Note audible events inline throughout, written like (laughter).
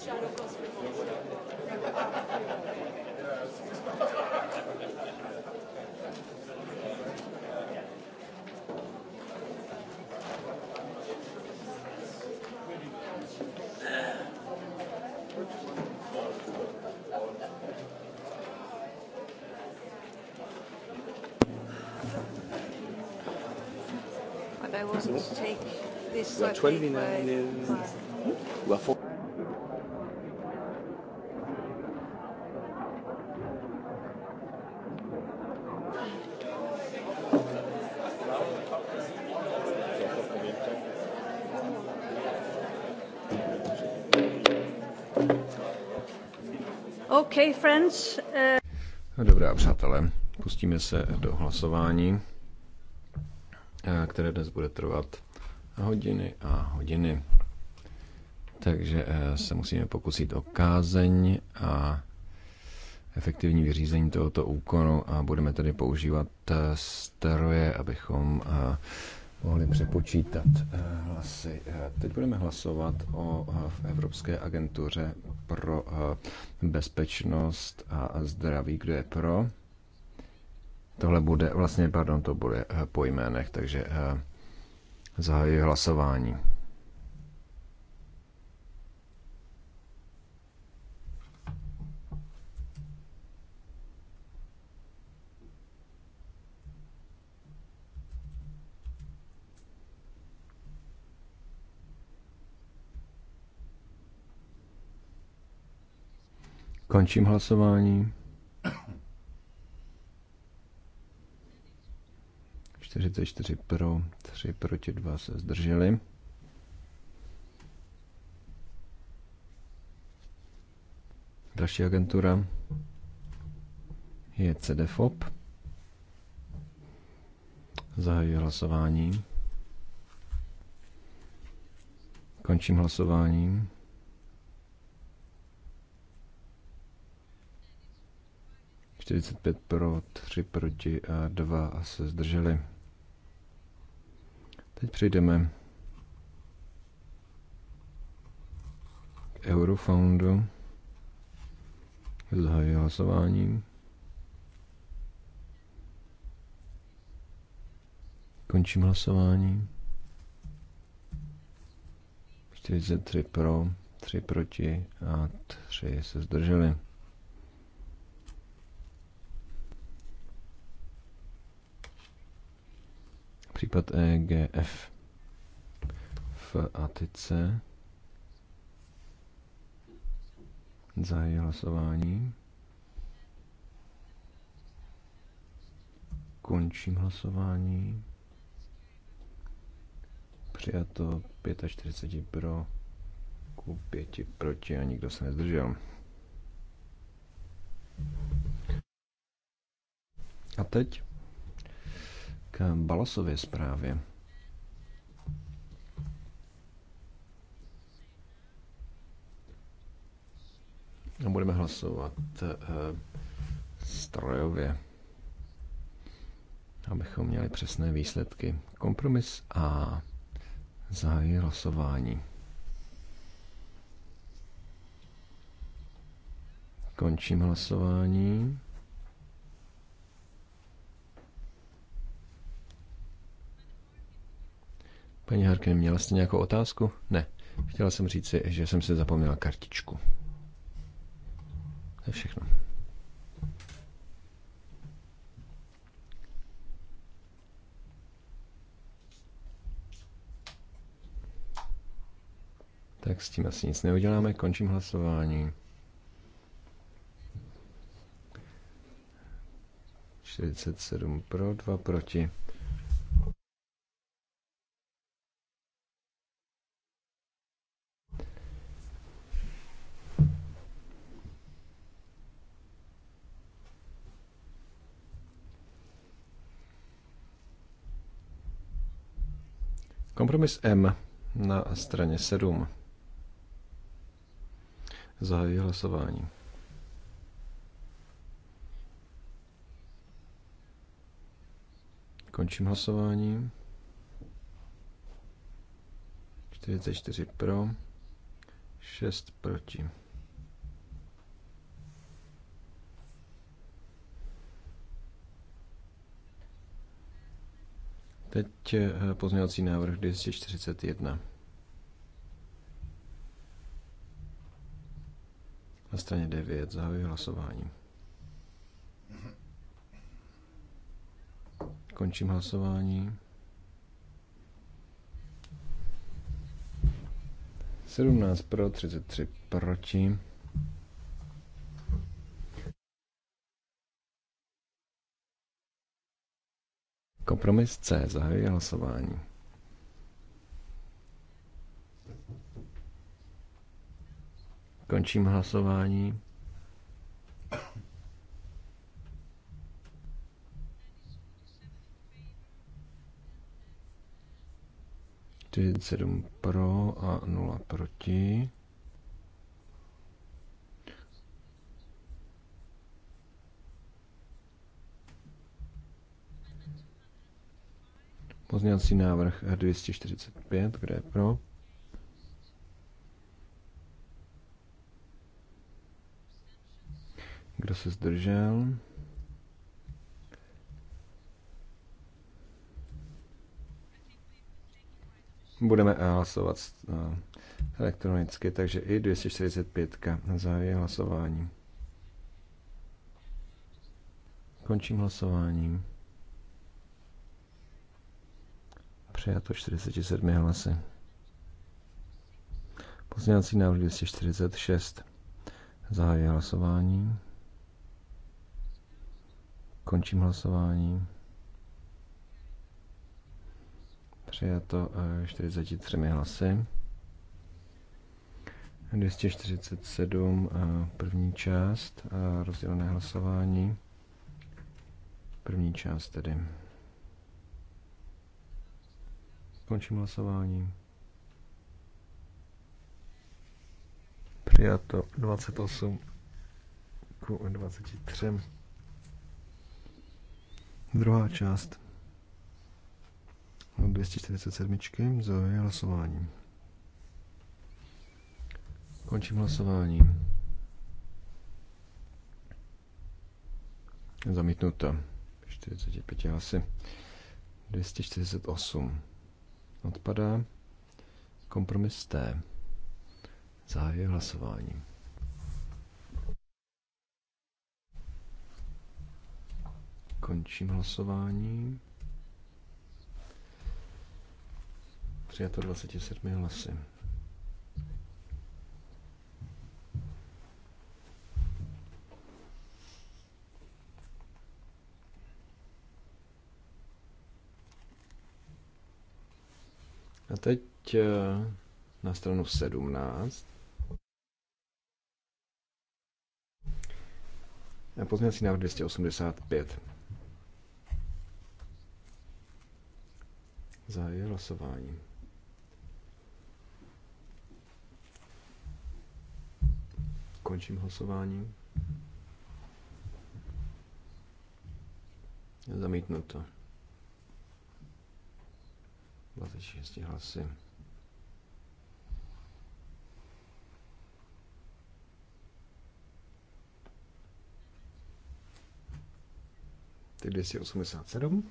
But I want to take this. We are 4. Okay, friends. Uh, Dobrá, přátelé, pustíme se do hlasování, eh, které dnes bude trvat hodiny a hodiny. Takže eh, se musíme pokusit o kázeň a efektivní vyřízení tohoto úkonu a budeme tedy používat eh, stroje, abychom mohli přepočítat eh, hlasy. Eh, teď budeme hlasovat o eh, v Evropské agentuře pro bezpečnost a zdraví, kdo je pro. Tohle bude, vlastně, pardon, to bude po jménech, takže zahajuji hlasování. Končím hlasování. 44 pro, 3 proti 2 se zdrželi. Další agentura je CDFOP. Zahajuji hlasování. Končím hlasování. 45 pro, 3 proti a 2 se zdrželi. Teď přejdeme k Eurofoundu. Zahajuji hlasování. Končím hlasování. 43 pro, 3 proti a 3 se zdrželi. Případ E, G, EGF v C. Zahají hlasování. Končím hlasování. Přijato 45 pro, ku 5 proti a nikdo se nezdržel. A teď k Balasově zprávě. A budeme hlasovat eh, strojově, abychom měli přesné výsledky. Kompromis A. Zahájí hlasování. Končím hlasování. Paní Harkin, měla jste nějakou otázku? Ne. Chtěla jsem říci, že jsem si zapomněla kartičku. To je všechno. Tak s tím asi nic neuděláme, končím hlasování. 47 pro, 2 proti. Kompromis M na straně 7. Zahajuji hlasování. Končím hlasování. 44 pro, 6 proti. Teď eh, pozměňovací návrh 241. Na straně 9 zahajuji hlasování. Končím hlasování. 17 pro, 33 proti. Kompromis C. Zahajuji hlasování. Končím hlasování. sedm pro a nula proti. Pozměňovací návrh 245, kde je pro? Kdo se zdržel? Budeme hlasovat eh, elektronicky, takže i 245 zahájí hlasování. Končím hlasováním. Přijato 47 hlasy. Pozměňovací návrh 246. Zahajuji hlasování. Končím hlasování. Přijato 43 eh, hlasy. 247 eh, první část eh, rozdělené hlasování. První část tedy. Končím hlasování. Přijato 28 k 23. Druhá část. 247. Zahajuji hlasování. Končím hlasování. Zamítnuto. 45 hlasy. 248. Odpadá. Kompromis T. Zahajuji hlasování. Končím hlasování. Přijato 27 hlasy. A teď eh, na stranu 17. A Pozměňovací návrh 285. Zahajuji hlasování. Končím hlasování. Zamítnuto. to. 26 hlasy. Ty 287.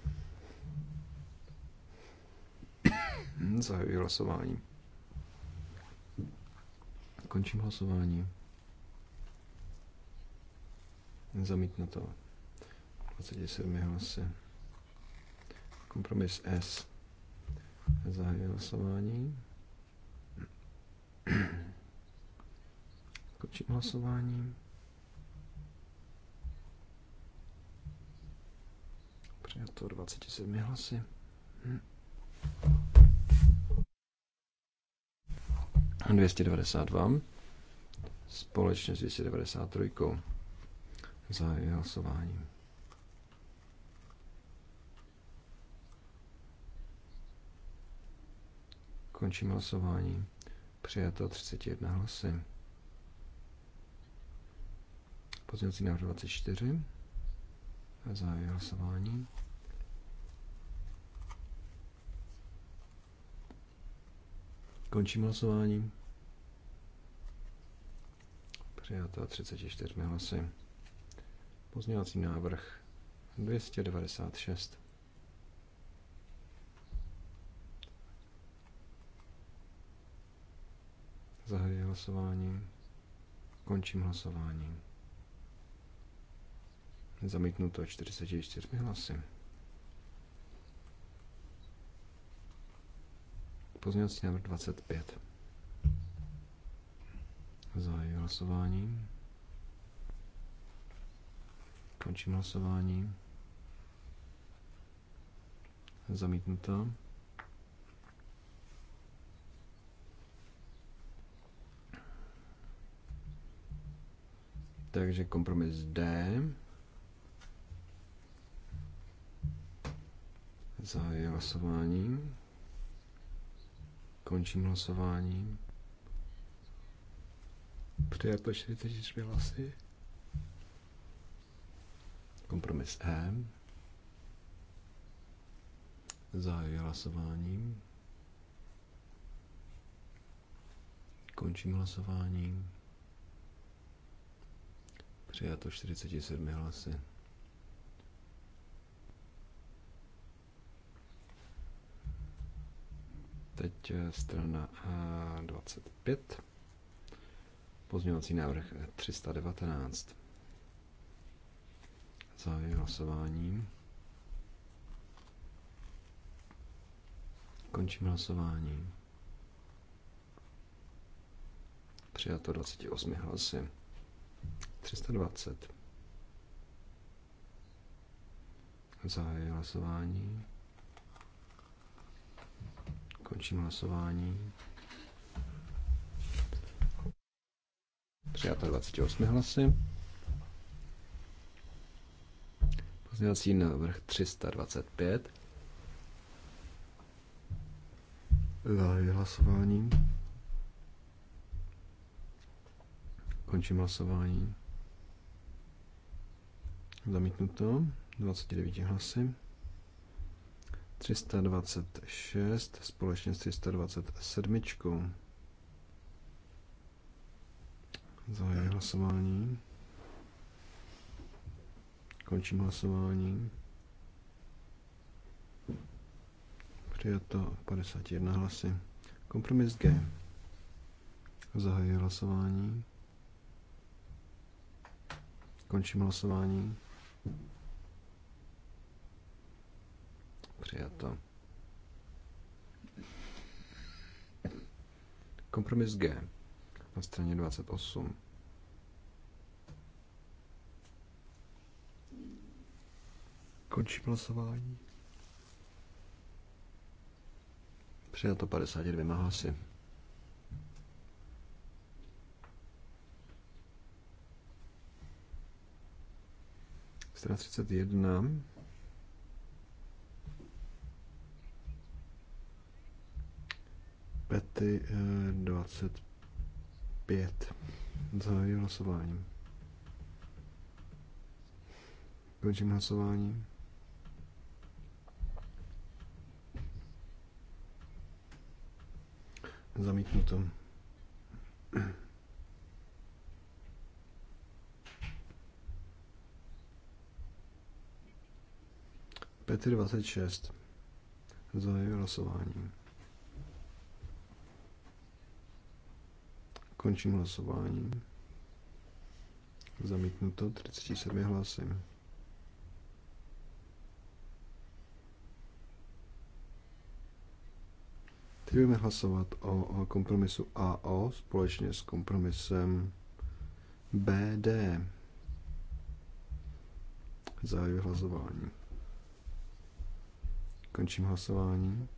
(coughs) Zahajuji hlasování. Končím hlasování. Zamítnuto. 27 hlasy. Kompromis S. Zahajuji hlasování. Končím hlasování. Přijato 27 hlasy. Hm. 292 společně s 293 za hlasování. Končím hlasování. Přijato 31 hlasy. Pozměňovací návrh 24. Zahajuji hlasování. Končím hlasování. Přijato 34 hlasy. Pozměňovací návrh 296. Zahajuji hlasování. Končím hlasování. Zamítnuto 44 hlasy. Pozměňovací návrh 25. Zahajuji hlasování. Končím hlasování. Zamítnuto. Takže kompromis D. Zahajuji hlasování. Končím hlasování. Přijato 44 hlasy. Kompromis E. Zahajuji hlasování. Končím hlasování. Přijato 47 hlasy. Teď eh, strana 25. Eh, Pozměňovací návrh 319. Eh, Závěr hlasování. Končím hlasování. Přijato 28 hlasy. 320. Zahajuji hlasování. Končím hlasování. Přijato 28 hlasy. Pozměňovací návrh 325. Zahajuji hlasování. Končím hlasování. Zamítnuto. 29 hlasy. 326 společně s 327. Zahajuji hlasování. Končím hlasování. Přijato 51 hlasy. Kompromis G. Zahajuji hlasování. Končím hlasování. Přijato. Kompromis G na straně 28. Končím hlasování. Přijato 52 hlasy. Strana 31. Pety 25. Eh, Zahajuji hlasování. Končím hlasování. Zamítnuto. Petr 26. jeho hlasování. Končím hlasování. Zamítnuto 37 hlasy. Teď budeme hlasovat o kompromisu AO společně s kompromisem BD. Zahajuji hlasování. Končím hlasování.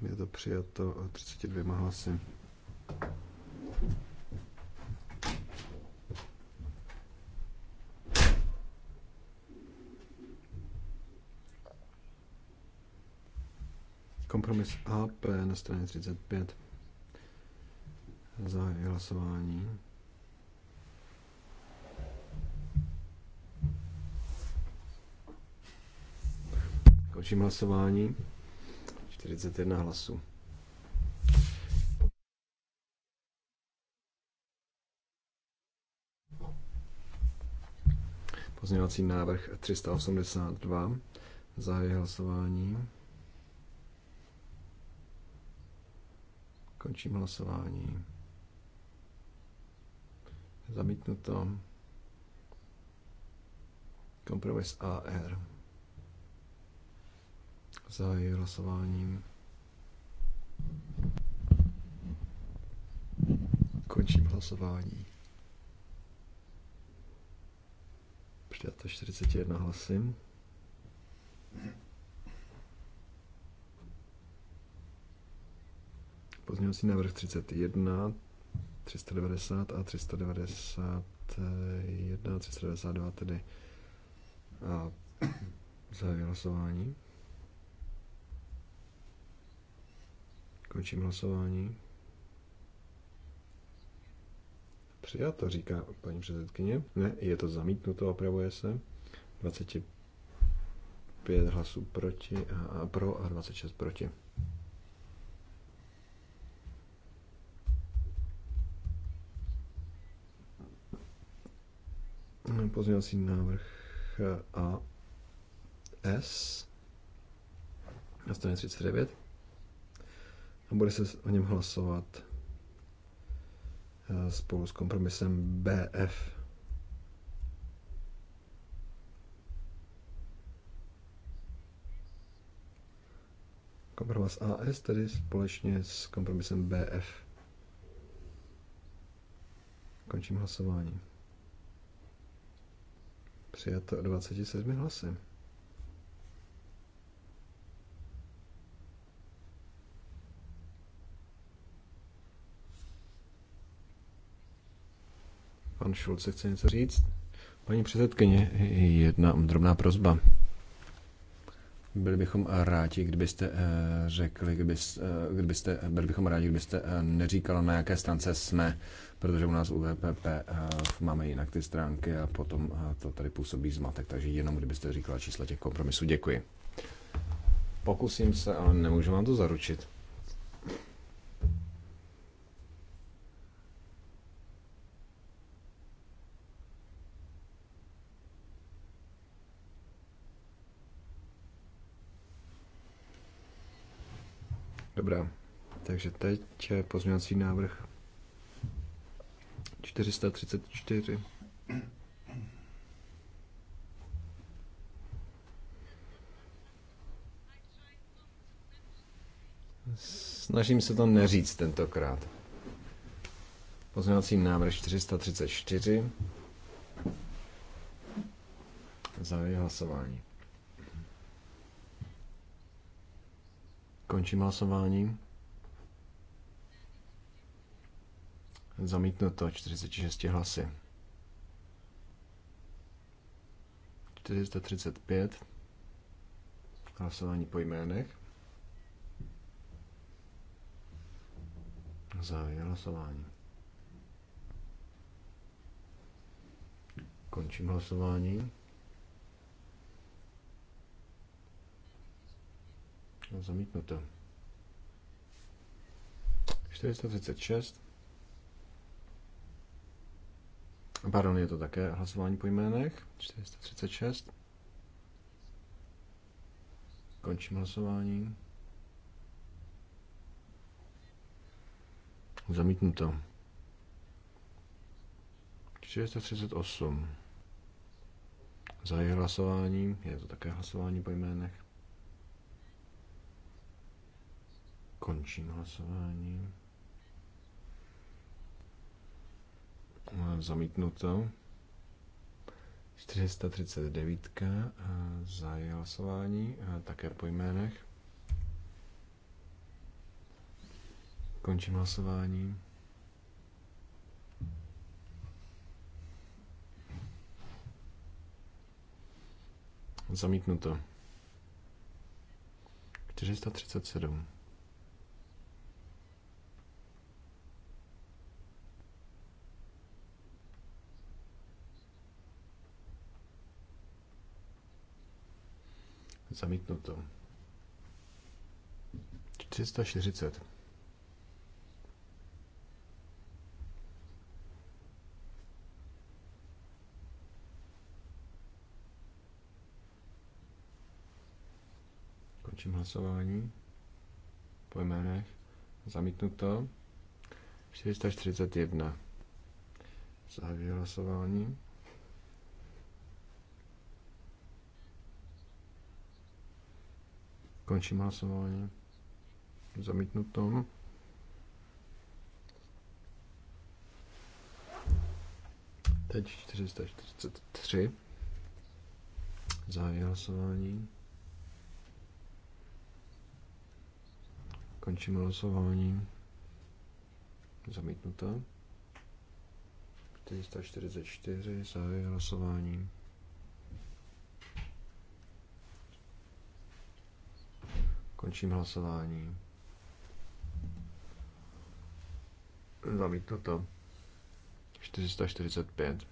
Je to přijato 32 hlasy. Kompromis AP na straně 35. Zahajuji hlasování. Končím hlasování. 41 hlasů. Pozměňovací návrh 382. Zahajuji hlasování. Končím hlasování. Zamítnuto. Kompromis AR. Zahajuji hlasováním. Končím hlasování. Přijato 41 hlasy. Pozměňovací návrh 31, 390 a 391, 392 tedy. A zahajuji hlasování. Končím hlasování. Přijato, říká paní předsedkyně. Ne, je to zamítnuto, opravuje se. 25 hlasů proti a pro a 26 proti. Pozměňovací návrh A S na straně 39 a bude se o něm hlasovat eh, spolu s kompromisem BF. Kompromis AS tedy společně s kompromisem BF. Končím hlasování. Přijato 27 hlasy. Pan Šulce chce něco říct? Paní předsedkyně, jedna drobná prozba. Byli bychom rádi, kdybyste eh, řekli, kdybyste, eh, kdybyste, byli bychom rádi, kdybyste eh, neříkala, na jaké stránce jsme, protože u nás u VPP máme jinak ty stránky a potom to tady působí zmatek, takže jenom kdybyste říkala čísla těch kompromisů. Děkuji. Pokusím se, ale nemůžu vám to zaručit. Dobrá. Takže teď je eh, pozměňovací návrh 434. Snažím se to neříct tentokrát. Pozměňovací návrh 434. Zahajuji hlasování. Končím hlasování. Zamítnuto 46 hlasy. 435. Hlasování po jménech. Závěr hlasování. Končím hlasování. zamítnuto. 436. Pardon, je to také hlasování po jménech. 436. Končím hlasování. Zamítnuto. 438. Zahajuji hlasování, je to také hlasování po jménech. Končím hlasování. Zamítnuto. 439 za její hlasování, eh, také po jménech. Končím hlasování. Zamítnuto. 437. Zamítnuto. 340. Končím hlasování po jménech. Zamítnuto. 441. Zahajuji hlasování. Končím hlasování. Zamítnuto. Teď 443. Zahájí hlasování. Končím hlasování. Zamítnuto. 444. Zahájí hlasování. Končím hlasování. to. 445.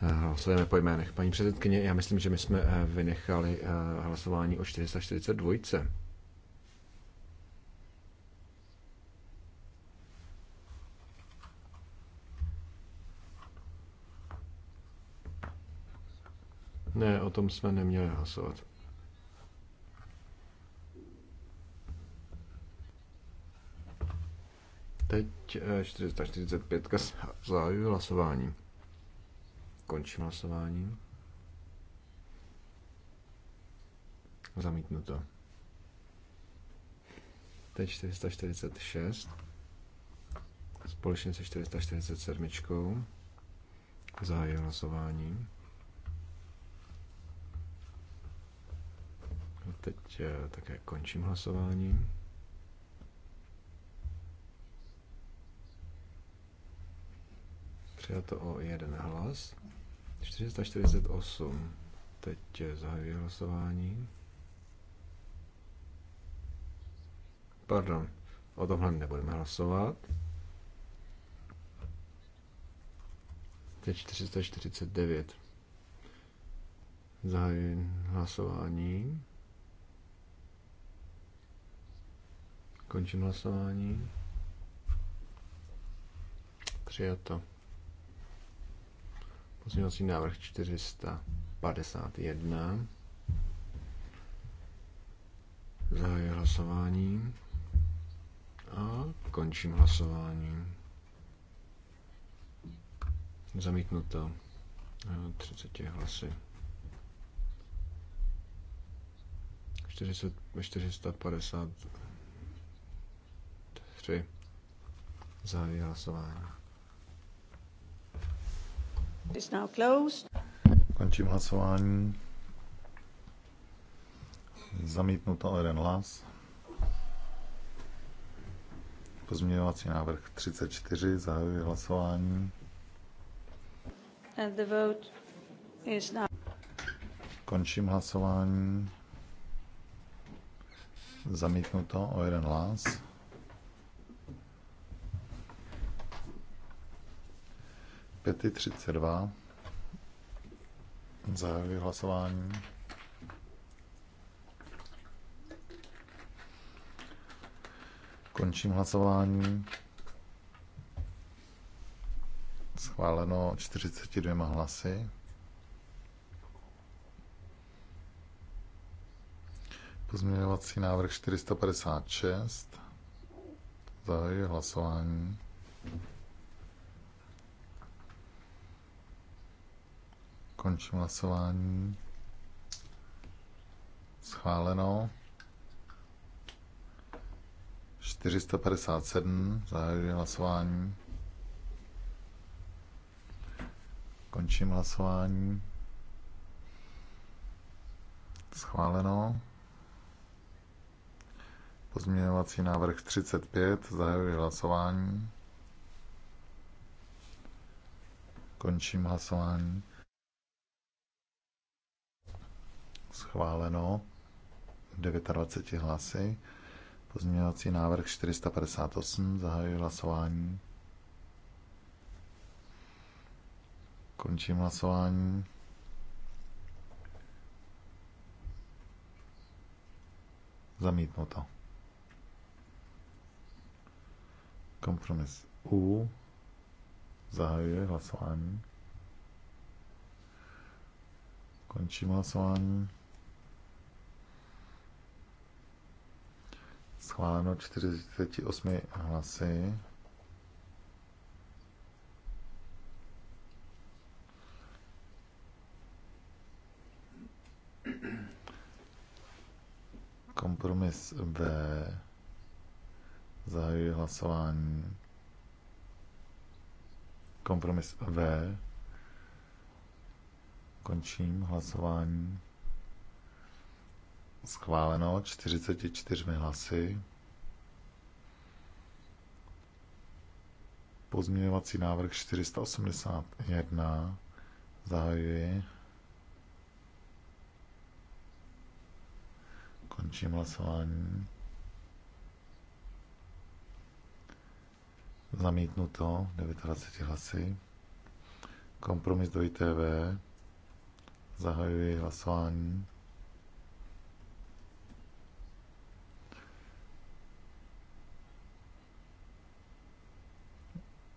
Hlasujeme po jménech. Paní předsedkyně, já myslím, že my jsme eh, vynechali eh, hlasování o 442. Ne, o tom jsme neměli hlasovat. Teď 445 eh, zahajuji hlasování. Končím hlasování. Zamítnu to. Teď 446 společně se 447 zahájil hlasování. Teď eh, také končím hlasování. Přijato o jeden hlas. 448. Teď eh, zahajuji hlasování. Pardon, o tomhle nebudeme hlasovat. Teď 449. Zahajuji hlasování. Končím hlasování. Přijato. Pozměňovací návrh 451. Zahajuji hlasování a končím hlasování. Zamítnuto 30 hlasy. 400, 450 3. Zahajuji hlasování. Is now closed. Končím hlasování. Zamítnuto jeden hlas. Pozměňovací návrh 34. Zahajuji hlasování. And the vote is now. Končím hlasování. Zamítnuto o jeden hlas. 5.32. Zahajuji hlasování. Končím hlasování. Schváleno 42 hlasy. Pozměňovací návrh 456. Zahajuji hlasování. Thank you. Končím hlasování. Schváleno. 457. Zahajuji hlasování. Končím hlasování. Schváleno. Pozměňovací návrh 35. Zahajuji hlasování. Končím hlasování. schváleno 29 hlasy. Pozměňovací návrh 458, zahajuji hlasování. Končím hlasování. Zamítnuto. Kompromis U. Zahajuje hlasování. Končím hlasování. Schváleno 48 hlasy. Kompromis B. Zahajuji hlasování. Kompromis V. Končím hlasování. Schváleno 44 hlasy. Pozměňovací návrh 481. Zahajuji. Končím hlasování. Zamítnuto 29 hlasy. Kompromis do ITV. Zahajuji hlasování.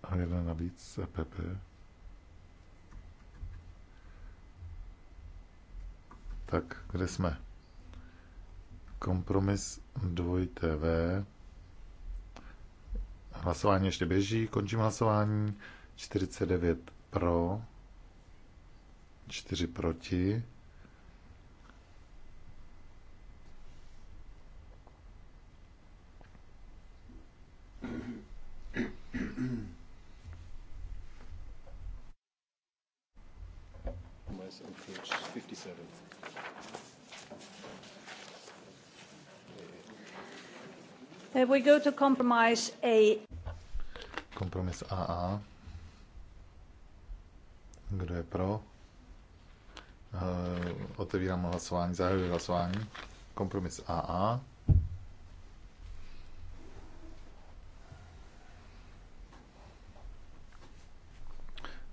A jedna navíc, EPP. Tak, kde jsme? Kompromis 2TV. Hlasování ještě běží, končím hlasování. 49 pro, 4 proti. We go to compromise A. Kompromis AA. Kdo je pro? Eh, otevírám hlasování, zahajuji hlasování. Kompromis AA.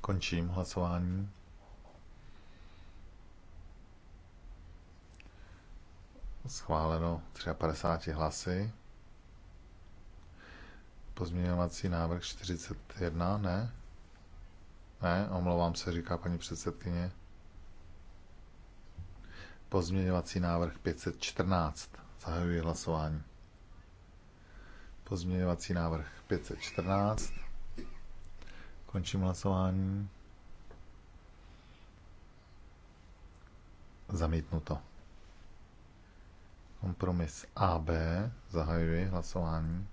Končím hlasování. Schváleno 53 hlasy. Pozměňovací návrh 41, ne? Ne, omlouvám se, říká paní předsedkyně. Pozměňovací návrh 514. Zahajuji hlasování. Pozměňovací návrh 514. Končím hlasování. Zamítnuto. Kompromis AB. Zahajuji hlasování.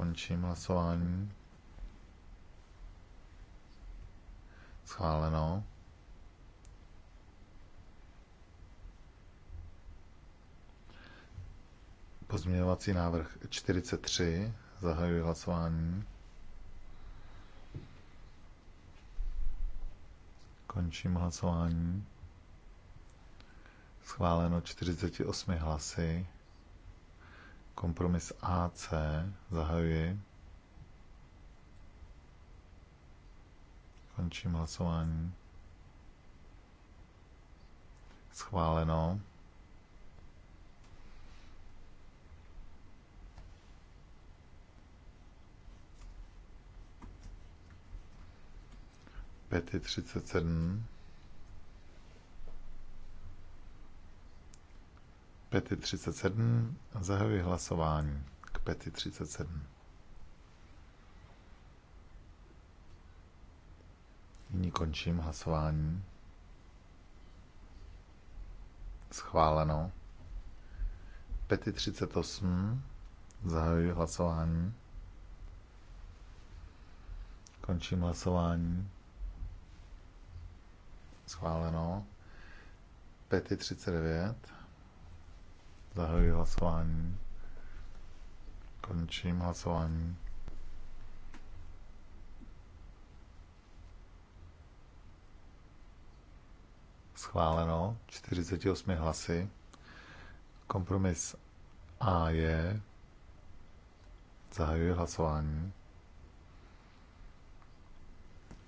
Končím hlasování. Schváleno. Pozměňovací návrh 43. Zahajuji hlasování. Končím hlasování. Schváleno 48 hlasy. Kompromis AC zahajuji. Končím hlasování. Schváleno. Pěti třicet sedm. Pety 37. Zahajuji hlasování k pety 37. Nyní končím hlasování. Schváleno. Pety 38. Zahajuji hlasování. Končím hlasování. Schváleno. Pety 39. Zahajuji hlasování. Končím hlasování. Schváleno 48 hlasy. Kompromis A je. Zahajuji hlasování.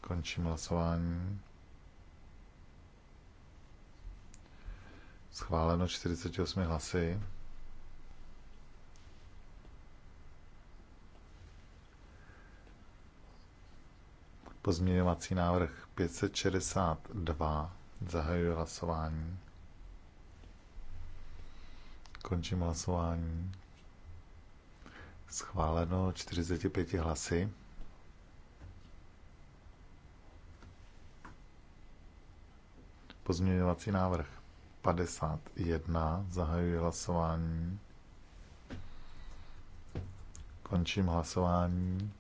Končím hlasování. Schváleno 48 hlasy. Pozměňovací návrh 562. Zahajuji hlasování. Končím hlasování. Schváleno 45 hlasy. Pozměňovací návrh 51. Zahajuji hlasování. Končím hlasování.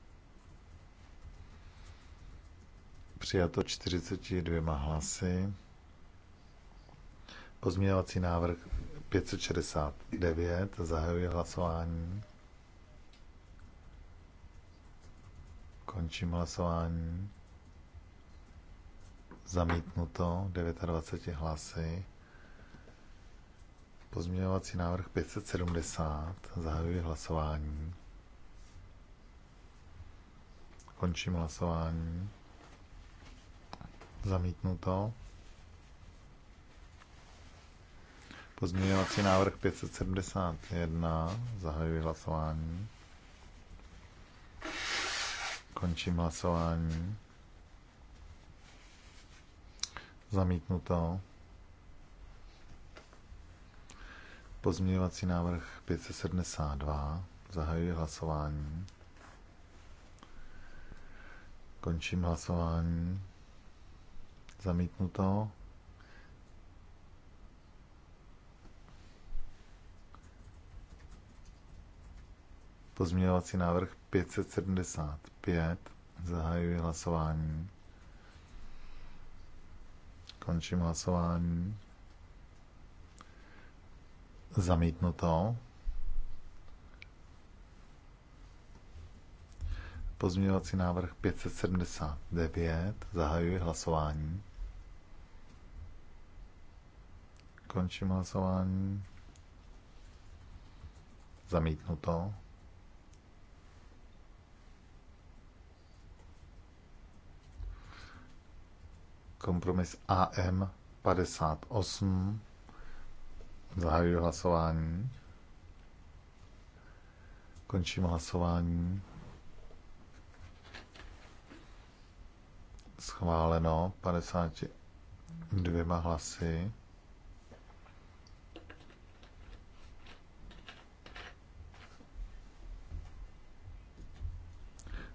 Přijato 42 hlasy. Pozměňovací návrh 569. Zahajuji hlasování. Končím hlasování. Zamítnuto 29 hlasy. Pozměňovací návrh 570. Zahajuji hlasování. Končím hlasování. Zamítnuto. Pozměňovací návrh 571. Zahajuji hlasování. Končím hlasování. Zamítnuto. Pozměňovací návrh 572. Zahajuji hlasování. Končím hlasování. Zamítnuto. Pozměňovací návrh 575. Zahajuji hlasování. Končím hlasování. Zamítnuto. Pozměňovací návrh 579. Zahajuji hlasování. Končím hlasování. Zamítnuto. Kompromis AM 58. Zahajuji hlasování. Končím hlasování. Schváleno 52 hlasy.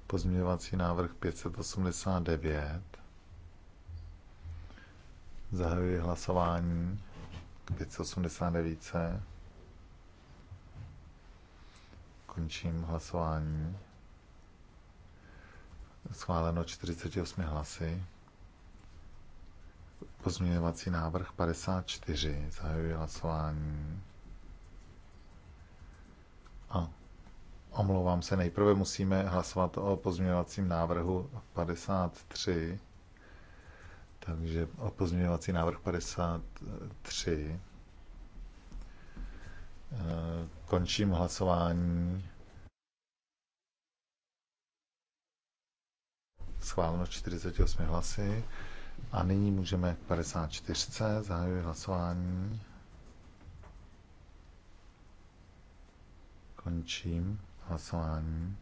Pozměňovací návrh 589. Zahajuji hlasování. 589. Končím hlasování. Schváleno 48 hlasy. Pozměňovací návrh 54. Zahajuji hlasování. A omlouvám se, nejprve musíme hlasovat o pozměňovacím návrhu 53. Takže o pozměňovací návrh 53. Eh, končím hlasování. Schváleno 48 hlasy. A nyní můžeme k 54. Zahajuji hlasování. Končím hlasování.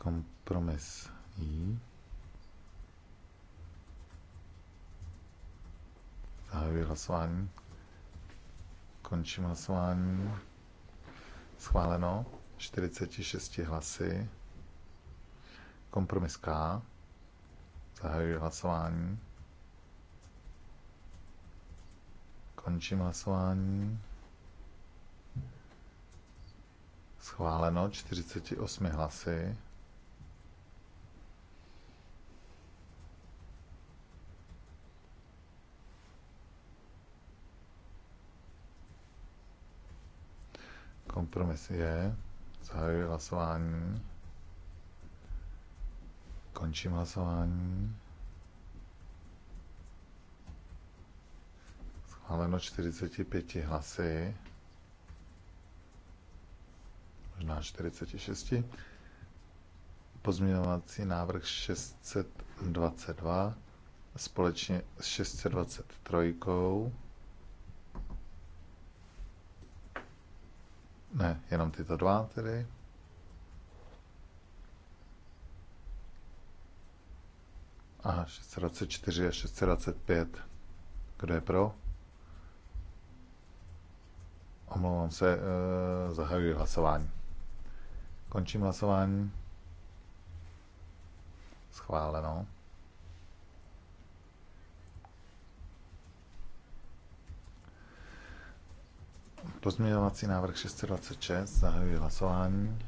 Kompromis I. Zahajuji hlasování. Končím hlasování. Schváleno 46 hlasy. Kompromis K. Zahajuji hlasování. Končím hlasování. Schváleno 48 hlasy. Kompromis je. Zahajuji hlasování. Končím hlasování. Schváleno 45 hlasy. Možná 46. Pozměňovací návrh 622 společně s 623. Ne, jenom tyto dva tedy. Aha, 624 a 625. Kdo je pro? Omlouvám se, e, zahajuji hlasování. Končím hlasování. Schváleno. Pozměňovací návrh 626, zahajuji hlasování.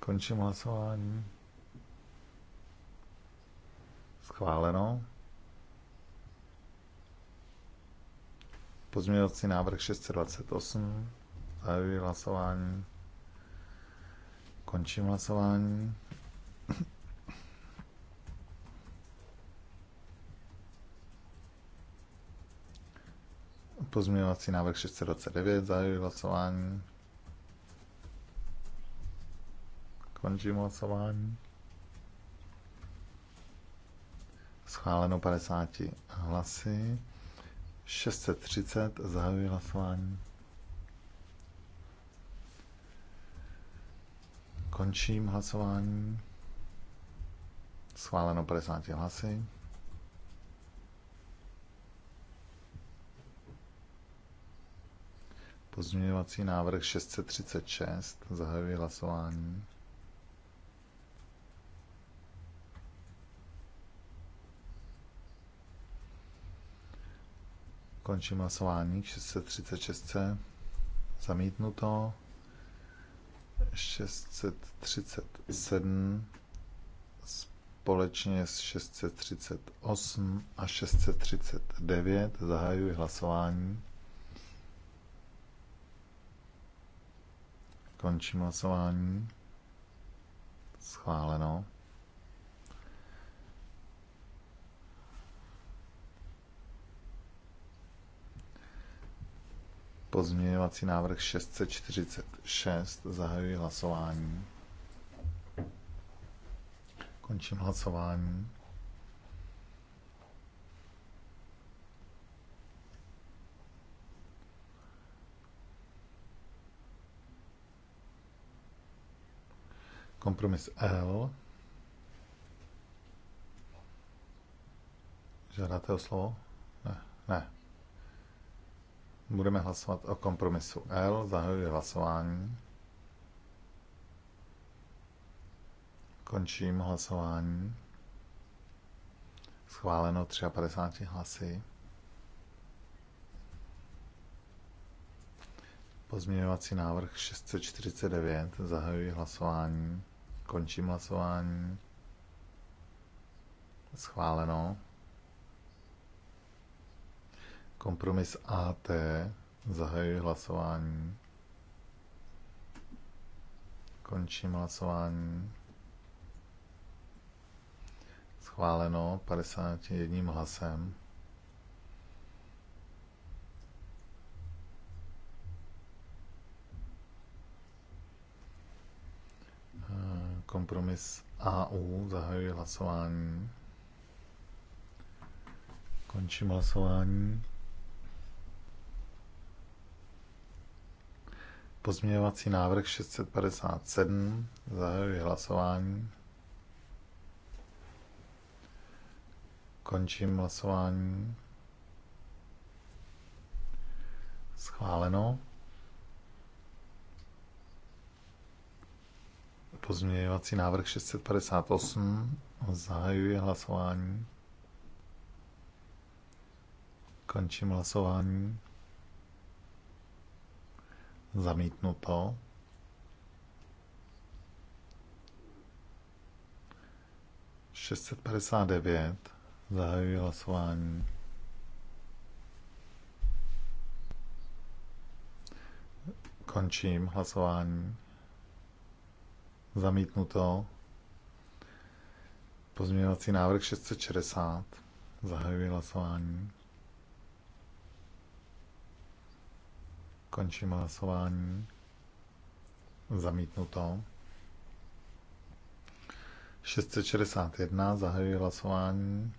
Končím hlasování. Schváleno. Pozměňovací návrh 628, zahajuji hlasování. Končím hlasování. Pozměňovací návrh 629, zahajuji hlasování. Končím hlasování. Schváleno 50 hlasy. 630, zahajuji hlasování. Končím hlasování. Schváleno 50 hlasy. Pozměňovací návrh 636. Zahajuji hlasování. Končím hlasování k 636. Zamítnuto. 637 společně s 638 a 639 zahajuji hlasování. Končím hlasování. Schváleno. Pozměňovací návrh 646. Zahajuji hlasování. Končím hlasování. Kompromis L. Žádáte o slovo? Ne, ne. Budeme hlasovat o kompromisu L. Zahajuji hlasování. Končím hlasování. Schváleno 53 hlasy. Pozměňovací návrh 649. Zahajuji hlasování. Končím hlasování. Schváleno. Kompromis AT. Zahajuji hlasování. Končím hlasování. Schváleno 51 hlasem. Kompromis AU. Zahajuji hlasování. Končím hlasování. Pozměňovací návrh 657. Zahajuji hlasování. Končím hlasování. Schváleno. Pozměňovací návrh 658. Zahajuji hlasování. Končím hlasování. Zamítnuto. Šestset padesát devět. Zahajuji hlasování. Končím hlasování. Zamítnuto. Pozměňovací návrh 660. Zahajuji hlasování. Končím hlasování. Zamítnuto. 661. Zahajuji hlasování.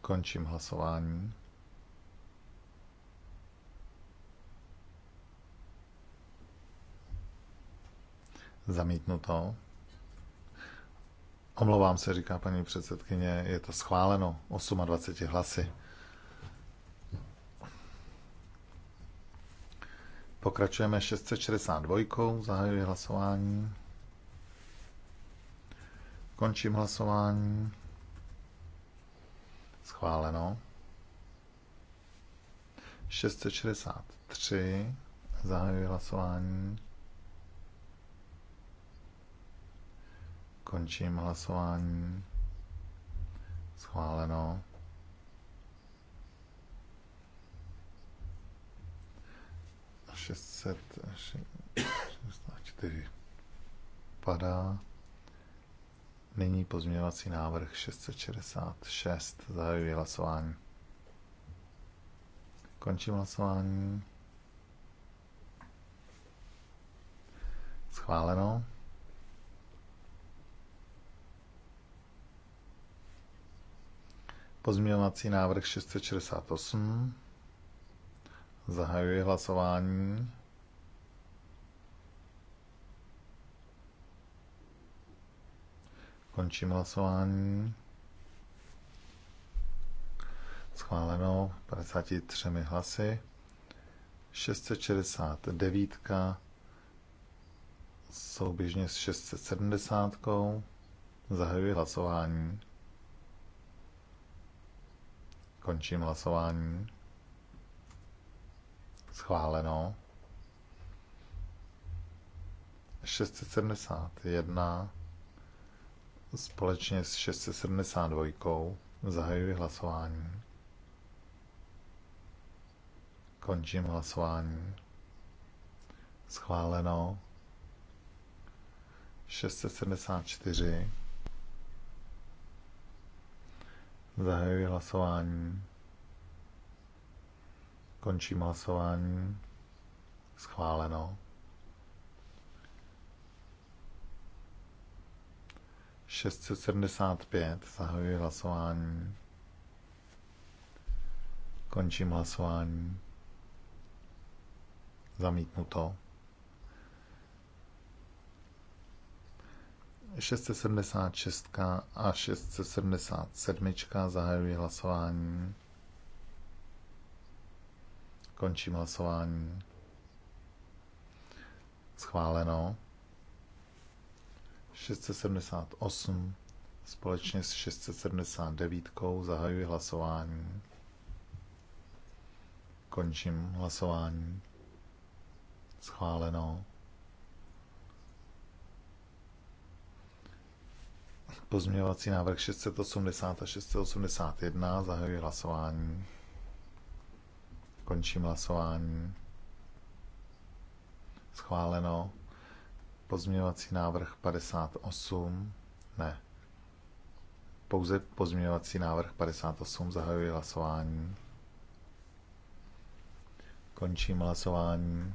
Končím hlasování. Zamítnuto. Omlouvám se, říká paní předsedkyně, je to schváleno 28 hlasy. Pokračujeme 662, zahajuji hlasování. Končím hlasování. Schváleno. 663, zahajuji hlasování. Končím hlasování. Schváleno. Šestset padá. Nyní pozměňovací návrh 666. Zahajuji hlasování. Končím hlasování. Schváleno. Pozměňovací návrh 668. Zahajuji hlasování. Končím hlasování. Schváleno 53 hlasy. 669 souběžně s 670. Zahajuji hlasování. Končím hlasování. Schváleno. 671 společně s 672 zahajuji hlasování. Končím hlasování. Schváleno. 674 Zahajuji hlasování. Končím hlasování. Schváleno. 675. Zahajuji hlasování. Končím hlasování. Zamítnuto. 676 a 677 zahajuji hlasování. Končím hlasování. Schváleno. 678 společně s 679 zahajuji hlasování. Končím hlasování. Schváleno. Pozměňovací návrh 680 a 681. Zahajuji hlasování. Končím hlasování. Schváleno. Pozměňovací návrh 58. Ne. Pouze pozměňovací návrh 58. Zahajuji hlasování. Končím hlasování.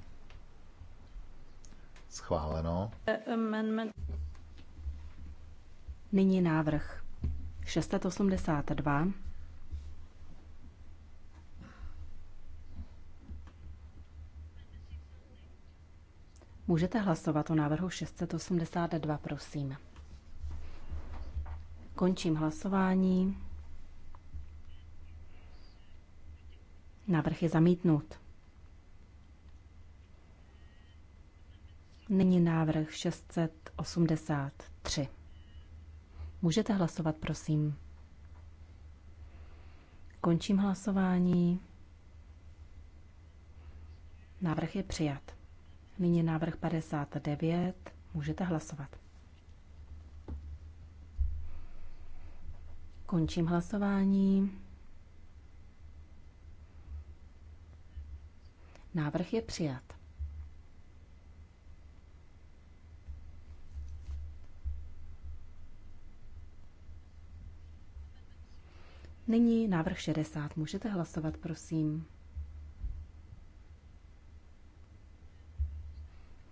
Schváleno. Amendment. Nyní návrh 682. Můžete hlasovat o návrhu 682, prosím. Končím hlasování. Návrh je zamítnut. Nyní návrh 683. Můžete hlasovat, prosím. Končím hlasování. Návrh je přijat. Nyní návrh 59. Můžete hlasovat. Končím hlasování. Návrh je přijat. Nyní návrh 60. Můžete hlasovat, prosím.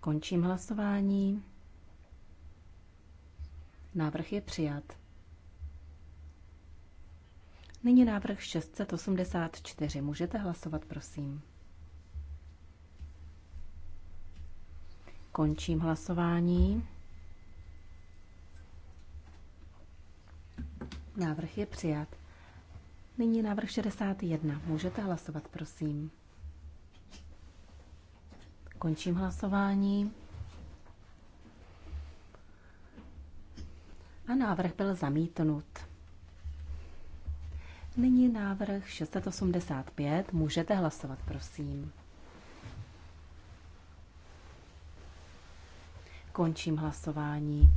Končím hlasování. Návrh je přijat. Nyní návrh 684. Můžete hlasovat, prosím. Končím hlasování. Návrh je přijat. Nyní návrh 61. Můžete hlasovat, prosím. Končím hlasování. A návrh byl zamítnut. Nyní návrh 685. Můžete hlasovat, prosím. Končím hlasování.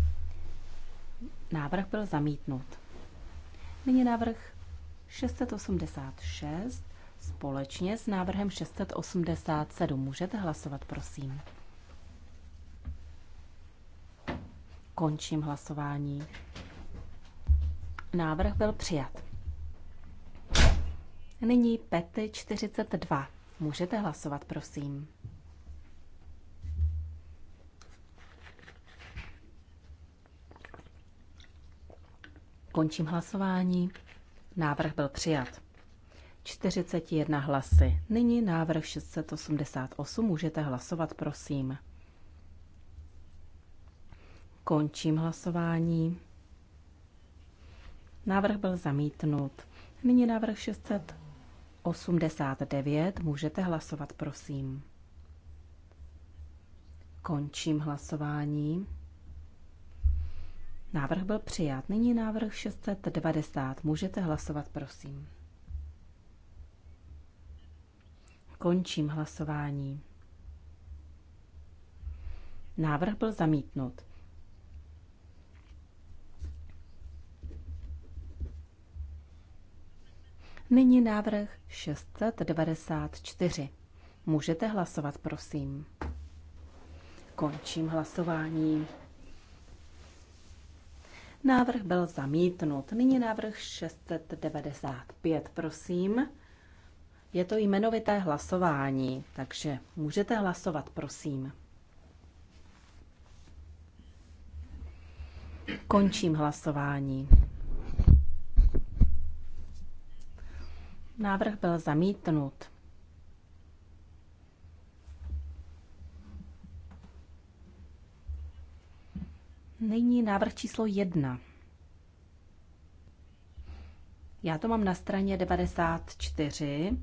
Návrh byl zamítnut. Nyní návrh 686 společně s návrhem 687. Můžete hlasovat, prosím. Končím hlasování. Návrh byl přijat. Nyní pety 42. Můžete hlasovat, prosím. Končím hlasování. Návrh byl přijat. 41 hlasy. Nyní návrh 688. Můžete hlasovat, prosím. Končím hlasování. Návrh byl zamítnut. Nyní návrh 689. Můžete hlasovat, prosím. Končím hlasování. Návrh byl přijat. Nyní návrh 690. Můžete hlasovat, prosím. Končím hlasování. Návrh byl zamítnut. Nyní návrh 694. Můžete hlasovat, prosím. Končím hlasování. Návrh byl zamítnut. Nyní návrh 695, prosím. Je to jmenovité hlasování, takže můžete hlasovat, prosím. Končím hlasování. Návrh byl zamítnut. Nyní návrh číslo jedna. Já to mám na straně 94.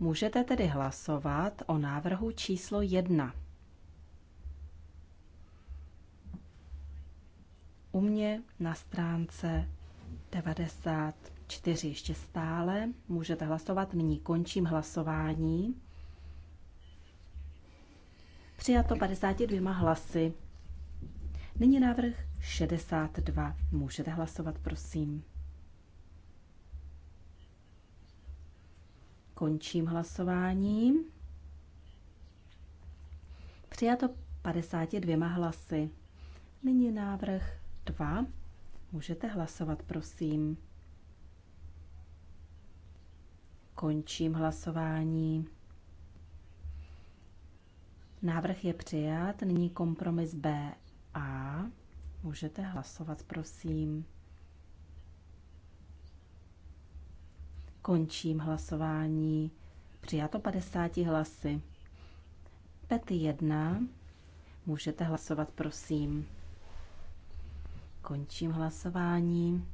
Můžete tedy hlasovat o návrhu číslo 1. U mě na stránce 94 ještě stále můžete hlasovat. Nyní končím hlasování. Přijato 52 hlasy Nyní návrh 62. Můžete hlasovat, prosím. Končím hlasování. Přijato 52 hlasy. Nyní návrh 2. Můžete hlasovat, prosím. Končím hlasování. Návrh je přijat. Nyní kompromis B. A můžete hlasovat, prosím. Končím hlasování. Přijato 50 hlasy. Pet 1. Můžete hlasovat, prosím. Končím hlasování.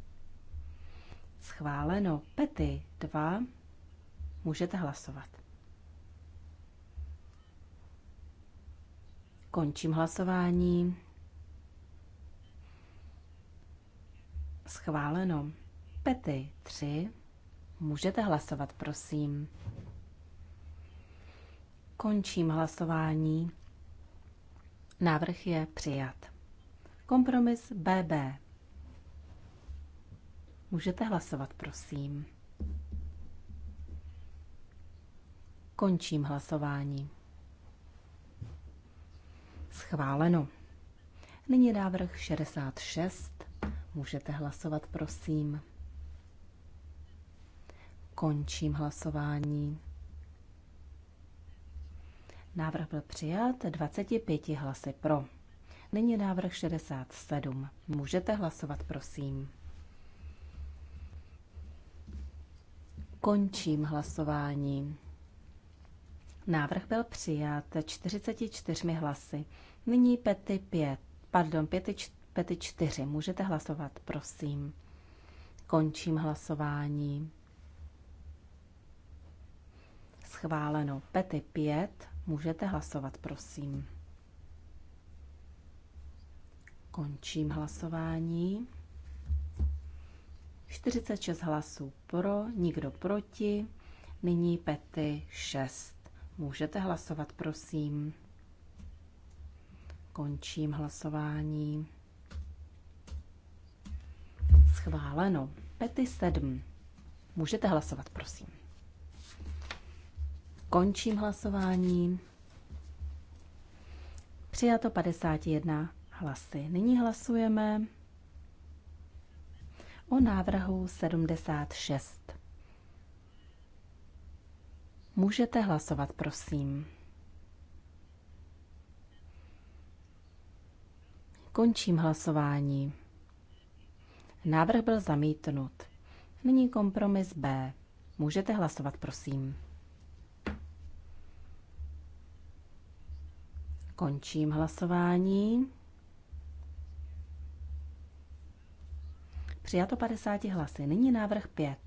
Schváleno. Pety 2. Můžete hlasovat. Končím hlasování. Schváleno. Pety 3. Můžete hlasovat, prosím. Končím hlasování. Návrh je přijat. Kompromis BB. Můžete hlasovat, prosím. Končím hlasování. Schváleno. Nyní návrh 66. Můžete hlasovat, prosím. Končím hlasování. Návrh byl přijat 25 hlasy pro. Nyní návrh 67. Můžete hlasovat, prosím. Končím hlasování. Návrh byl přijat 44 hlasy. Nyní pety 5, pardon, pety pety čtyři, Můžete hlasovat, prosím. Končím hlasování. Schváleno. Pety pět, Můžete hlasovat, prosím. Končím hlasování. 46 hlasů pro, nikdo proti. Nyní pety 6. Můžete hlasovat, prosím. Končím hlasování. Schváleno. Pety 7. Můžete hlasovat, prosím. Končím hlasování. Přijato 51 hlasy. Nyní hlasujeme o návrhu 76. Můžete hlasovat, prosím. Končím hlasování. Návrh byl zamítnut. Nyní kompromis B. Můžete hlasovat, prosím. Končím hlasování. Přijato 50 hlasy. Nyní návrh 5.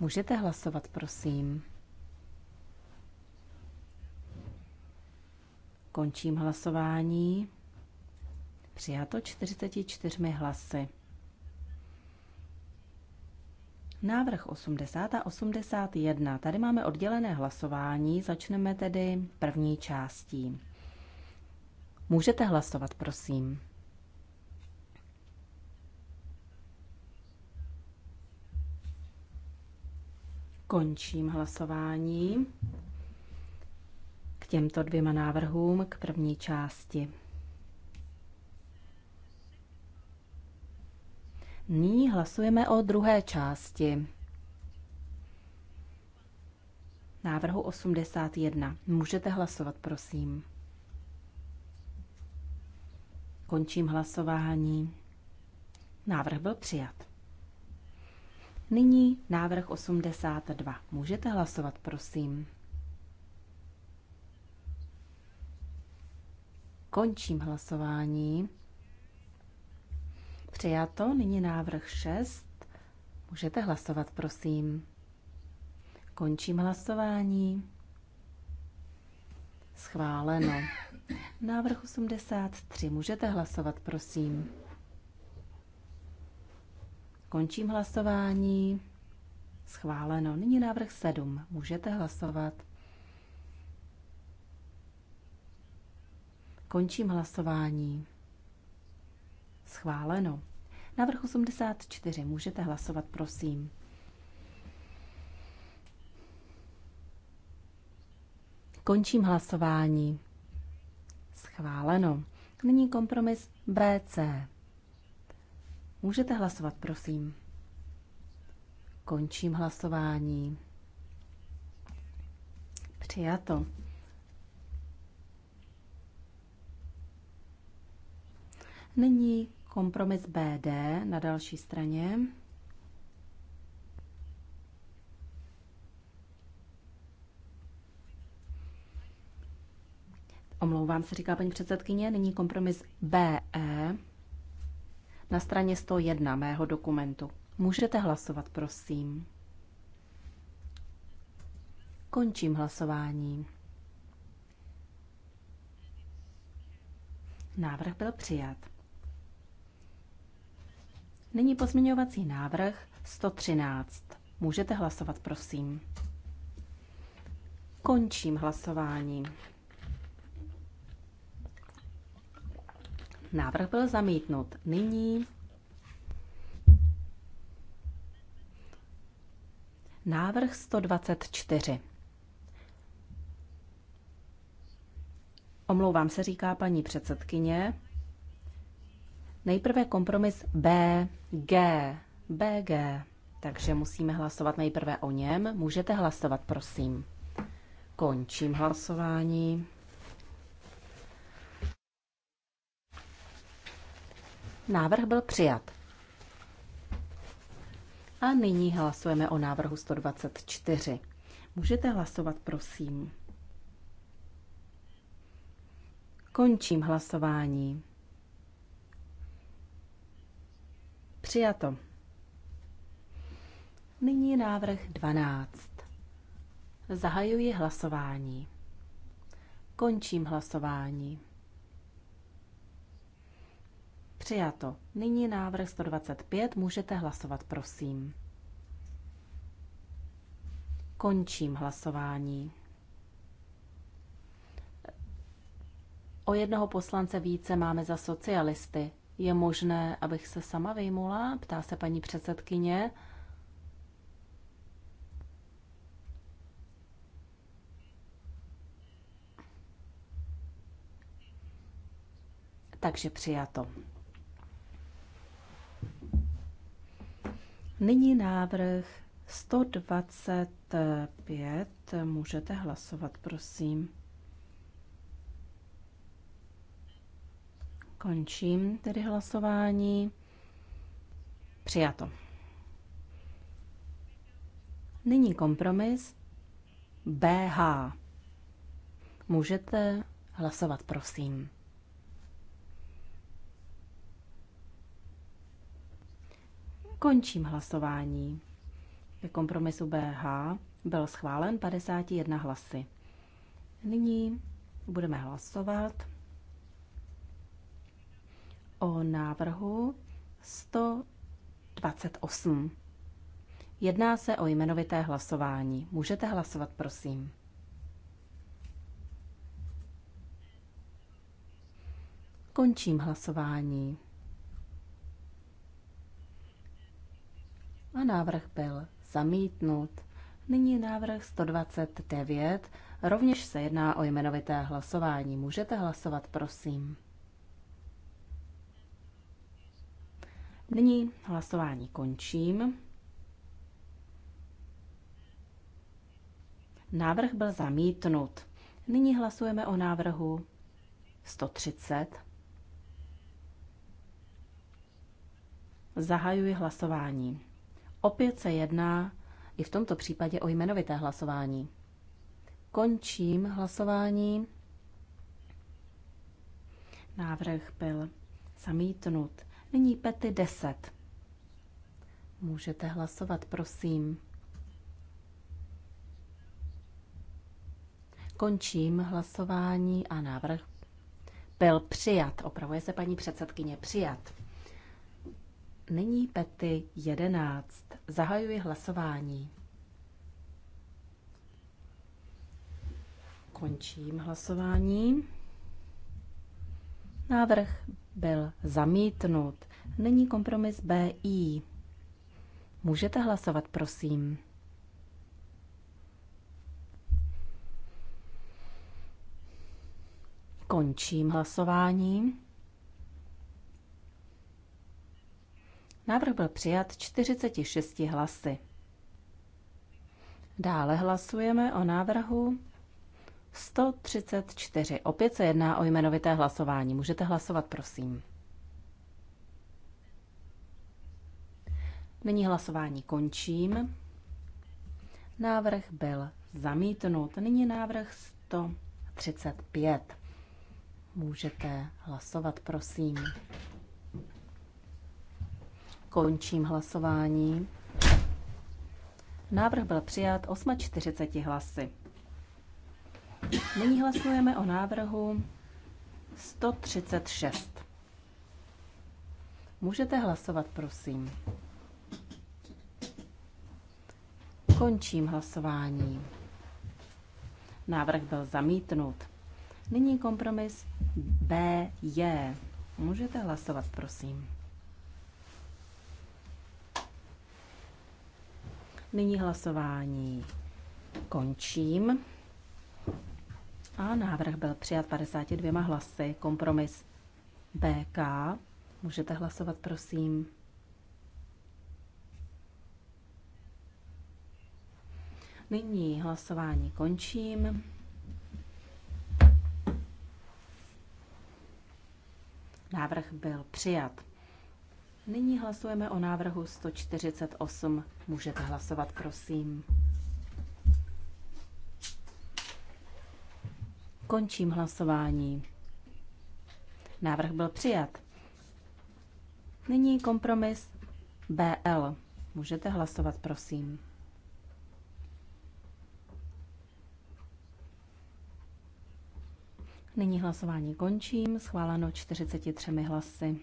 Můžete hlasovat, prosím. Končím hlasování. Přijato 44 hlasy. Návrh 80 a 81. Tady máme oddělené hlasování, začneme tedy první částí. Můžete hlasovat, prosím. Končím hlasování k těmto dvěma návrhům k první části. Nyní hlasujeme o druhé části návrhu 81. Můžete hlasovat, prosím. Končím hlasování. Návrh byl přijat. Nyní návrh 82. Můžete hlasovat, prosím. Končím hlasování. Přijato. Nyní návrh 6. Můžete hlasovat, prosím. Končím hlasování. Schváleno. Návrh 83. Můžete hlasovat, prosím. Končím hlasování. Schváleno. Nyní návrh 7. Můžete hlasovat. Končím hlasování. Schváleno. Návrh 84. Můžete hlasovat, prosím. Končím hlasování. Schváleno. Nyní kompromis BC. Můžete hlasovat, prosím. Končím hlasování. Přijato. Nyní Kompromis BD na další straně. Omlouvám se, říká paní předsedkyně, nyní kompromis BE na straně 101 mého dokumentu. Můžete hlasovat, prosím. Končím hlasování. Návrh byl přijat. Nyní pozměňovací návrh 113. Můžete hlasovat, prosím. Končím hlasování. Návrh byl zamítnut. Nyní návrh 124. Omlouvám se, říká paní předsedkyně. Nejprve kompromis B G B G, Takže musíme hlasovat nejprve o něm. Můžete hlasovat, prosím. Končím hlasování. Návrh byl přijat. A nyní hlasujeme o návrhu 124. Můžete hlasovat, prosím. Končím hlasování. Přijato. Nyní návrh 12. Zahajuji hlasování. Končím hlasování. Přijato. Nyní návrh 125. Můžete hlasovat, prosím. Končím hlasování. O jednoho poslance více máme za socialisty. Je možné, abych se sama vyjmula? Ptá se paní předsedkyně. Takže přijato. Nyní návrh 125. Můžete hlasovat, prosím. Končím tedy hlasování. Přijato. Nyní kompromis BH. Můžete hlasovat, prosím. Končím hlasování. Ke kompromisu BH byl schválen 51 hlasy. Nyní budeme hlasovat o návrhu 128. Jedná se o jmenovité hlasování. Můžete hlasovat, prosím. Končím hlasování. A návrh byl zamítnut. Nyní návrh 129. Rovněž se jedná o jmenovité hlasování. Můžete hlasovat, prosím. Nyní hlasování končím. Návrh byl zamítnut. Nyní hlasujeme o návrhu 130. Zahajuji hlasování. Opět se jedná i v tomto případě o jmenovité hlasování. Končím hlasování. Návrh byl zamítnut. Nyní pety 10. Můžete hlasovat, prosím. Končím hlasování a návrh byl přijat. Opravuje se paní předsedkyně přijat. Nyní pety 11. Zahajuji hlasování. Končím hlasování. Návrh byl zamítnut. Není kompromis BI. Můžete hlasovat, prosím. Končím hlasování. Návrh byl přijat 46 hlasy. Dále hlasujeme o návrhu 134. Opět se jedná o jmenovité hlasování. Můžete hlasovat, prosím. Nyní hlasování končím. Návrh byl zamítnut. Nyní návrh 135. Můžete hlasovat, prosím. Končím hlasování. Návrh byl přijat 840 hlasy. Nyní hlasujeme o návrhu 136. Můžete hlasovat, prosím. Končím hlasování. Návrh byl zamítnut. Nyní kompromis B je. Můžete hlasovat, prosím. Nyní hlasování končím. A návrh byl přijat 52 hlasy. Kompromis BK. Můžete hlasovat, prosím. Nyní hlasování končím. Návrh byl přijat. Nyní hlasujeme o návrhu 148. Můžete hlasovat, prosím. Končím hlasování. Návrh byl přijat. Nyní kompromis BL. Můžete hlasovat, prosím. Nyní hlasování končím, schváleno 43 hlasy.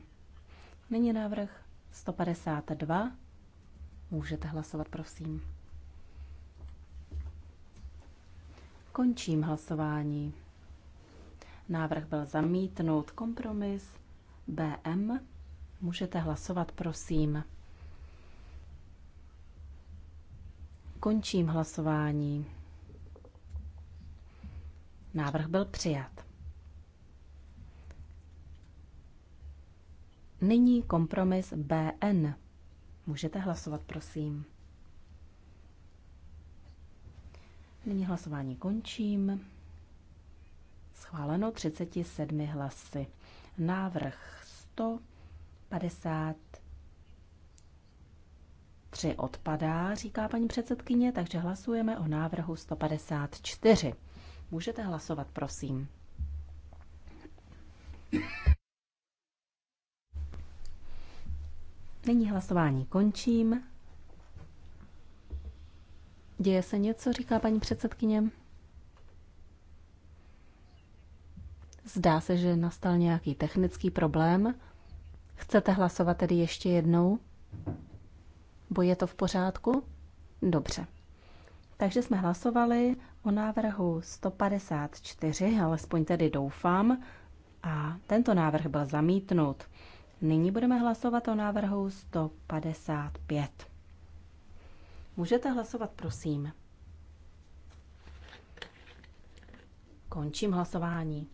Nyní návrh 152. Můžete hlasovat, prosím. Končím hlasování. Návrh byl zamítnut. Kompromis BM. Můžete hlasovat, prosím. Končím hlasování. Návrh byl přijat. Nyní kompromis BN. Můžete hlasovat, prosím. Nyní hlasování končím. Schváleno 37 hlasy. Návrh 153 odpadá, říká paní předsedkyně, takže hlasujeme o návrhu 154. Můžete hlasovat, prosím. Nyní hlasování končím. Děje se něco, říká paní předsedkyně. Zdá se, že nastal nějaký technický problém. Chcete hlasovat tedy ještě jednou? Bo je to v pořádku? Dobře. Takže jsme hlasovali o návrhu 154, alespoň tedy doufám, a tento návrh byl zamítnut. Nyní budeme hlasovat o návrhu 155. Můžete hlasovat, prosím. Končím hlasování.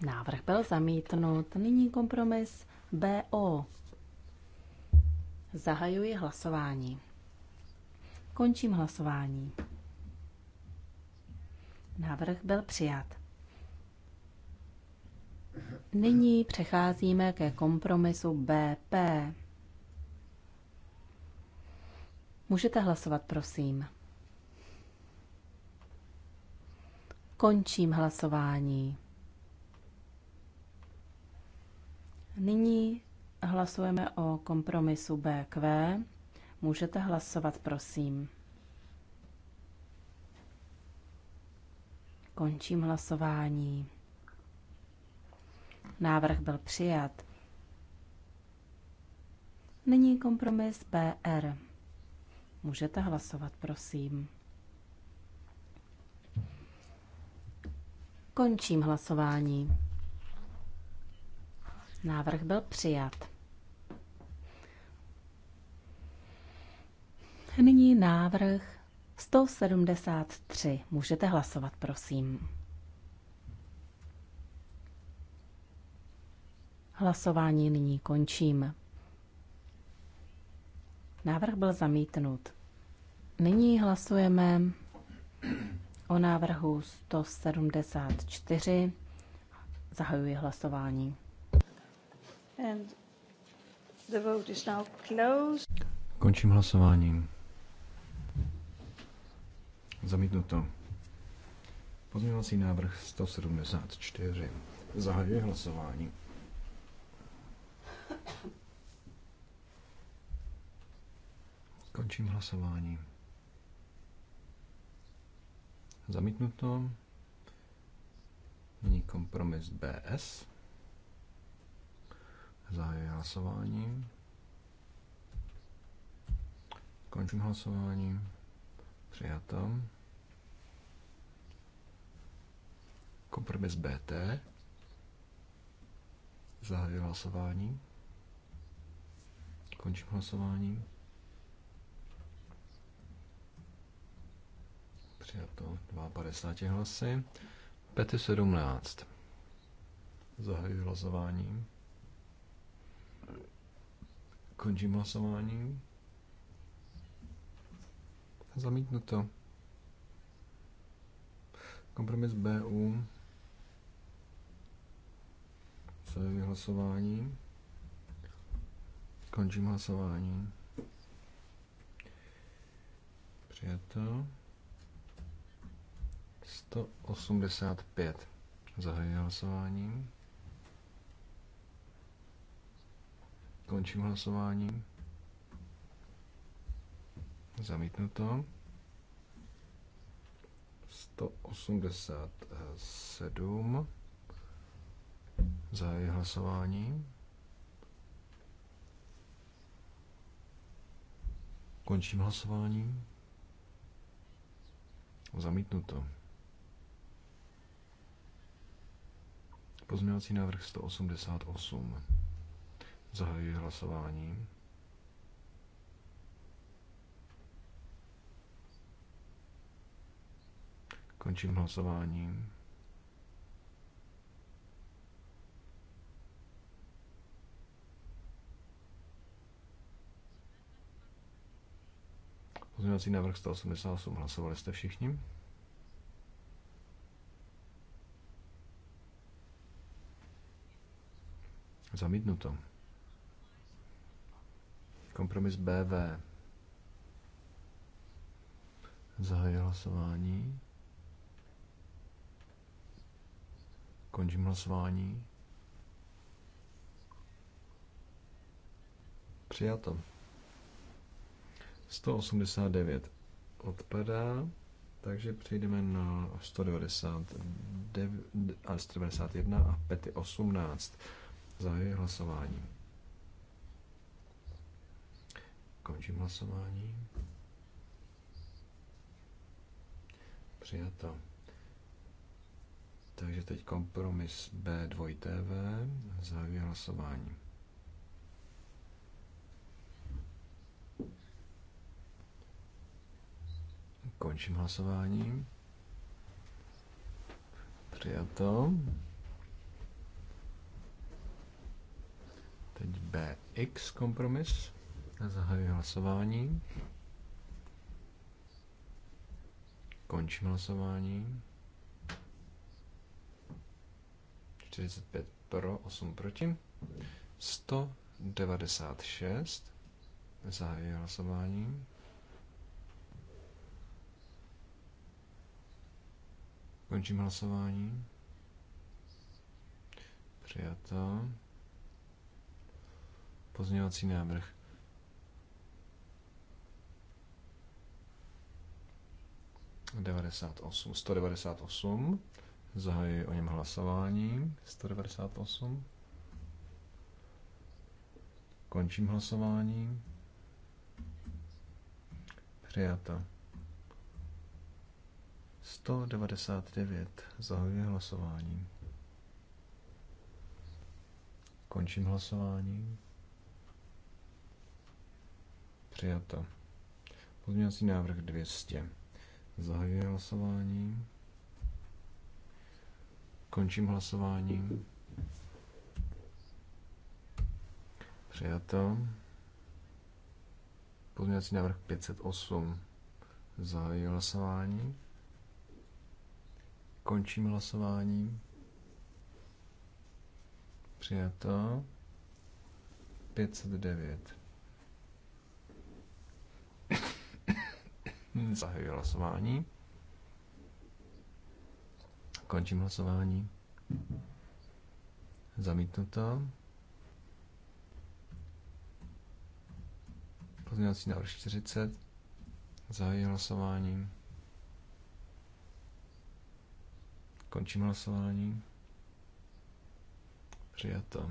Návrh byl zamítnut. Nyní kompromis BO. Zahajuji hlasování. Končím hlasování. Návrh byl přijat. Nyní přecházíme ke kompromisu BP. Můžete hlasovat, prosím. Končím hlasování. Nyní hlasujeme o kompromisu BQ. Můžete hlasovat, prosím. Končím hlasování. Návrh byl přijat. Nyní kompromis BR. Můžete hlasovat, prosím. Končím hlasování. Návrh byl přijat. Nyní návrh 173. Můžete hlasovat, prosím. Hlasování nyní končím. Návrh byl zamítnut. Nyní hlasujeme o návrhu 174. Zahajuji hlasování. And the vote is now closed. Končím hlasování. Zamítnuto. Pozměňovací návrh 174. Zahajuje hlasování. Končím hlasování. Zamítnuto. Nyní kompromis BS. Zahajuji hlasování. Končím hlasování. Přijato. Kompromis BT. Zahajuji hlasování. Končím hlasování. Přijato 52 hlasy. Pety 17. Zahajuji hlasování. Končím hlasování. to. Kompromis BU. Zahajuji hlasování. Končím hlasování. Přijato. 185. Zahajuji hlasování. Končím hlasování. Zamítnuto. 187. Za Zahajuji hlasování. Končím hlasování. Zamítnuto. Pozměňovací návrh 188. Zahajuji hlasování. Končím hlasování. Pozměňovací návrh 188 hlasovali jste všichni. Zamítnuto. Kompromis BV. Zahajuji hlasování. Končím hlasování. Přijato. 189 odpadá, takže přejdeme na 199 191 a 518 18. Zahajuji hlasování. Končím hlasování. Přijato. Takže teď kompromis B 2 TV Zahajuji hlasování. Končím hlasování. Přijato. Teď BX kompromis. Zahajuji hlasování. Končím hlasování. 45 pro, 8 proti. 196. Zahajuji hlasování. Končím hlasování. Přijato. Pozměňovací návrh 98, 198. Zahajuji o něm hlasování. 198. Končím hlasování. Přijata. 199. Zahajuji hlasování. Končím hlasování. Přijata. Pozměňovací návrh 200. Zahajuji hlasování. Končím hlasování. Přijato. Pozměňovací návrh 508. Zahajuji hlasování. Končím hlasování. Přijato. 509. Zahajuji hlasování. Končím hlasování. Zamítnuto. Pozměňovací návrh 40. Zahajuji hlasování. Končím hlasování. Přijato.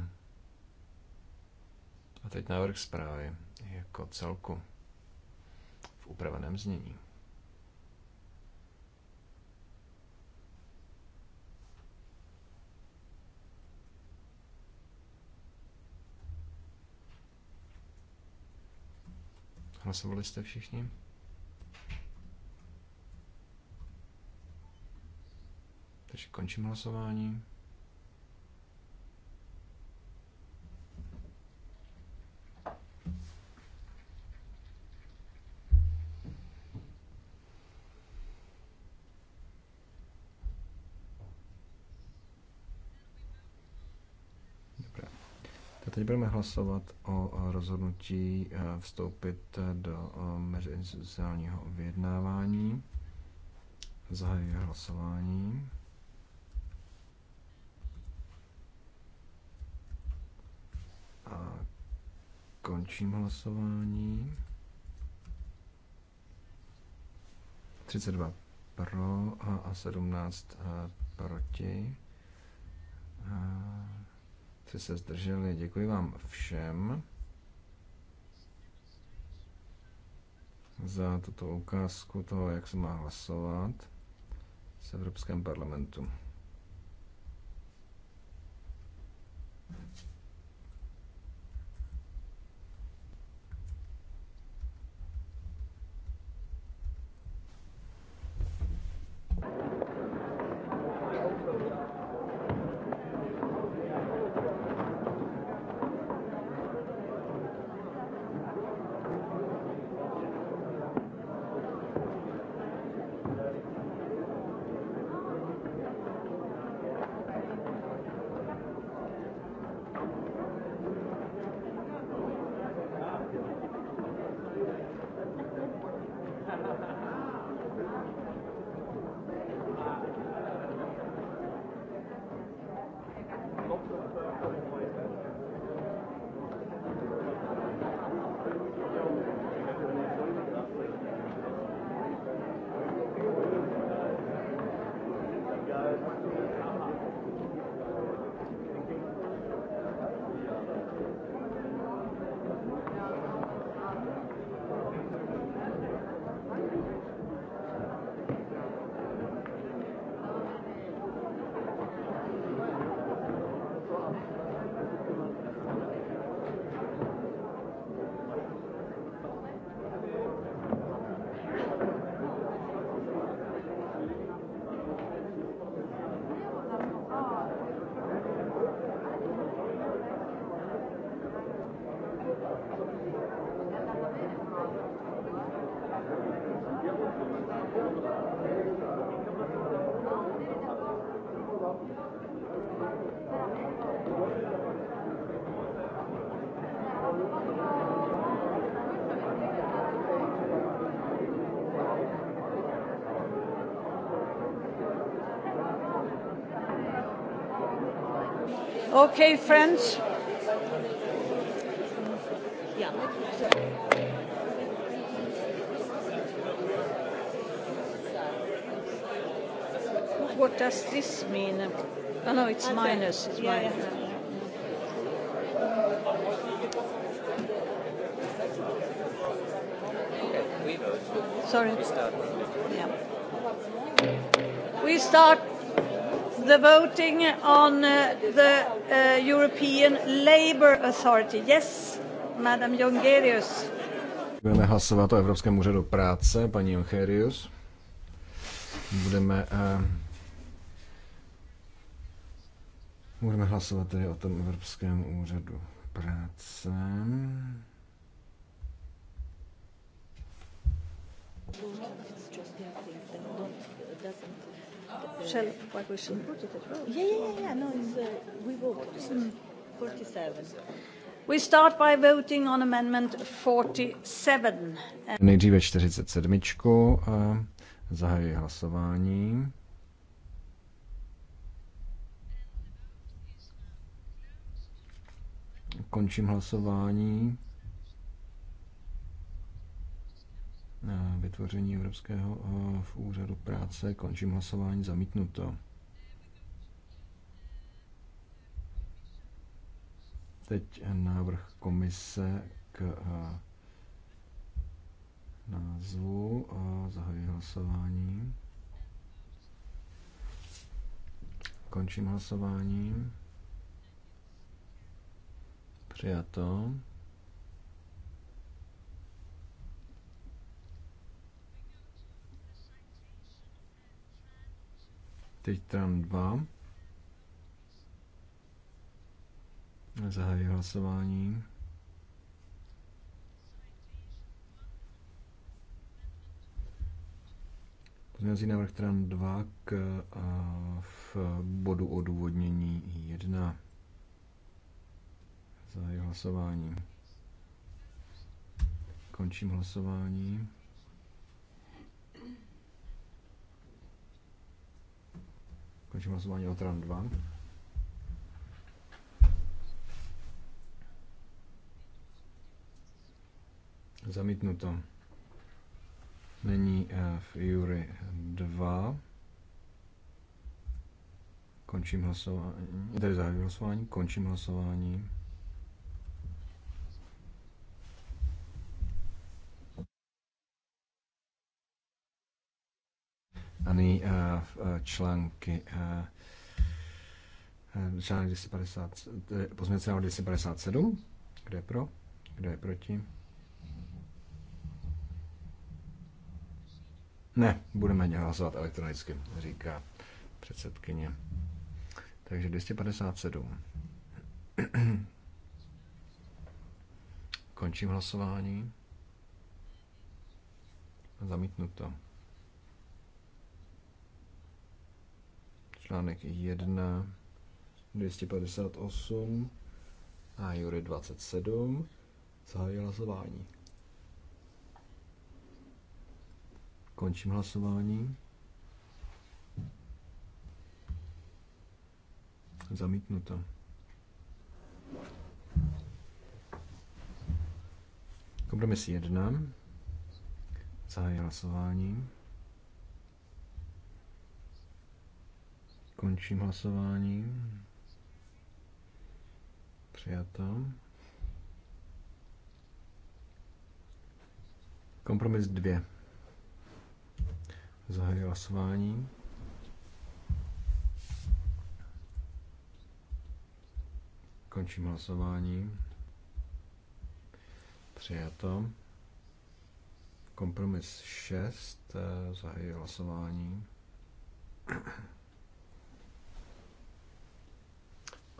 A teď návrh zprávy jako celku v upraveném znění. Hlasovali jste všichni? Takže končím hlasování. Teď budeme hlasovat o rozhodnutí eh, vstoupit eh, do meziinstitucionálního vyjednávání. Zahajuji hlasování. A končím hlasování. 32 pro a 17 eh, proti. A jste se zdrželi. Děkuji vám všem za tuto ukázku toho, jak se má hlasovat s Evropském parlamentu. Okay, friends. What does this mean? Oh no, it's minus. It's yeah, minus. Yeah. Sorry. We start. Yeah. We start the voting on uh, the uh, European Labour Authority. Yes, Madam Jongerius. Budeme hlasovat o Evropském úřadu práce, paní Jongerius. Budeme uh, Budeme hlasovat tedy o tom Evropském úřadu práce. Shall what we should put it at row? Yeah, yeah, yeah, yeah. No, it's, uh, we vote. Mm. 47. We start by voting on amendment 47. Nejdříve 47. Zahajuji hlasování. Končím hlasování. vytvoření Evropského eh, v úřadu práce. Končím hlasování zamítnuto. Teď návrh komise k eh, názvu. Eh, zahajuji hlasování. Končím hlasování. Přijato. Teď tam dva. Zahajuji hlasování. Pozměňovací návrh TRAN 2 k, a v bodu odůvodnění 1. Zahajuji hlasování. Končím hlasování. Končím hlasování o TRAN 2. Zamítnuto. Není eh, v Jury 2. Končím hlasování, Tady zahajuji hlasování, končím hlasování. a uh, články eh, článek 250, 257, kde je pro, kde je proti. Ne, budeme hlasovat elektronicky, říká předsedkyně. Takže 257. Končím hlasování. Zamítnuto. to. článek 1, 258 a Jury 27 zahájí hlasování. Končím hlasování. Zamítnuto. Kompromis 1. Zahájí hlasování. Končím hlasování. Přijato. Kompromis 2. Zahajuji hlasování. Končím hlasování. Přijato. Kompromis 6. Zahajuji hlasování. Thank you.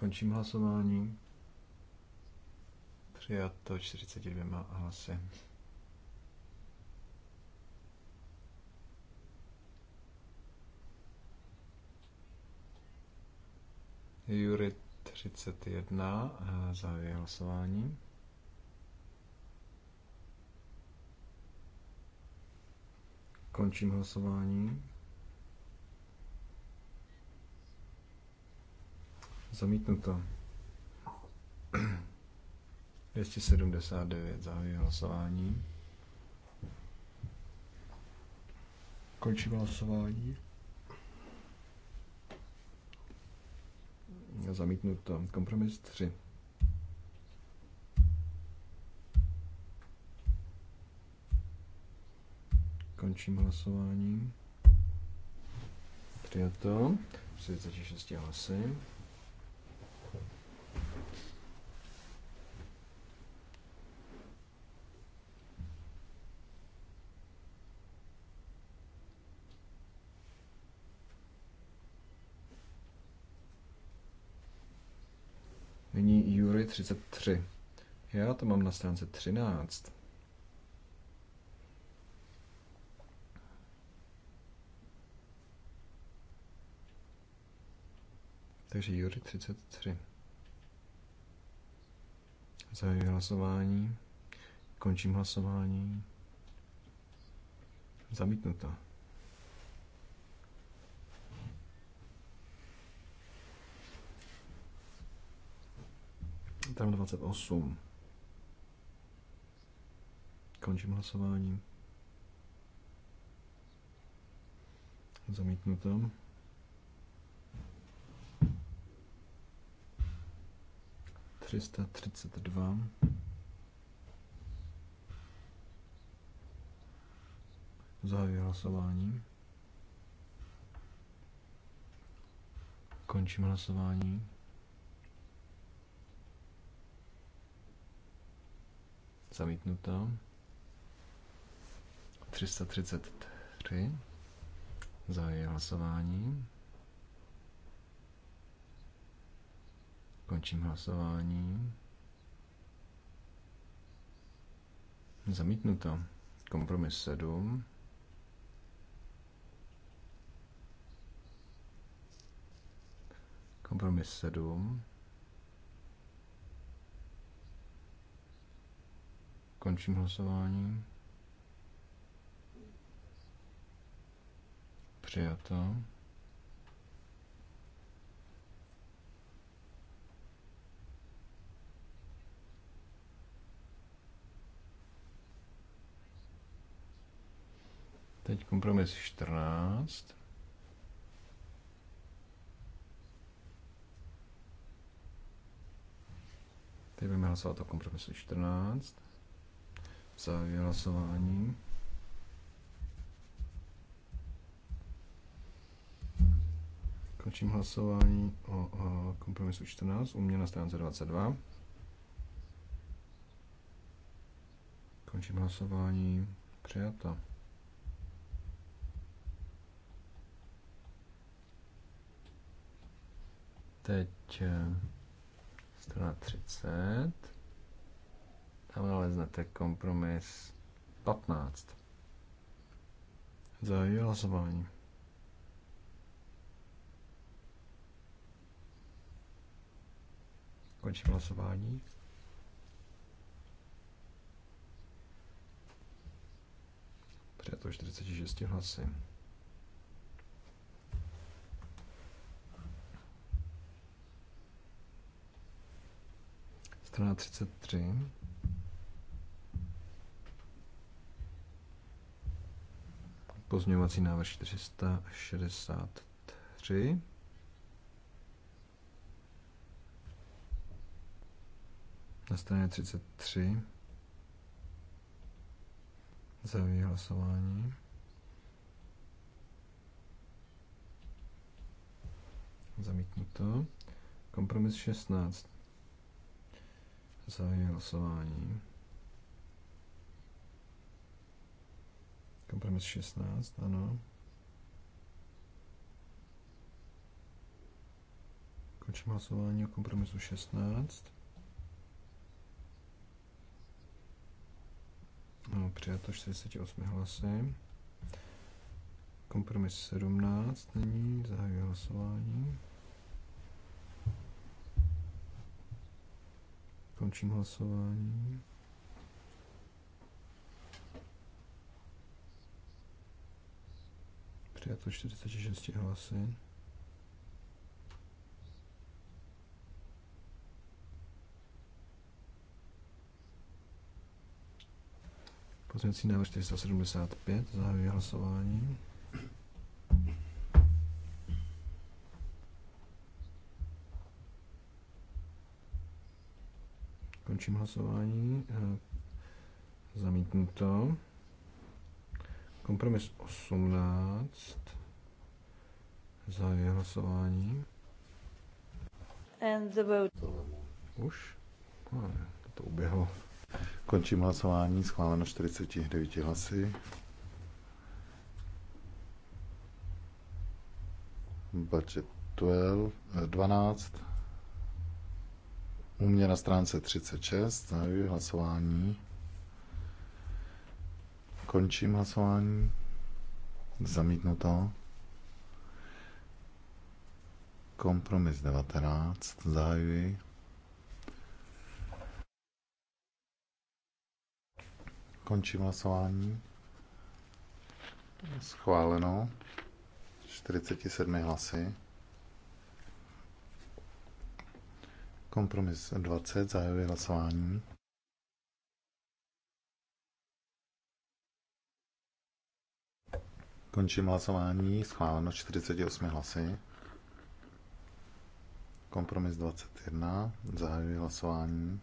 Končím hlasování. Přijato 42 hlasy. Jury 31 eh, zahajuje hlasování. Končím hlasování. Zamítnuto. 279 (clears throat) zahajuji hlasování. Končím hlasování. Zamítnuto. Kompromis 3. Končím hlasování. Přijato. 36 hlasy. 33. Já to mám na stránce 13. Takže Jury 33. Zahajuji hlasování. Končím hlasování. Zamítnuto. Tam 28. Končím hlasování. to. Třista třicet dva. Zahajuji hlasování. Končím hlasování. Zamítnuto. 333. Zahajuji hlasování. Končím hlasování. Zamítnuto. Kompromis 7. Kompromis 7. Končím hlasování. Přijato. Teď kompromis 14. Teď budeme hlasovat o kompromisu 14. Zahajuji hlasování. Končím hlasování o, o kompromisu 14, u mě na stránce 22. Končím hlasování. Přijata. Teď eh, strana 30. Tam naleznete kompromis 15. Zahajuji hlasování. Končím hlasování. Přijato 46 hlasy. Strana 33. Pozměňovací návrh 463. Na straně 33. Zahajuji hlasování. Zamítnuto. Kompromis 16. Zahajuji hlasování. Kompromis 16, ano. Končím hlasování o kompromisu 16. No, přijato 48 hlasy. Kompromis 17 není, zahajuji hlasování. Končím hlasování. Přijato 46 hlasy. Pozměcí návrh 475, zahajuji hlasování. Končím hlasování. Eh, zamítnuto. to. Kompromis 18. Zahajuji hlasování. And the vote. Už? No, to uběhlo. Končím hlasování, schváleno 49 hlasy. Budget 12, 12. Eh, U mě na stránce 36 zahajuji hlasování. Končím hlasování. Zamítnuto. Kompromis 19. Zahajuji. Končím hlasování. Schváleno. 47 hlasy. Kompromis 20. Zahajuji hlasování. Končím hlasování. Schváleno 48 hlasy. Kompromis 21. Zahajuji hlasování.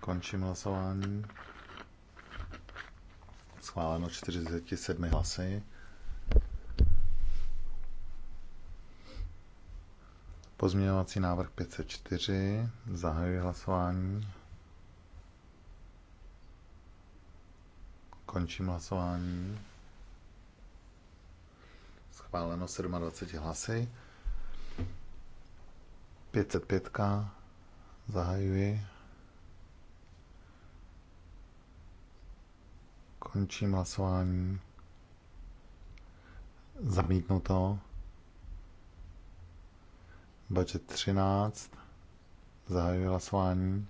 Končím hlasování. Schváleno 47 hlasy. Pozměňovací návrh 504. Zahajuji hlasování. Končím hlasování. Schváleno 27 hlasy. 505. Zahajuji. Končím hlasování. Zamítnuto. Budget 13. Zahajuji hlasování.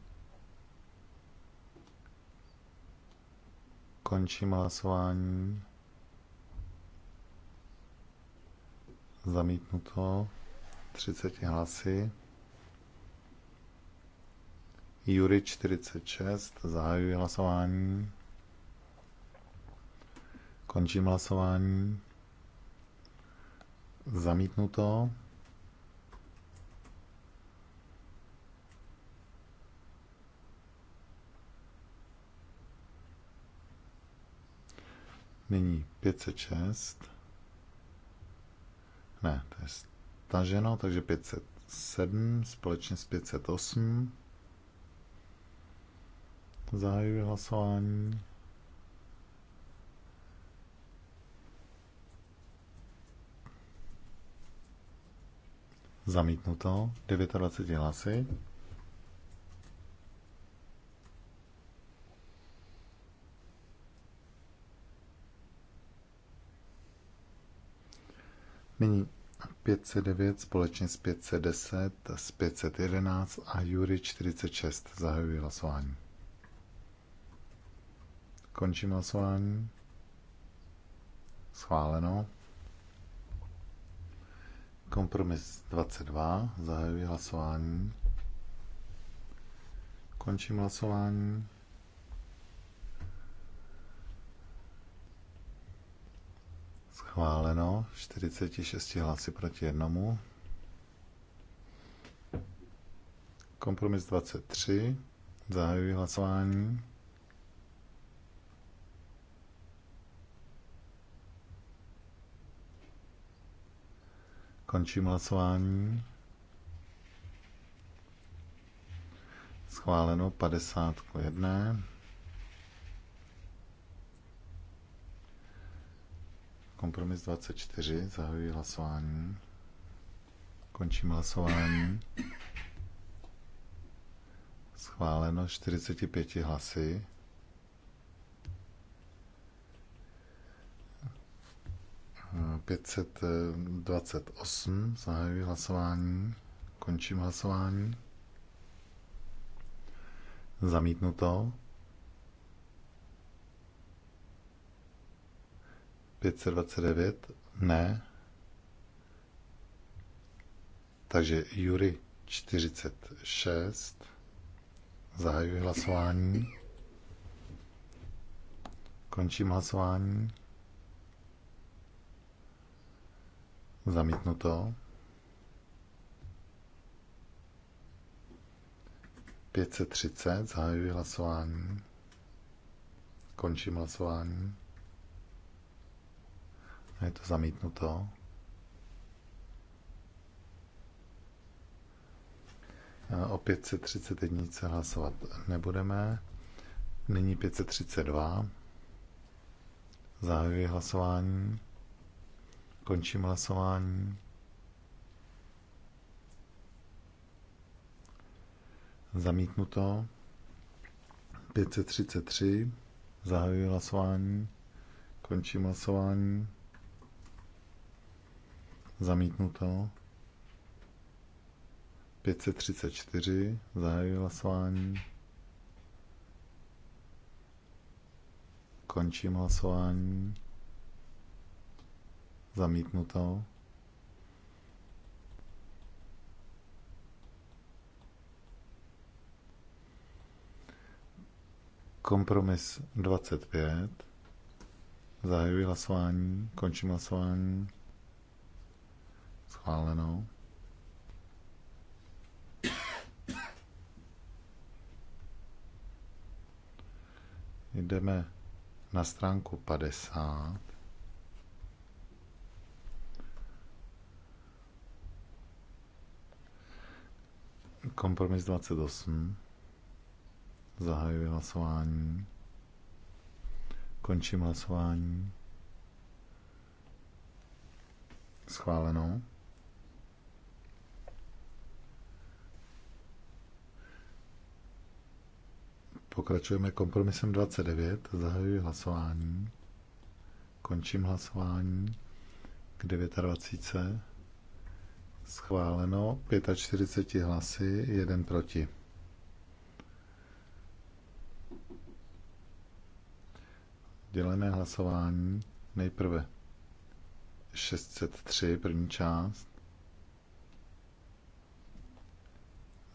Končím hlasování. Zamítnuto 30 hlasy. Jury 46, zahajuji hlasování. Končím hlasování. Zamítnuto. Nyní 506. Ne, to je staženo, takže 507 společně s 508. Zahajuji hlasování. Zamítnuto 29 hlasy. Nyní 509 společně s 510, s 511 a Jury 46 zahajuji hlasování. Končím hlasování. Schváleno. Kompromis 22. Zahajuji hlasování. Končím hlasování. Schváleno 46 hlasy proti jednomu. Kompromis 23. Zahajuji hlasování. Končím hlasování. Schváleno 50 k 1. Kompromis 24, zahajuji hlasování. Končím hlasování. Schváleno 45 hlasy. Pětset dvacet osm, zahajuji hlasování, končím hlasování. Zamítnuto. 529 ne. Takže Jury 46. Zahajuji hlasování. Končím hlasování. Zamítnuto. 530. Zahajuji hlasování. Končím hlasování. Je to zamítnuto. O 531 hlasovat nebudeme. Nyní 532. Zahajuji hlasování. Končím hlasování. Zamítnuto. 533. Zahajuji hlasování. Končím hlasování. Zamítnuto. 534. Zahajuji hlasování. Končím hlasování. Zamítnuto. Kompromis 25. Zahajuji hlasování, končím hlasování schválenou. Jdeme na stránku 50. Kompromis 28. Zahajuji hlasování. Končím hlasování. Schválenou. Pokračujeme kompromisem 29. Zahajuji hlasování. Končím hlasování k 29. Schváleno 45 hlasy, jeden proti. Dělené hlasování nejprve 603, první část.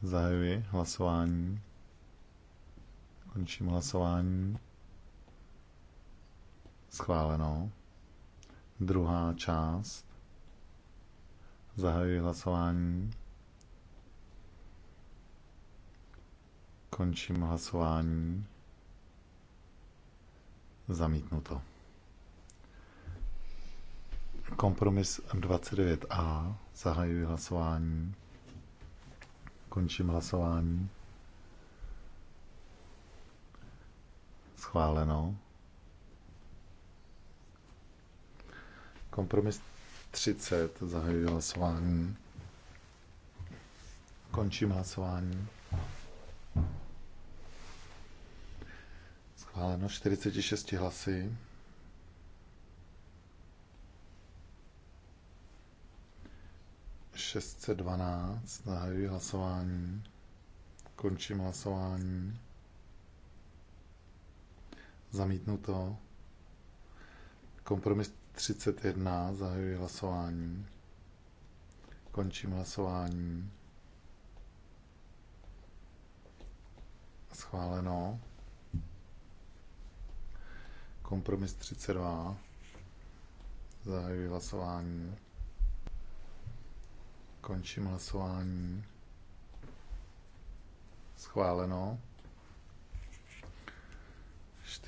Zahajuji hlasování. Končím hlasování. Schváleno. Druhá část. Zahajuji hlasování. Končím hlasování. Zamítnuto. Kompromis 29a. Zahajuji hlasování. Končím hlasování. Schváleno. Kompromis 30. Zahajuji hlasování. Končím hlasování. Schváleno 46 hlasy. Šestce dvanáct, zahajuji hlasování, končím hlasování. Zamítnuto. Kompromis 31. Zahajuji hlasování. Končím hlasování. Schváleno. Kompromis 32. Zahajuji hlasování. Končím hlasování. Schváleno.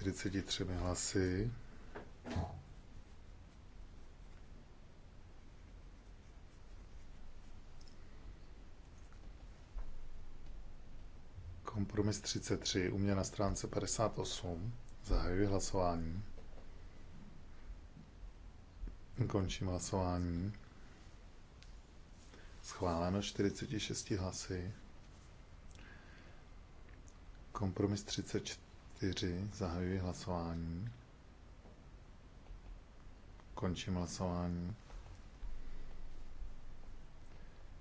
43 hlasy. Kompromis 33, u mě na stránce 58. Zahajuji hlasování. Končím hlasování. Schváleno 46 hlasy. Kompromis 34. 4. Zahajuji hlasování. Končím hlasování.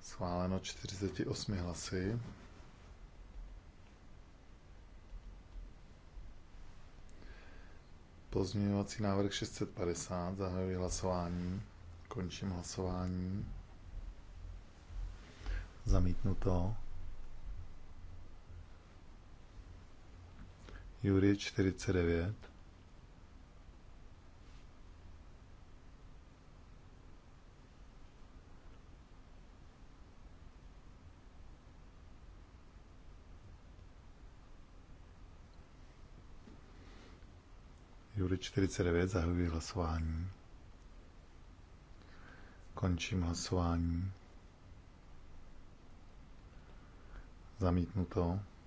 Schváleno 48 hlasy. Pozměňovací návrh 650. Zahajuji hlasování. Končím hlasování. Zamítnuto. Jury 49. Jury 49 zahajuji hlasování. Končím hlasování. Zamítnuto. to.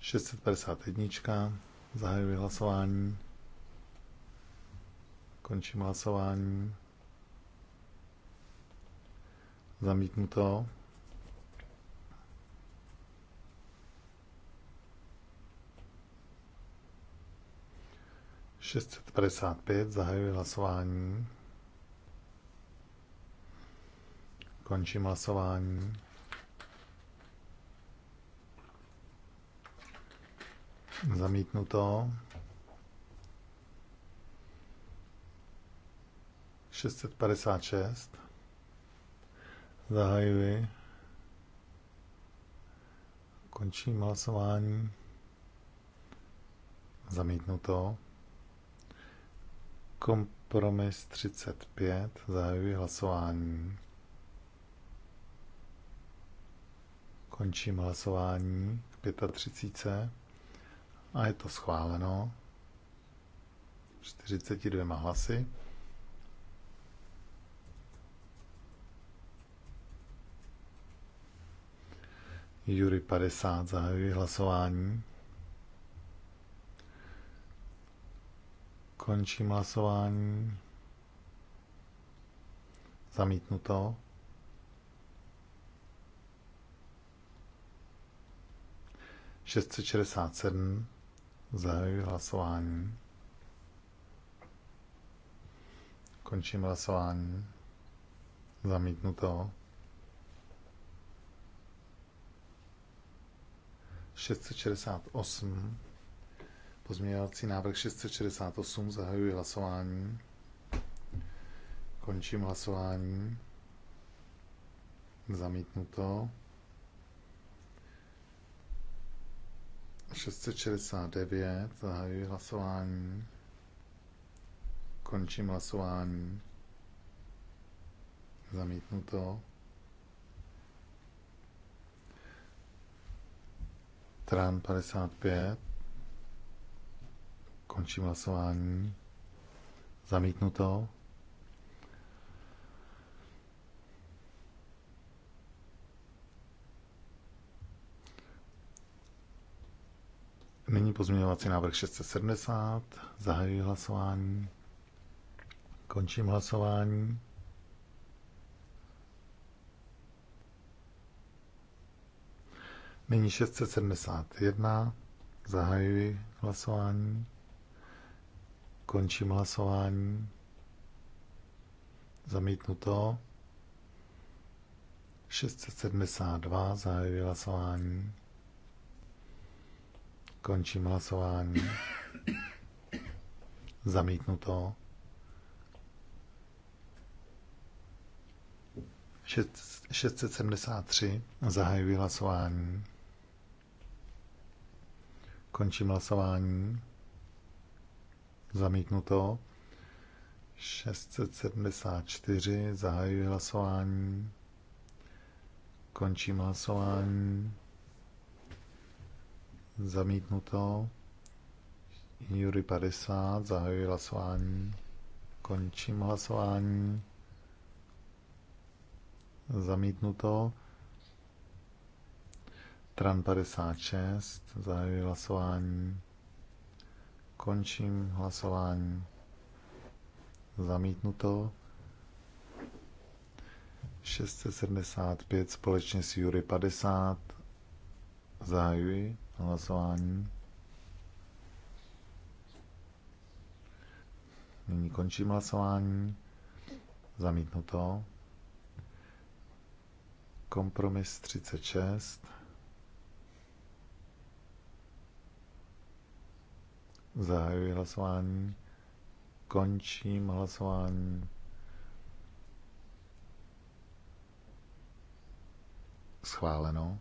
651. Zahajuji hlasování. Končím hlasování. Zamítnuto. Šestset padesát pět. Zahajuji hlasování. Končím hlasování. Zamítnuto. 656. Zahajuji. Končím hlasování. Zamítnuto. Kompromis 35. Zahajuji hlasování. Končím hlasování 35. A je to schváleno 42 hlasy. Jury 50 zahajuje hlasování. Končím hlasování. Zamítnuto. Šestset šedesát sedm. Zahajuji hlasování. Končím hlasování. Zamítnuto. 668. Pozměňovací návrh 668. Zahajuji hlasování. Končím hlasování. Zamítnuto. 669, zahajuji hlasování. Končím hlasování. Zamítnu to. Tran 55. Končím hlasování. Zamítnu to. Nyní pozměňovací návrh 670. Zahajuji hlasování. Končím hlasování. Nyní 671. Zahajuji hlasování. Končím hlasování. Zamítnuto. 672. Zahajuji hlasování. Končím hlasování. Zamítnuto. 673. Zahajuji hlasování. Končím hlasování. Zamítnuto. 674. Zahajuji hlasování. Končím hlasování. Zamítnuto. Jury 50, zahajuji hlasování. Končím hlasování. Zamítnuto. Tran 56, zahajuji hlasování. Končím hlasování. Zamítnuto. 675 společně s Jury 50. Zahajuji hlasování. Nyní končím hlasování. Zamítnuto. Kompromis 36. Zahajuji hlasování. Končím hlasování. Schváleno.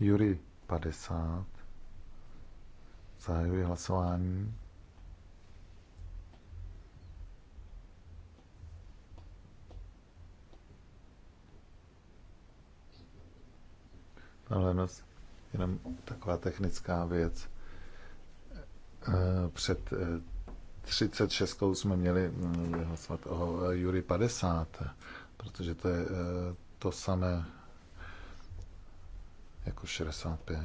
Jury 50. Zahajuji hlasování. Pan Lenos, jenom taková technická věc. Eh, před 36 eh, jsme měli mm, hlasovat o eh, Jury 50, protože to je to samé jako 65.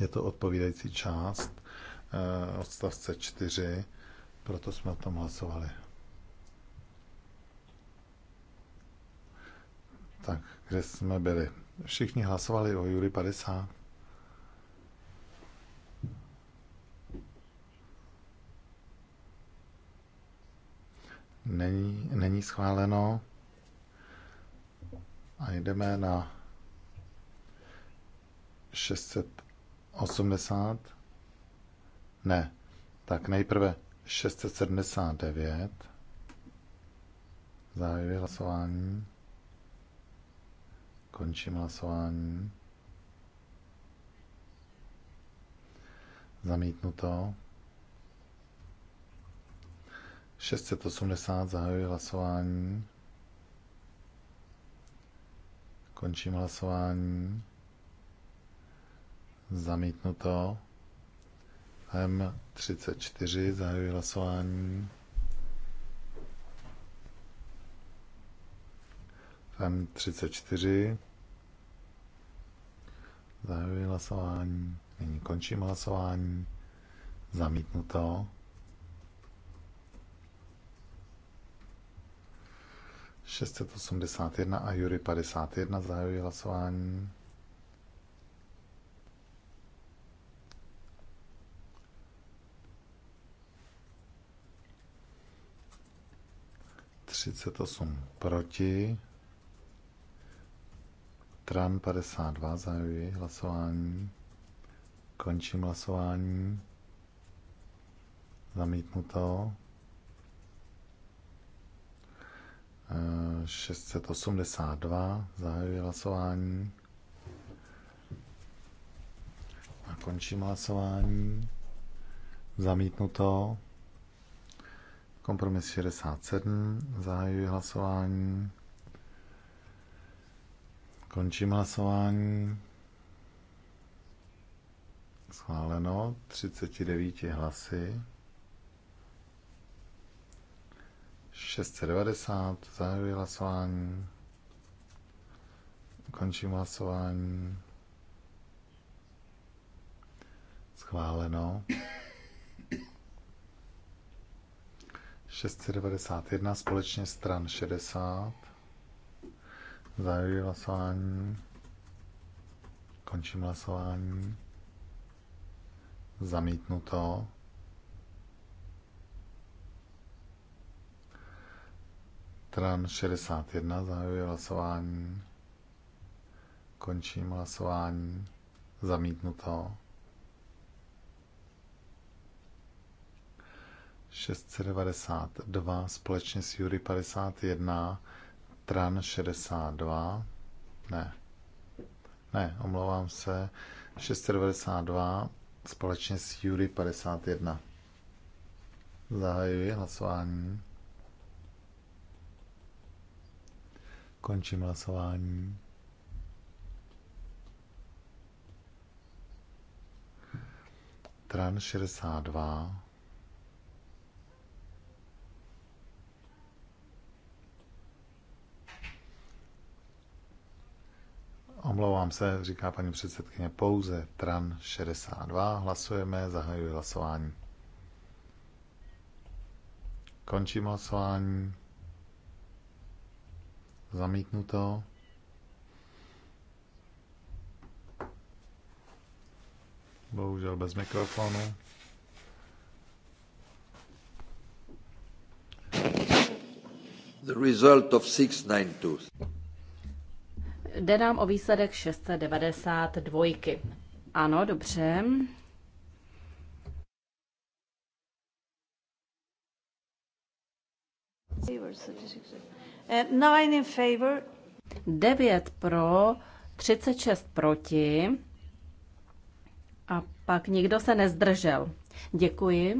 Je to odpovídající část eh, odstavce 4, proto jsme o tom hlasovali. Tak, kde jsme byli? Všichni hlasovali o Juli 50. Není, není schváleno. A jdeme na 680. Ne. Tak nejprve 679. Zahajuji hlasování. Končím hlasování. Zamítnuto. 680 zahajuji hlasování. Končím hlasování. Zamítnuto. M34 zahajuji hlasování. M34 zahajuji hlasování. Nyní končím hlasování. Zamítnuto. 681 a Jury 51 zahajují hlasování. Třicet osm proti. Tran 52 zahajuji hlasování. Končím hlasování. Zamítnuto. 682. Zahajuji hlasování. A končím hlasování. Zamítnuto. Kompromis 67. Zahajuji hlasování. Končím hlasování. Schváleno 39 hlasy. 690, zahajuji hlasování, končím hlasování, schváleno. 691 společně stran 60. Zahajuji hlasování. Končím hlasování. Zamítnuto. stran 61, zahajuji hlasování. Končím hlasování. Zamítnuto. 692 společně s Jury 51, Tran 62, ne, ne, omlouvám se, 692 společně s Jury 51. Zahajuji hlasování. Končím hlasování. Tran 62. Omlouvám se, říká paní předsedkyně, pouze TRAN 62. Hlasujeme, zahajuji hlasování. Končím hlasování. Zamítnuto. Bohužel bez mikrofonu. The result of 692. Jde nám o výsledek 692. Ano, dobře. Favor 36. 9 eh, pro, 36 proti a pak nikdo se nezdržel. Děkuji.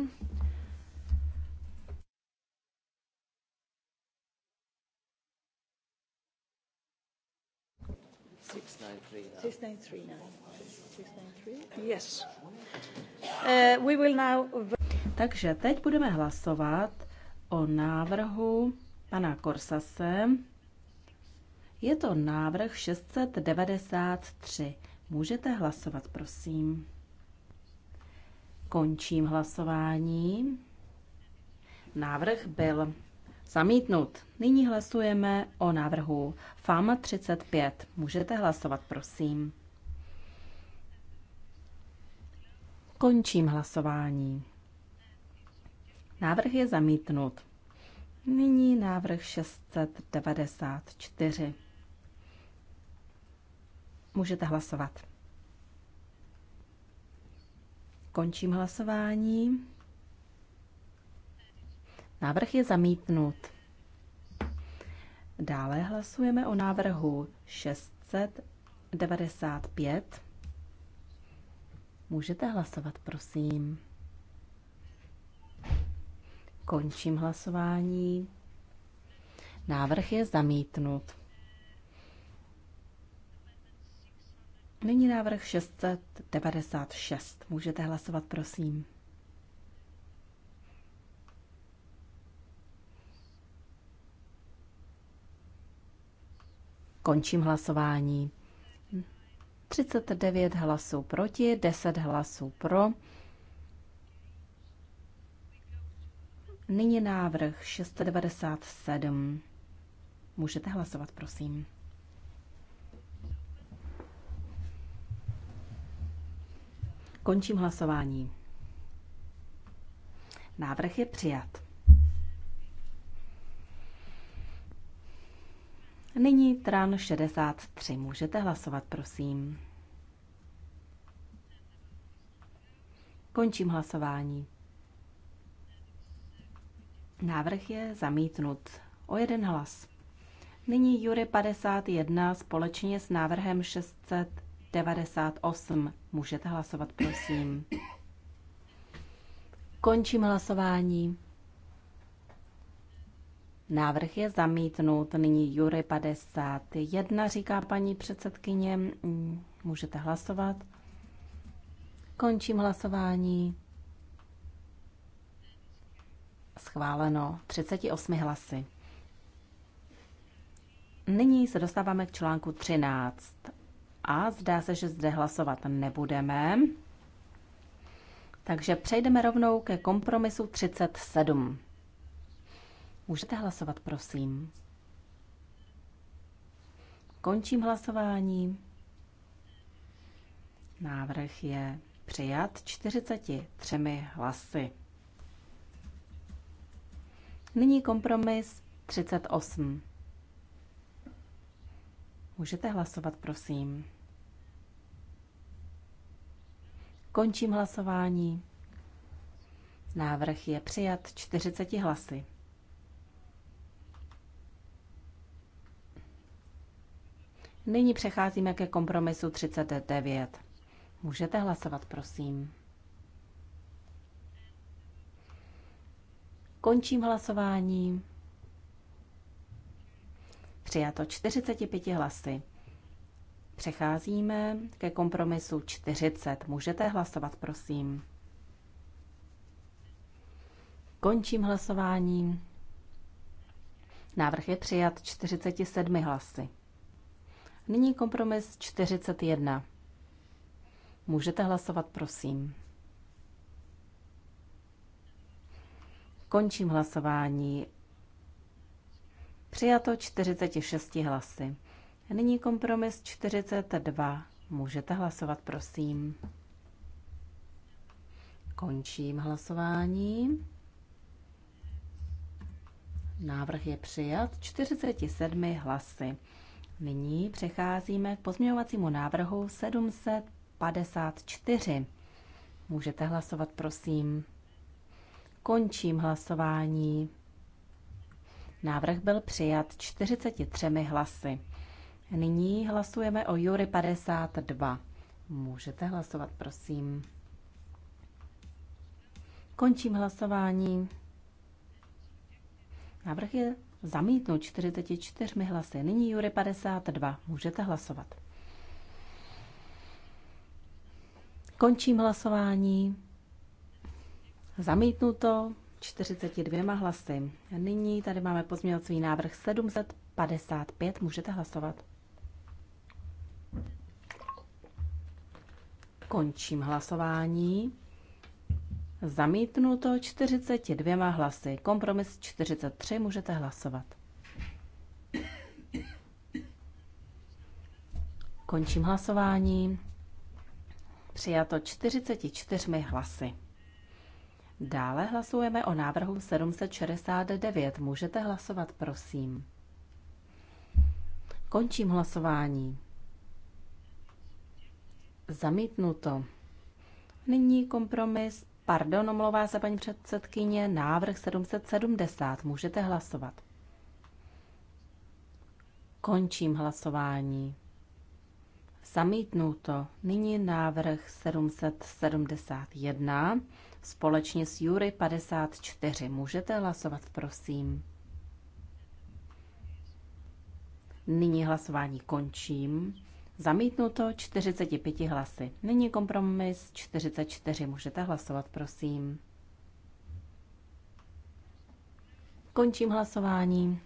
Takže teď budeme hlasovat o návrhu pana Korsase. Je to návrh 693. Můžete hlasovat, prosím. Končím hlasování. Návrh byl zamítnut. Nyní hlasujeme o návrhu FAM 35. Můžete hlasovat, prosím. Končím hlasování. Návrh je zamítnut. Nyní návrh 694. Můžete hlasovat. Končím hlasování. Návrh je zamítnut. Dále hlasujeme o návrhu 695. Můžete hlasovat, prosím. Končím hlasování. Návrh je zamítnut. Nyní návrh 696. Můžete hlasovat, prosím. Končím hlasování. 39 hlasů proti, 10 hlasů pro. Nyní návrh 697. Můžete hlasovat, prosím. Končím hlasování. Návrh je přijat. Nyní tran 63. Můžete hlasovat, prosím. Končím hlasování. Návrh je zamítnut o jeden hlas. Nyní Jury 51 společně s návrhem 698. Můžete hlasovat, prosím. Končím hlasování. Návrh je zamítnut. Nyní Jury 51, říká paní předsedkyně. Můžete hlasovat. Končím hlasování schváleno 38 hlasy. Nyní se dostáváme k článku 13. A zdá se, že zde hlasovat nebudeme. Takže přejdeme rovnou ke kompromisu 37. Můžete hlasovat, prosím. Končím hlasování. Návrh je přijat 43 hlasy. Nyní kompromis 38. Můžete hlasovat, prosím. Končím hlasování. Návrh je přijat 40 hlasy. Nyní přecházíme ke kompromisu 39. Můžete hlasovat, prosím. Končím hlasování. Přijato 45 hlasy. Přecházíme ke kompromisu 40. Můžete hlasovat, prosím. Končím hlasování. Návrh je přijat 47 hlasy. Nyní kompromis 41. Můžete hlasovat, prosím. Končím hlasování. Přijato 46 hlasy. Nyní kompromis 42. Můžete hlasovat, prosím. Končím hlasování. Návrh je přijat 47 hlasy. Nyní přecházíme k pozměňovacímu návrhu 754. Můžete hlasovat, prosím. Končím hlasování. Návrh byl přijat 43 hlasy. Nyní hlasujeme o Jury 52. Můžete hlasovat, prosím. Končím hlasování. Návrh je zamítnut 44 hlasy. Nyní Jury 52. Můžete hlasovat. Končím hlasování. Zamítnuto 42 hlasy. Nyní tady máme pozměňovací návrh 755. Můžete hlasovat. Končím hlasování. Zamítnuto 42 hlasy. Kompromis 43. Můžete hlasovat. Končím hlasování. Přijato 44 hlasy. Dále hlasujeme o návrhu 769. Můžete hlasovat, prosím. Končím hlasování. Zamítnuto. Nyní kompromis. Pardon, omlouvá se paní předsedkyně. Návrh 770. Můžete hlasovat. Končím hlasování. Zamítnuto. Nyní návrh 771 společně s Jury 54. Můžete hlasovat, prosím. Nyní hlasování končím. Zamítnuto 45 hlasy. Nyní kompromis 44. Můžete hlasovat, prosím. Končím hlasování.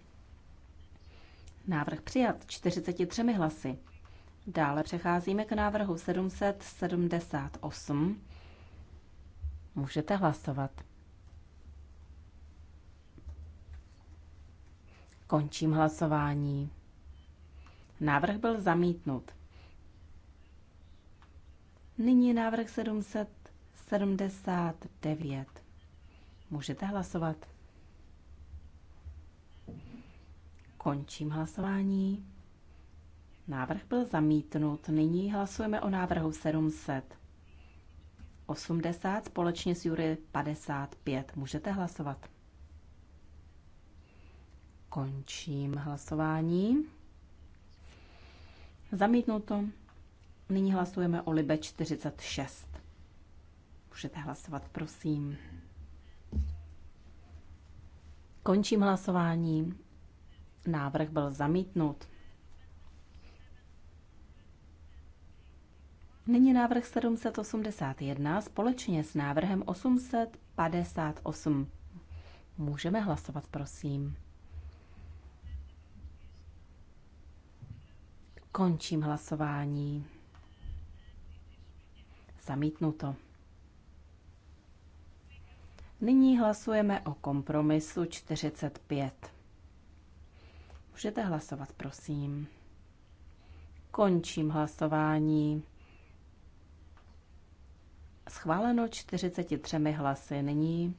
Návrh přijat 43 hlasy. Dále přecházíme k návrhu 778. Můžete hlasovat. Končím hlasování. Návrh byl zamítnut. Nyní návrh 779. Můžete hlasovat. Končím hlasování. Návrh byl zamítnut. Nyní hlasujeme o návrhu 700. 80 společně s Jury 55. Můžete hlasovat. Končím hlasování. Zamítnuto. Nyní hlasujeme o Libe 46. Můžete hlasovat, prosím. Končím hlasování. Návrh byl zamítnut. Nyní návrh 781 společně s návrhem 858. Můžeme hlasovat, prosím. Končím hlasování. Zamítnuto. Nyní hlasujeme o kompromisu 45. Můžete hlasovat, prosím. Končím hlasování. Schváleno 43 hlasy. Nyní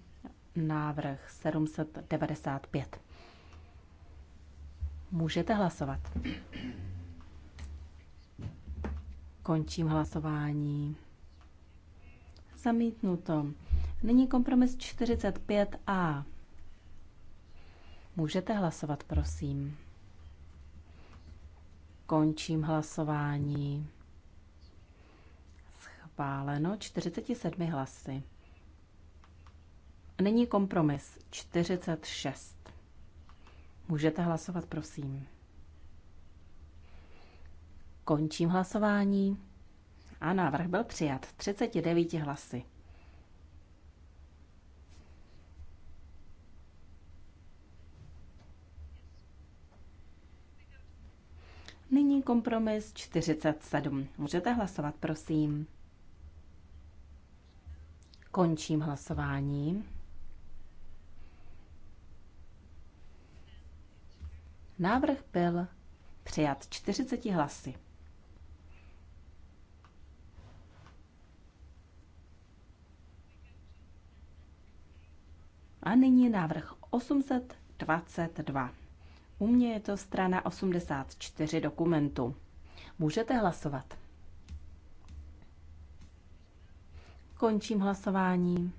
návrh 795. Můžete hlasovat. Končím hlasování. Zamítnuto. Nyní kompromis 45a. Můžete hlasovat, prosím. Končím hlasování schváleno 47 hlasy. Nyní kompromis 46. Můžete hlasovat, prosím. Končím hlasování. A návrh byl přijat 39 hlasy. Nyní kompromis 47. Můžete hlasovat, prosím. Končím hlasování. Návrh byl přijat 40 hlasy. A nyní návrh 822. U mě je to strana 84 dokumentu. Můžete hlasovat. Končím hlasování.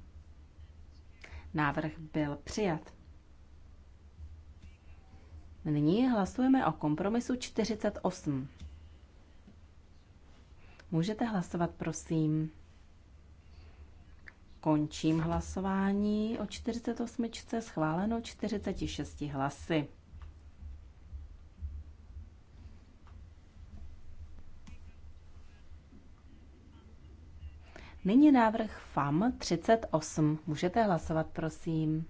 Návrh byl přijat. Nyní hlasujeme o kompromisu 48. Můžete hlasovat, prosím. Končím hlasování o 48. schváleno 46 hlasy. Nyní návrh FAM 38. Můžete hlasovat, prosím.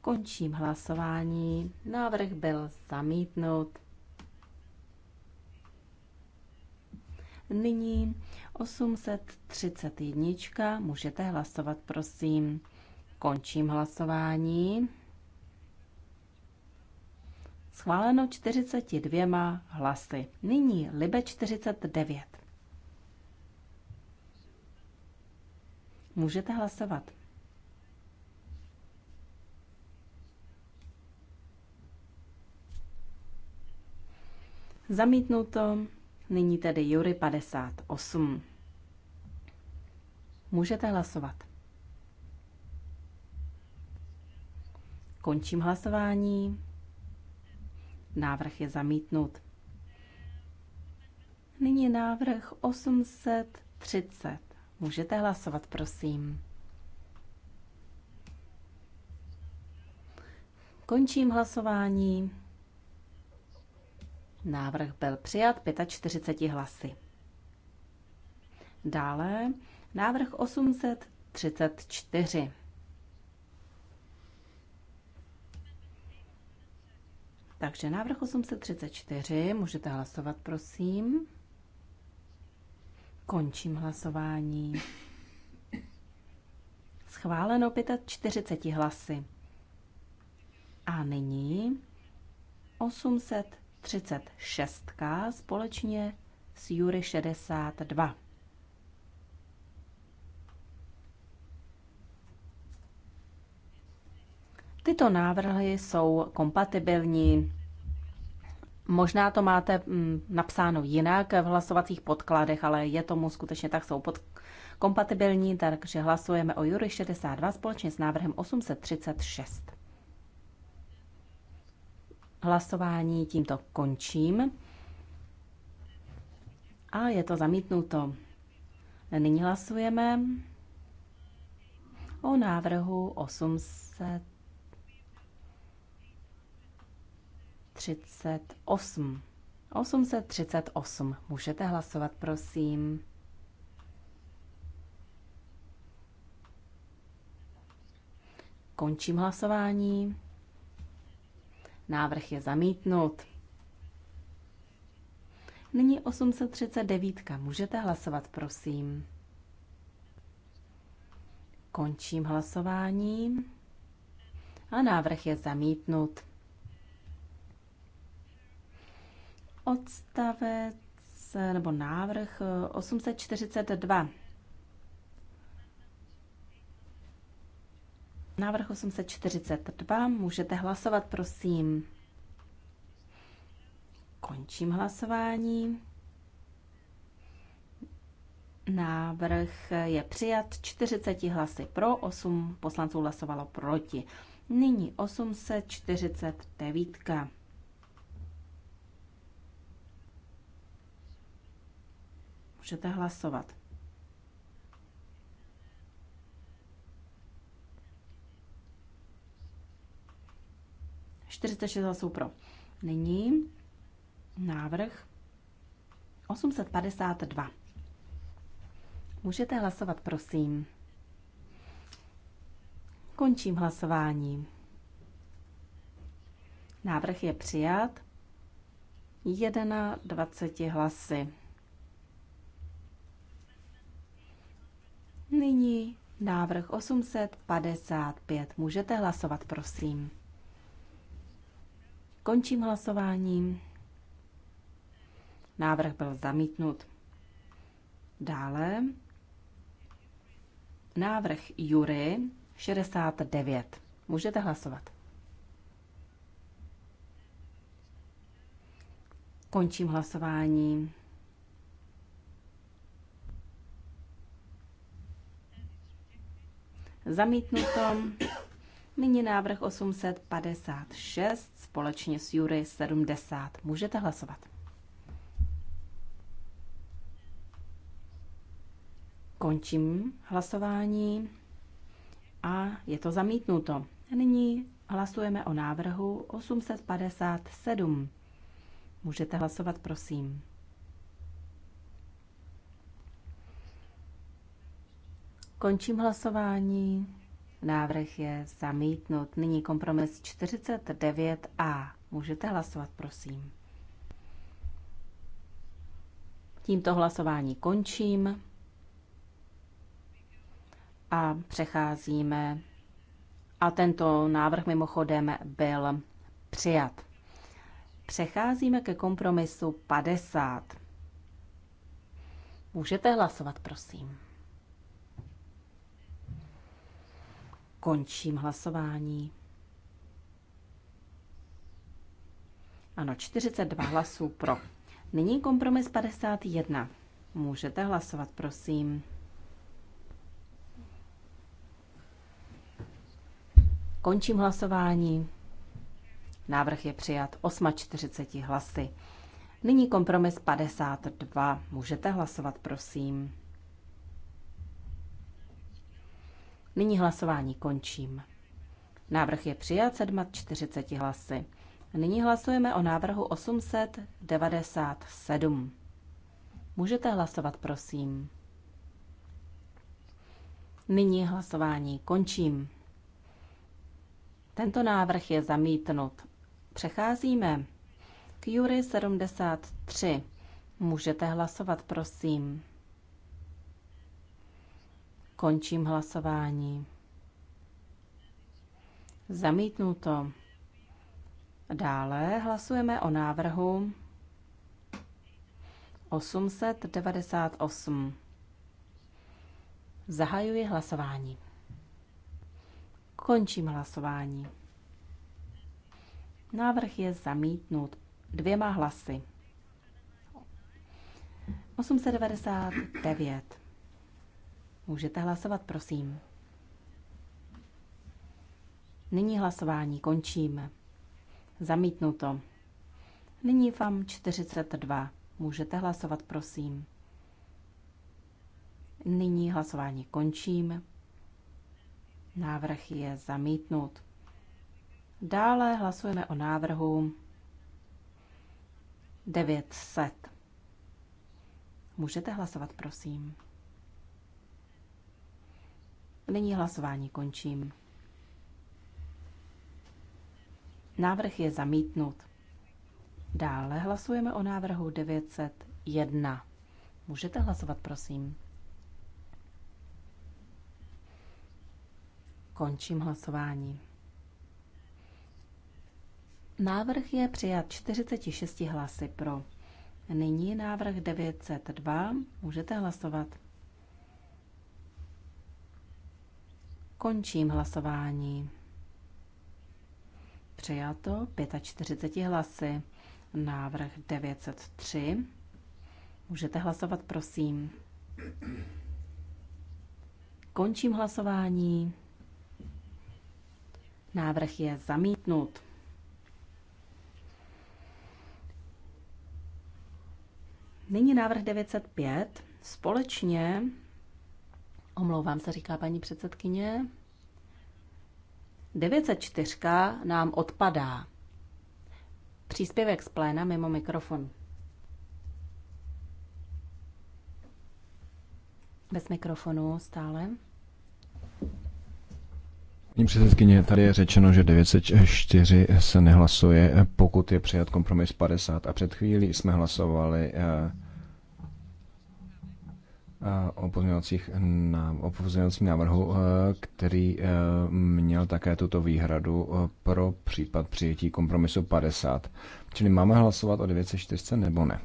Končím hlasování. Návrh byl zamítnut. Nyní 831. Můžete hlasovat, prosím. Končím hlasování. Schváleno 42 hlasy. Nyní Libe 49. Můžete hlasovat. Zamítnuto. Nyní tedy Jury 58. Můžete hlasovat. Končím hlasování. Návrh je zamítnut. Nyní návrh 830. Můžete hlasovat, prosím. Končím hlasování. Návrh byl přijat 45 hlasy. Dále návrh 834. Takže návrh 834, můžete hlasovat, prosím. Končím hlasování. Schváleno 45 hlasy. A nyní 836 společně s Jury 62. Tyto návrhy jsou kompatibilní. Možná to máte mm, napsáno jinak v hlasovacích podkladech, ale je tomu skutečně tak, jsou pod kompatibilní, takže hlasujeme o Jury 62 společně s návrhem 836. Hlasování tímto končím. A je to zamítnuto. Nyní hlasujeme o návrhu 800. 838. 838. Můžete hlasovat, prosím. Končím hlasování. Návrh je zamítnut. Nyní 839. Můžete hlasovat, prosím. Končím hlasování. A návrh je zamítnut. Odstavec nebo návrh 842. Eh, návrh 842, můžete hlasovat, prosím. Končím hlasování. Návrh je přijat 40 hlasy pro, 8 poslanců hlasovalo proti. Nyní 849. Můžete hlasovat. Čtyřicet šest hlasů pro. Nyní návrh 852. Můžete hlasovat, prosím. Končím hlasování. Návrh je přijat 21 hlasy. Nyní návrh 855. Můžete hlasovat, prosím. Končím hlasování. Návrh byl zamítnut. Dále návrh Jury 69. Můžete hlasovat. Končím hlasování. Zamítnuto. Nyní návrh 856 společně s Jury 70. Můžete hlasovat. Končím hlasování a je to zamítnuto. Nyní hlasujeme o návrhu 857. Můžete hlasovat, prosím. Končím hlasování. Návrh je zamítnut. Nyní kompromis 49a. Můžete hlasovat, prosím. Tímto hlasování končím a přecházíme. A tento návrh mimochodem byl přijat. Přecházíme ke kompromisu 50. Můžete hlasovat, prosím. Končím hlasování. Ano, 42 hlasů pro. Nyní kompromis 51. Můžete hlasovat, prosím. Končím hlasování. Návrh je přijat 840 hlasy. Nyní kompromis 52. Můžete hlasovat, prosím. Nyní hlasování končím. Návrh je přijat 740 hlasy. Nyní hlasujeme o návrhu 897. Můžete hlasovat, prosím. Nyní hlasování končím. Tento návrh je zamítnut. Přecházíme k Jury 73. Můžete hlasovat, prosím. Končím hlasování. Zamítnuto. Dále hlasujeme o návrhu 898. Zahajuji hlasování. Končím hlasování. Návrh je zamítnut dvěma hlasy. 899. Můžete hlasovat, prosím. Nyní hlasování končím. Zamítnuto. Nyní FAM 42. Můžete hlasovat, prosím. Nyní hlasování končím. Návrh je zamítnut. Dále hlasujeme o návrhu 900. Můžete hlasovat, prosím. Nyní hlasování končím. Návrh je zamítnut. Dále hlasujeme o návrhu 901. Můžete hlasovat, prosím. Končím hlasování. Návrh je přijat 46 hlasy pro. Nyní návrh 902. Můžete hlasovat. Končím hlasování. Přijato 45 hlasy. Návrh 903. Můžete hlasovat, prosím. Končím hlasování. Návrh je zamítnut. Nyní návrh 905. Společně Omlouvám se, říká paní předsedkyně. 904 nám odpadá. Příspěvek z pléna mimo mikrofon. Bez mikrofonu stále. Paní předsedkyně, tady je řečeno, že 904 se nehlasuje, pokud je přijat kompromis 50. A před chvílí jsme hlasovali eh, Eh, o pozměňovacích o pozměňovacím návrhu, eh, který eh, měl také tuto výhradu pro případ přijetí kompromisu 50. Čili máme hlasovat o 940 nebo ne?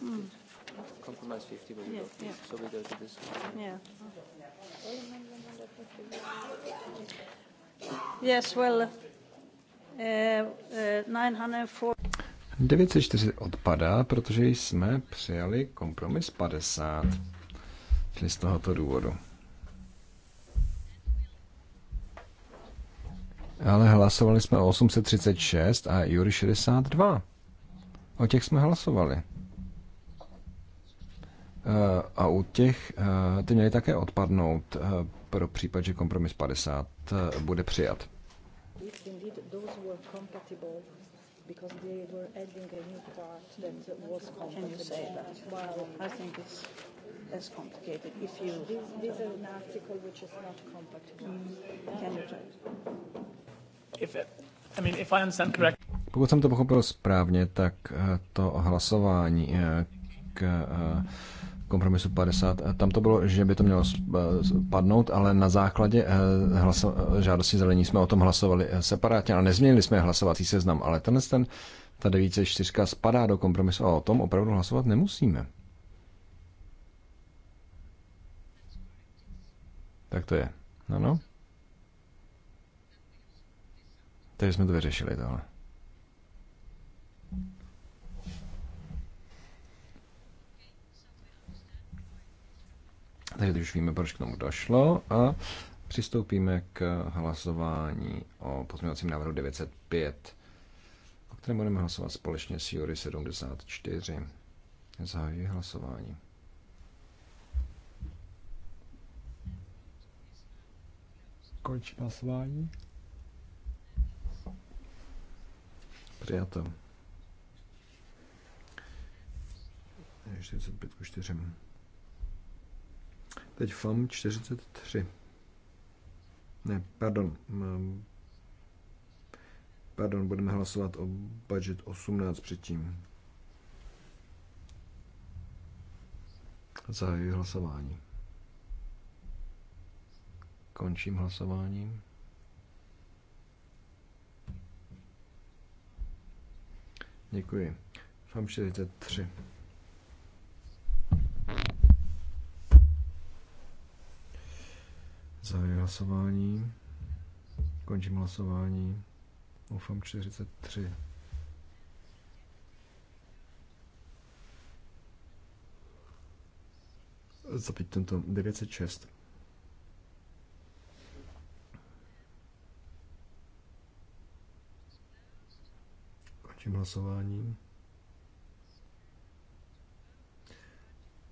Hmm. Hmm. Yes, well, uh, uh, 904. 904 odpadá, protože jsme přijali kompromis 50. Čili z tohoto důvodu. Ale hlasovali jsme o 836 a Jury 62. O těch jsme hlasovali. Eh, a u těch eh, ty měly také odpadnout eh, pro případ, že kompromis 50 bude přijat. If indeed those were compatible because they were adding a new part that was complicated. Can you say that? Well, I think it's less complicated if you... This, this is an article which is not compatible. Mm. Can you try? If it, I mean, if I understand correctly... Pokud jsem to pochopil správně, tak eh, to hlasování eh, k eh, kompromisu 50. Eh, tam to bylo, že by to mělo eh, padnout, ale na základě eh, hlaso- žádosti zelení jsme o tom hlasovali separátně, ale nezměnili jsme hlasovací seznam, ale tenhle ten ta 94 spadá do kompromisu a o tom opravdu hlasovat nemusíme. Tak to je. Ano. teď jsme to vyřešili tohle. Takže teď už víme, proč k tomu došlo a přistoupíme k hlasování o pozměňovacím návrhu 905, o kterém budeme hlasovat společně s Jury 74. Zahajuji hlasování. Končím hlasování. Přijato. 45 4. Teď FAM 43. Ne, pardon. Pardon, budeme hlasovat o budget 18 předtím. Zahajuji hlasování. Končím hlasování. Děkuji. FAM 43. Zahajuji hlasování. Končím hlasování. Doufám 43. Zapít tento 906. Končím hlasování.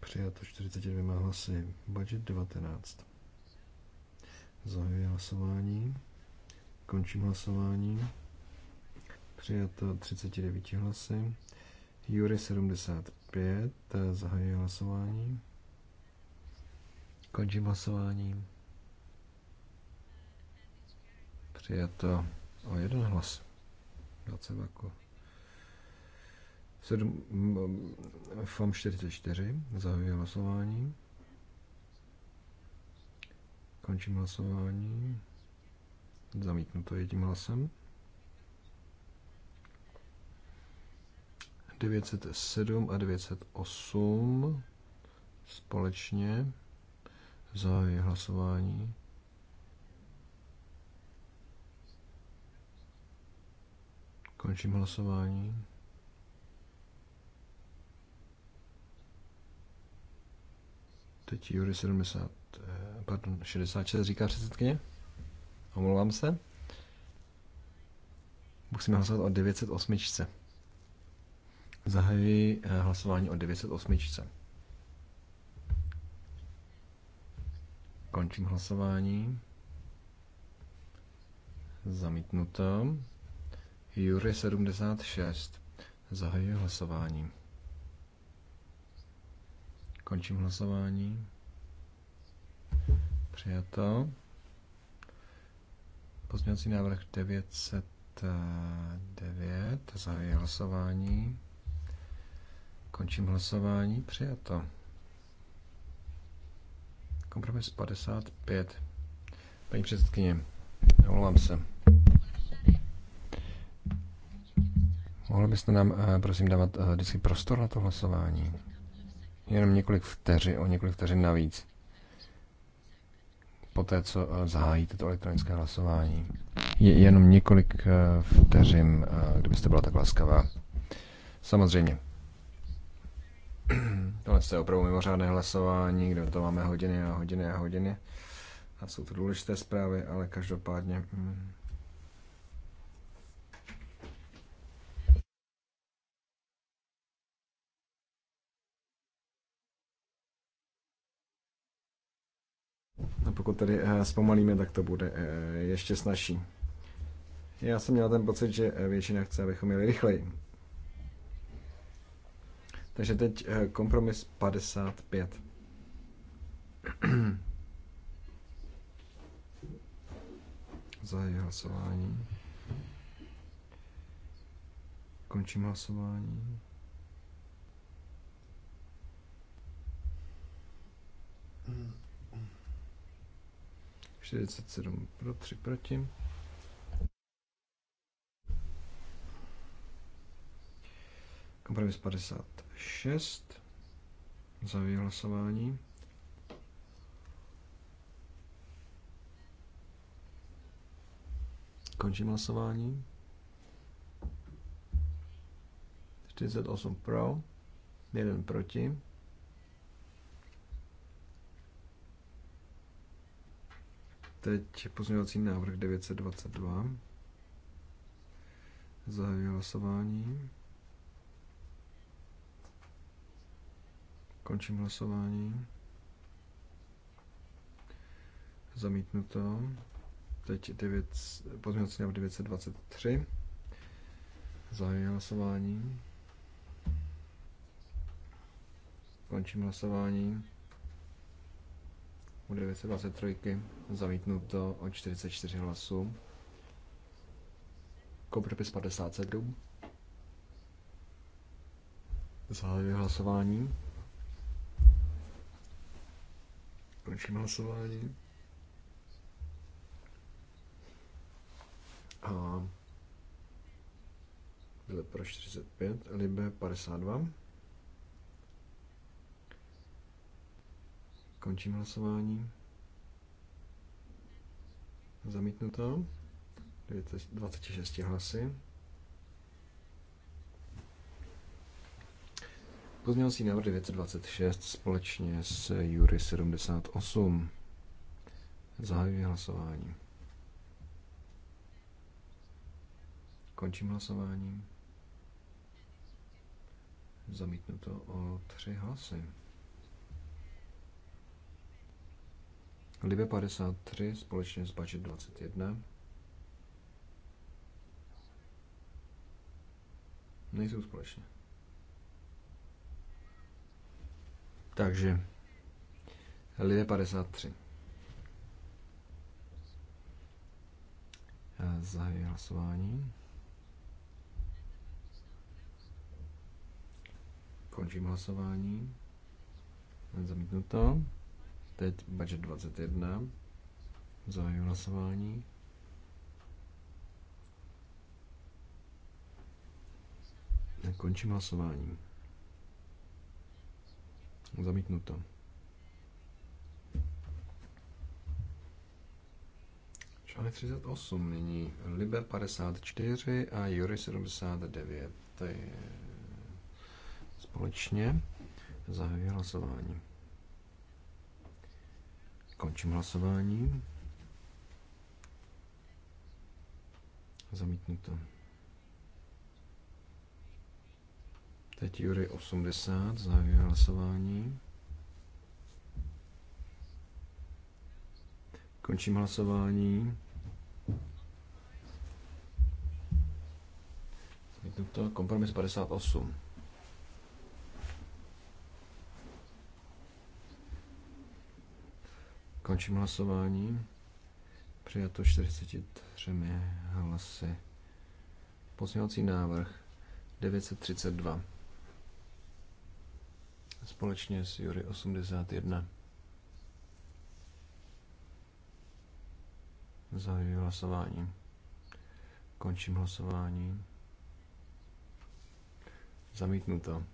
Přijato 42 hlasy. Budget 19. Zahajuji hlasování. Končím hlasování. Přijato 39 hlasy. Jury 75. Zahajuji hlasování. Končím hlasování. Přijato o jeden hlas. 20 vaku. 7, FAM 44. Zahajuji hlasování. Končím hlasování. Zamítnu to jedním hlasem. 907 a 908 společně za hlasování. Končím hlasování. Teď Jury 70 Eh, pardon, 66 říká předsedkyně. Omlouvám se. Musíme hlasovat o 908. Zahajuji eh, hlasování o 908. Končím hlasování. Zamítnuto. Jury 76. Zahajuji hlasování. Končím hlasování. Přijato. Pozměňovací návrh 909. Zahajuji hlasování. Končím hlasování. Přijato. Kompromis 55. Paní předsedkyně, omlouvám se. Mohla byste nám, eh, prosím, dávat eh, vždycky prostor na to hlasování? Jenom několik vteřin, o několik vteřin navíc poté, co eh, zahájíte to elektronické hlasování. Je jenom několik eh, vteřin, eh, kdybyste byla tak laskavá. Samozřejmě. (clears throat) Tohle je opravdu mimořádné hlasování, kde to máme hodiny a hodiny a hodiny. A jsou to důležité zprávy, ale každopádně... Hmm. A pokud tady eh, zpomalíme, tak to bude eh, ještě snažší. Já jsem měl ten pocit, že eh, většina chce, abychom jeli rychleji. Takže teď kompromis 55. (clears throat) Zahajuji hlasování. Končím hlasování. Mm. 47 pro, 3 proti. Kompromis 56. Za vyhlasování. Končím hlasování. 48 pro, 1 proti. Teď pozměňovací návrh 922. Zahajuji hlasování. Končím hlasování. Zamítnuto. Teď 9, pozměňovací návrh 923. Zahajuji hlasování. Končím hlasování u 923 zamítnuto o 44 hlasů. Kompromis 57. Zahajuji hlasování. Končím hlasování. A byl pro 45, Libe 52. Končím hlasování. Zamítnuto. 26 hlasy. si návrh 926 společně s Jury 78. Zahajuji hlasování. Končím hlasování. Zamítnuto o tři hlasy. Libe 53 společně s budget 21. Nejsou společně. Takže Libe 53. Zahajuji hlasování. Končím hlasování. Zamítnuto. to. Teď budget 21. Zahajuji hlasování. Končím hlasování. Zamítnuto. Článek 38 nyní Libe 54 a Jury 79. To je společně zahajuji hlasování. Končím hlasování. Zamítnuto. Teď Jury 80, závěr hlasování. Končím hlasování. Zamítnuto. Kompromis 58. Končím hlasování. Přijato 43 hlasy. Pozměňovací návrh 932. Společně s Jury 81. Zahajuji hlasování. Končím hlasování. Zamítnuto.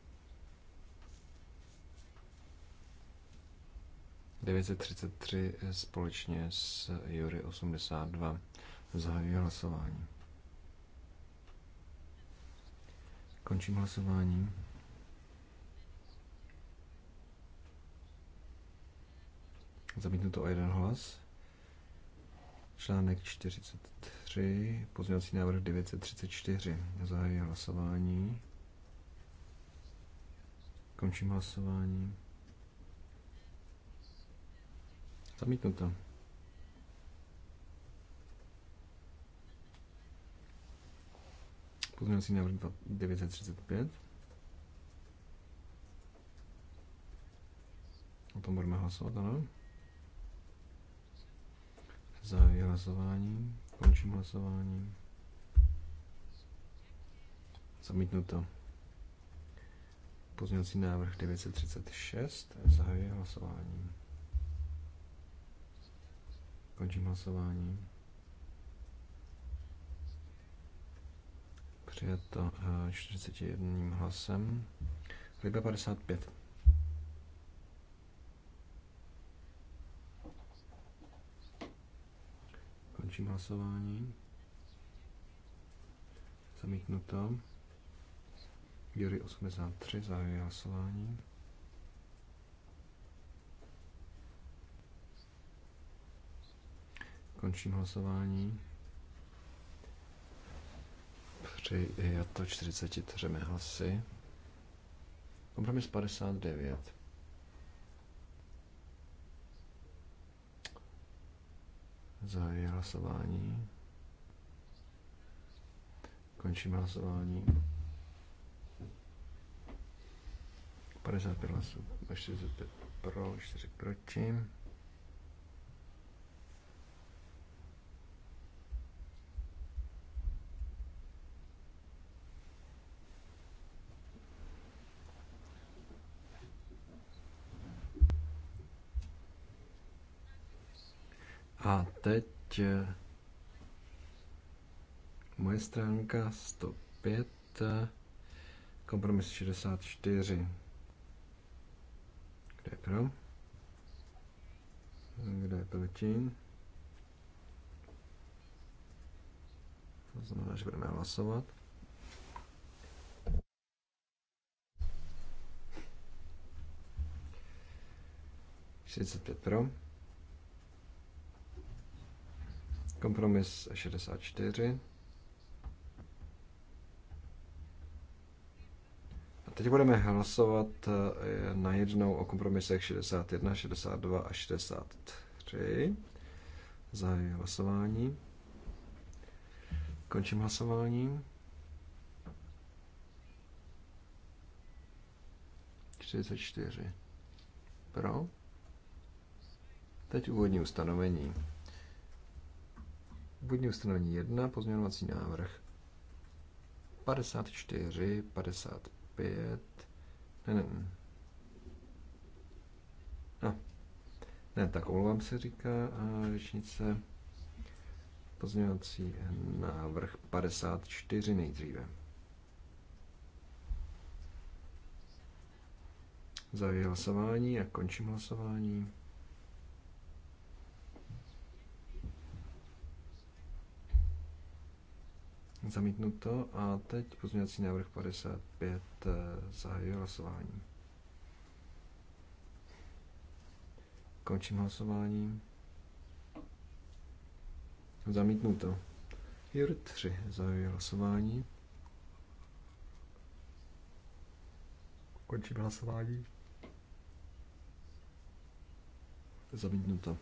933 společně s Jury 82. Zahajuji hlasování. Končím hlasování. Zamítnu to o jeden hlas. Článek 43, pozměňovací návrh 934. Zahajuji hlasování. Končím hlasování. Zamítnuto. Pozměňovací návrh 935. O tom budeme hlasovat, ano. Zahajuji hlasování, končím hlasování. Zamítnuto. Pozměňovací návrh 936. Zahajuji hlasování skončím hlasování. to uh, 41 hlasem. Libe 55. Končím hlasování. Zamítnuto. Jury 83 zahajuje hlasování. Končím hlasování. to 43 hlasy. Kompromis 59. Zahajuji hlasování. Končím hlasování. 55 hlasů, 45 pro, 4 proti. A teď eh, moje stránka 105, eh, kompromis 64. Kde je pro? Kde je proti? To znamená, že budeme hlasovat. Třicet pět Kompromis 64. A teď budeme hlasovat eh, na jednou o kompromisech 61, 62 a 63. Zahajuji hlasování. Končím hlasování. 44. Pro. Teď úvodní ustanovení. Původní ustanovení 1, pozměňovací návrh 54, 55, ne, ne, ne. No. Ne, tak omlouvám se, říká řečnice. Pozměňovací návrh 54 nejdříve. Zavěji hlasování a končím hlasování. Zamítnuto. A teď pozměňovací návrh 55. Eh, zahajuje hlasování. Končím hlasování. Zamítnuto. Jur 3. zahajuje hlasování. Končím hlasování. Zamítnuto.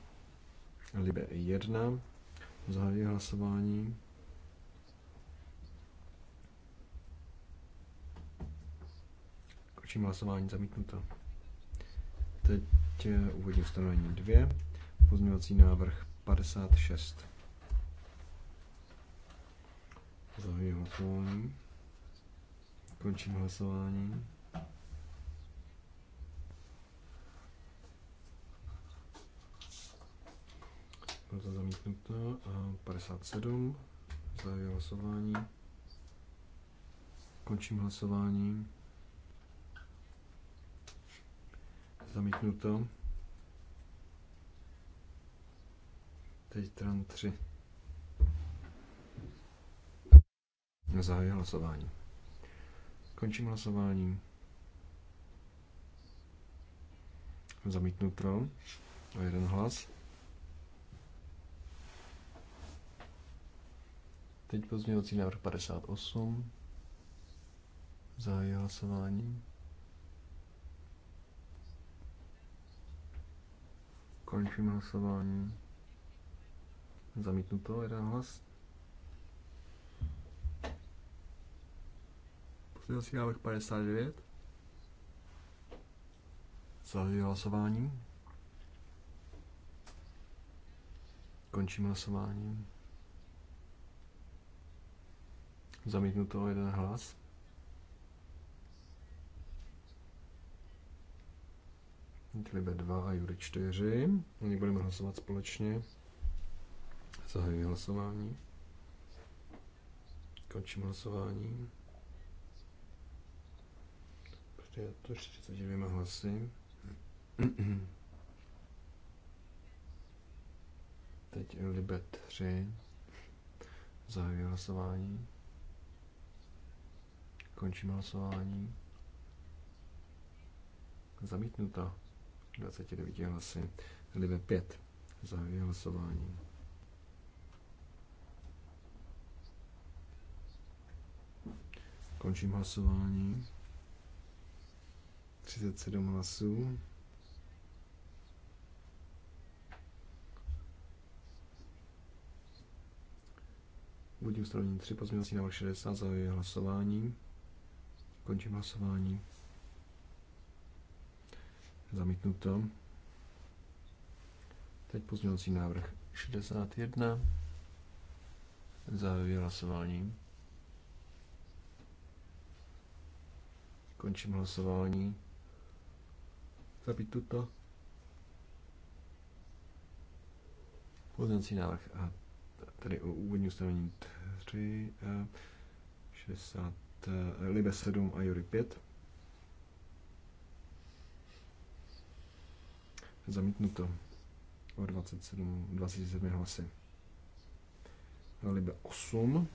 Libe 1. zahajuje hlasování. Končím hlasování zamítnuto. Teď uvodím eh, ustanovení 2, pozměňovací návrh 56. Zahajuji hlasování. Končím hlasování. Bylo to zamítnuto. A 57. Zahajuji hlasování. Končím hlasování. Zamítnuto. Teď tran 3. Zahajuji hlasování. Končím hlasování. Zamítnuto. O jeden hlas. Teď pozměňovací návrh 58. Zahajuji hlasování. Končím hlasování. Zamítnuto jeden hlas. Pozměňovací návrh 59. Zahajuji hlasování. Končím hlasování. Zamítnuto jeden hlas. Libe 2 a Jury 4. Oni budeme hlasovat společně. Zahajuji hlasování. Končím hlasování. Přijato 42 hlasy. Teď Libe 3. Zahajuji hlasování. Končím hlasování. Zamítnuto. 29 hlasy. Libe 5. Zahajuji hlasování. Končím hlasování. 37 hlasů. Budím ustanovení 3 pozměňovací návrh 60, zahajuji hlasování. Končím hlasování. Zamítnuto. Teď pozměňovací návrh 61. Zahajuji hlasování. Končím hlasování. Zabít tuto. Pozměňovací návrh a tady o úvodní ustanovení 3, 60, eh, eh, Libe 7 a Jury 5. Zamítnuto. O 27, 27 hlasy. Libe 8.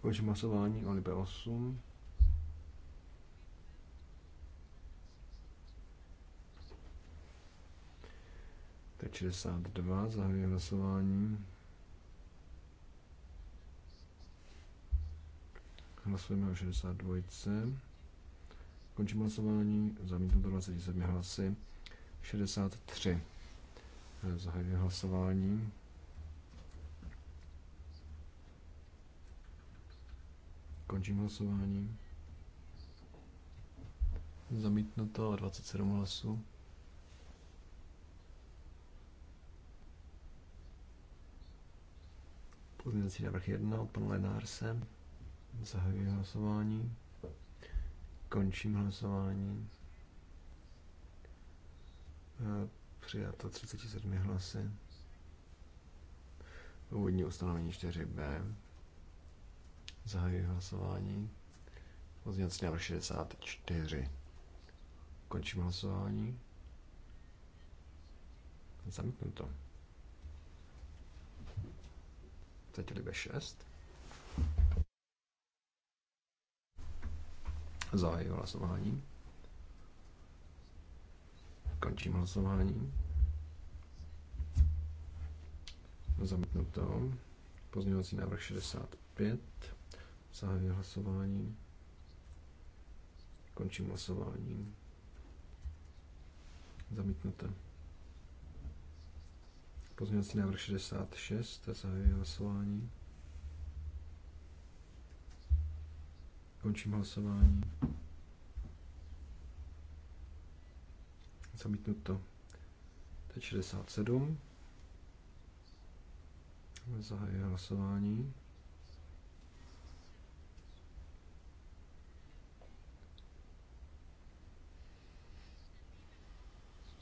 Končím hlasování o Libe 8. To je 62, zahajuji hlasování. Hlasujeme o 62. Končím hlasování. Zamítnuto 27 hlasy. 63. Zahajuji hlasování. Končím hlasování. Zamítnuto 27 hlasů. Pozměňovací návrh 1 od pana Lenárse. Zahajuji hlasování. Končím hlasování. Eh, přijato 37 hlasy. Úvodní ustanovení 4b. Zahajuji hlasování. Pozměňovací návrh 64. Končím hlasování. Zamítnu to. Teď liby 6. Zahajuji hlasování. Končím hlasování. Zamítnuto. Pozměňovací návrh 65. Zahajuji hlasování. Končím hlasování. Zamítnuté. Pozměňovací návrh 66. Zahajuji hlasování. Končím hlasování. Zamítnuto. je 67. Zahajuji hlasování.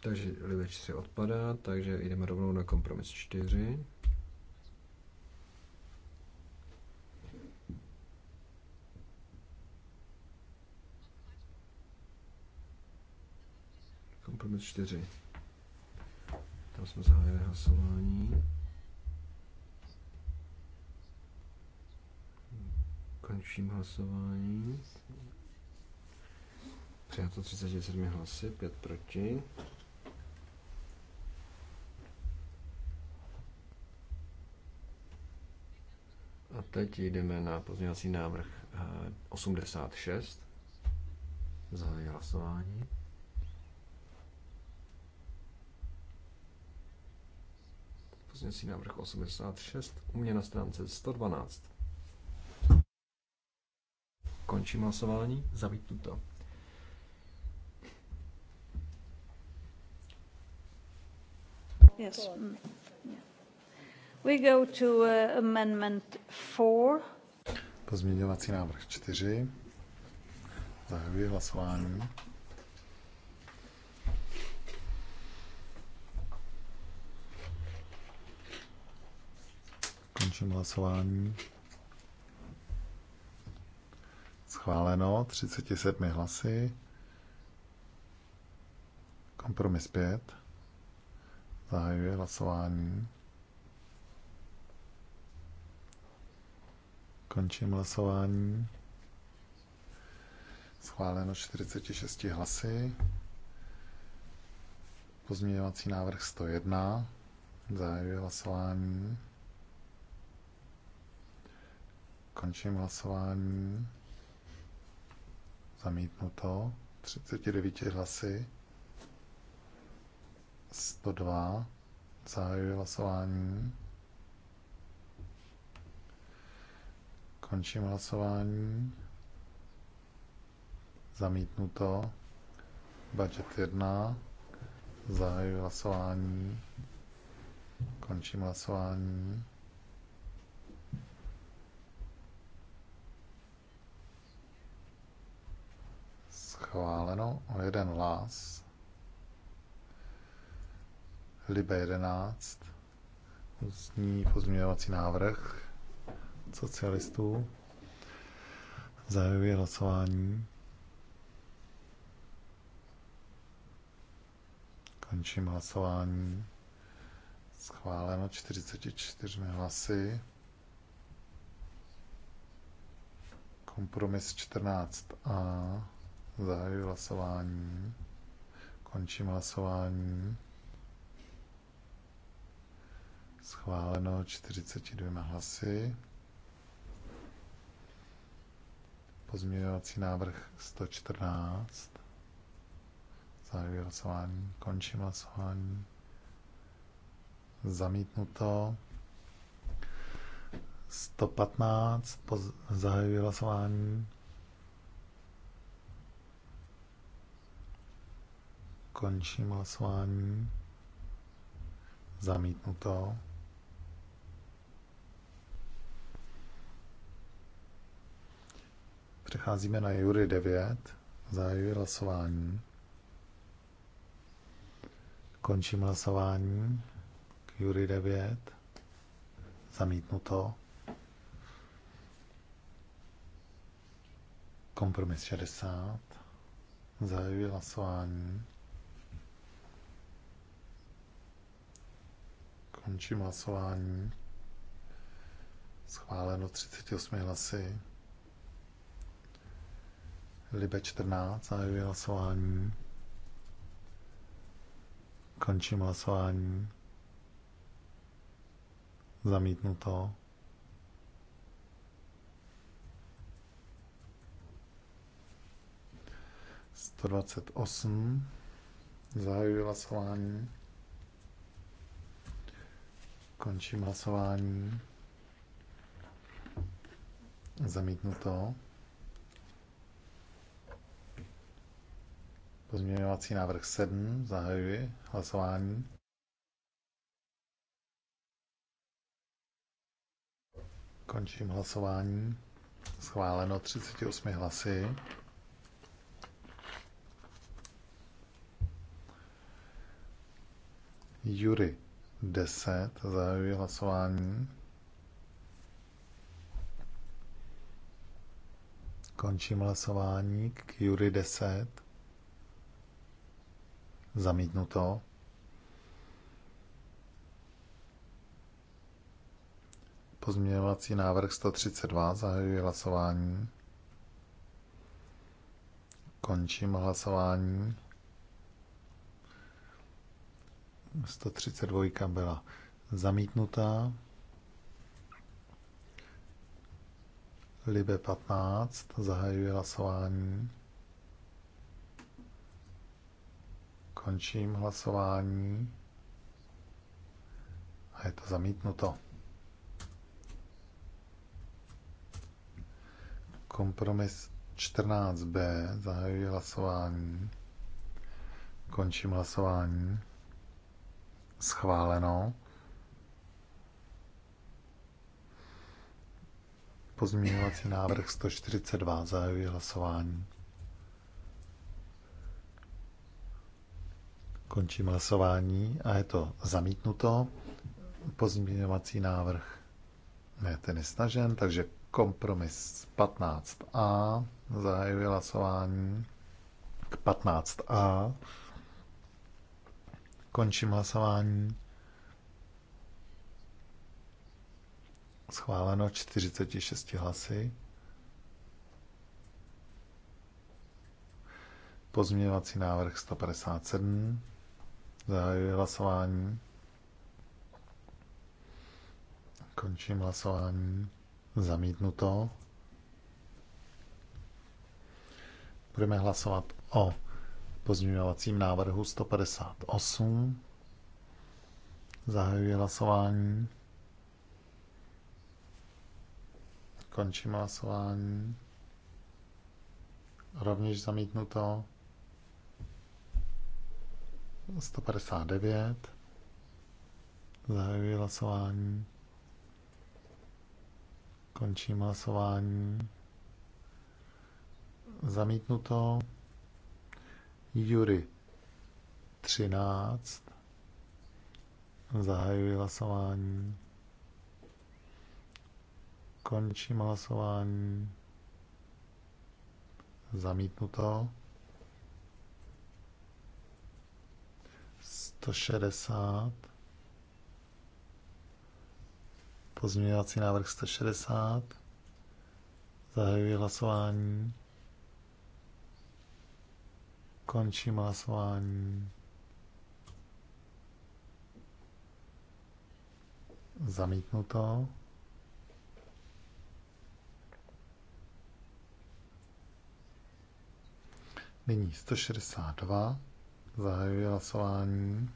Takže live 4 odpadá, takže jdeme rovnou na kompromis 4. Kompromis 4. Tam jsme zahájili hlasování. Končím hlasování. Přijato 37 hlasy, 5 proti. A teď jdeme na pozměňovací návrh 86. Eh, Zahájí hlasování. pozměnící návrh 86 u mě na stránce 112. Končím hlasování. to. Yes. Mm, We go to uh, amendment 4. Pozměňovací návrh 4. Zahajuji hlasování. Končím hlasování. Schváleno 37 hlasy. Kompromis 5. Zahajuje hlasování. Končím hlasování. Schváleno 46 hlasy. Pozměňovací návrh 101. Zahajuje hlasování. Končím hlasování. Zamítnuto. 39 hlasy. 102. Zahajuji hlasování. Končím hlasování. Zamítnuto. Budget 1. Zahajuji hlasování. Končím hlasování. schváleno o jeden hlas. Libe 11, zní pozměňovací návrh socialistů. Zahajuji hlasování. Končím hlasování. Schváleno 44 hlasy. Kompromis 14a. Zahajuji hlasování. Končím hlasování. Schváleno 42 hlasy. Pozměňovací návrh 114. Zahajuji hlasování. Končím hlasování. Zamítnuto. 115. Poz- zahajuji hlasování. Končím hlasování. Zamítnuto. Přecházíme na Jury 9. Zahajuji hlasování. Končím hlasování. Jury 9. Zamítnuto. Kompromis 60. Zahajuji hlasování. Končím hlasování. Schváleno 38 hlasy. Libe 14, zahajuji hlasování. Končím hlasování. Zamítnuto. Sto dvacet osm. Zahajuji hlasování. Končím hlasování. Zamítnuto. Pozměňovací návrh 7. Zahajuji hlasování. Končím hlasování. Schváleno 38 hlasy. Jury 10. Zahajuji hlasování. Končím hlasování k Jury 10. Zamítnuto. Pozměňovací návrh 132. Zahajuji hlasování. Končím hlasování. 132 byla zamítnutá. Libe 15 zahajuje hlasování. Končím hlasování. A je to zamítnuto. Kompromis 14b zahajuje hlasování. Končím hlasování schváleno. Pozměňovací návrh 142 zahajuje hlasování. Končím hlasování a je to zamítnuto. Pozměňovací návrh ne, ten je snažen, takže kompromis 15a zahajuje hlasování k 15a. Končím hlasování. Schváleno 46 hlasy. Pozměňovací návrh 157. Zahajuji hlasování. Končím hlasování. Zamítnuto. Budeme hlasovat o pozměňovacím návrhu 158. Zahajuji hlasování. Končím hlasování. Rovněž zamítnuto. 159. Zahajuji hlasování. Končím hlasování. Zamítnuto. Jury 13. Zahajuji hlasování. Končím hlasování. Zamítnuto. 160. Pozměňovací návrh 160. Zahajuji hlasování. Končím hlasování. Zamítnuto. Nyní 162. Zahajuji hlasování.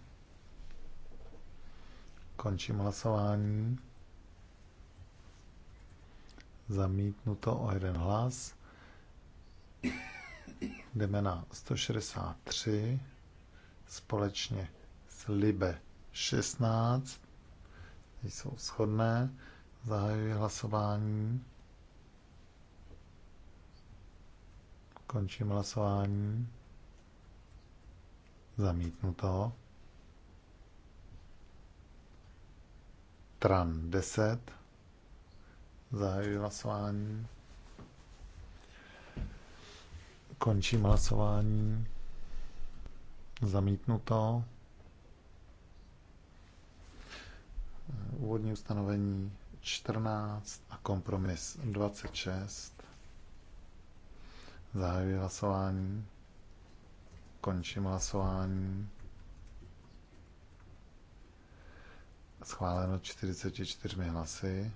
Končím hlasování. Zamítnuto o jeden hlas. Jdeme na 163 společně s Libe 16. Ty jsou shodné. Zahajuji hlasování. Končím hlasování. Zamítnuto. Tran 10. Zahajuji hlasování. Končím hlasování. Zamítnuto. Úvodní ustanovení 14 a kompromis 26. Zahajuji hlasování. Končím hlasování. Schváleno 44 hlasy.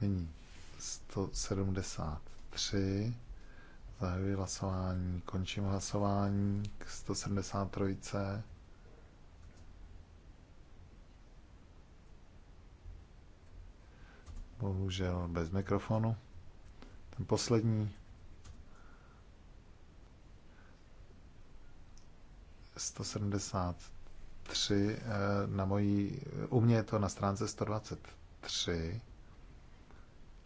Nyní 170. 3. Zahajuji hlasování, končím hlasování k 173. Bohužel bez mikrofonu. Ten poslední. 173. Eh, na mojí, u mě je to na stránce 123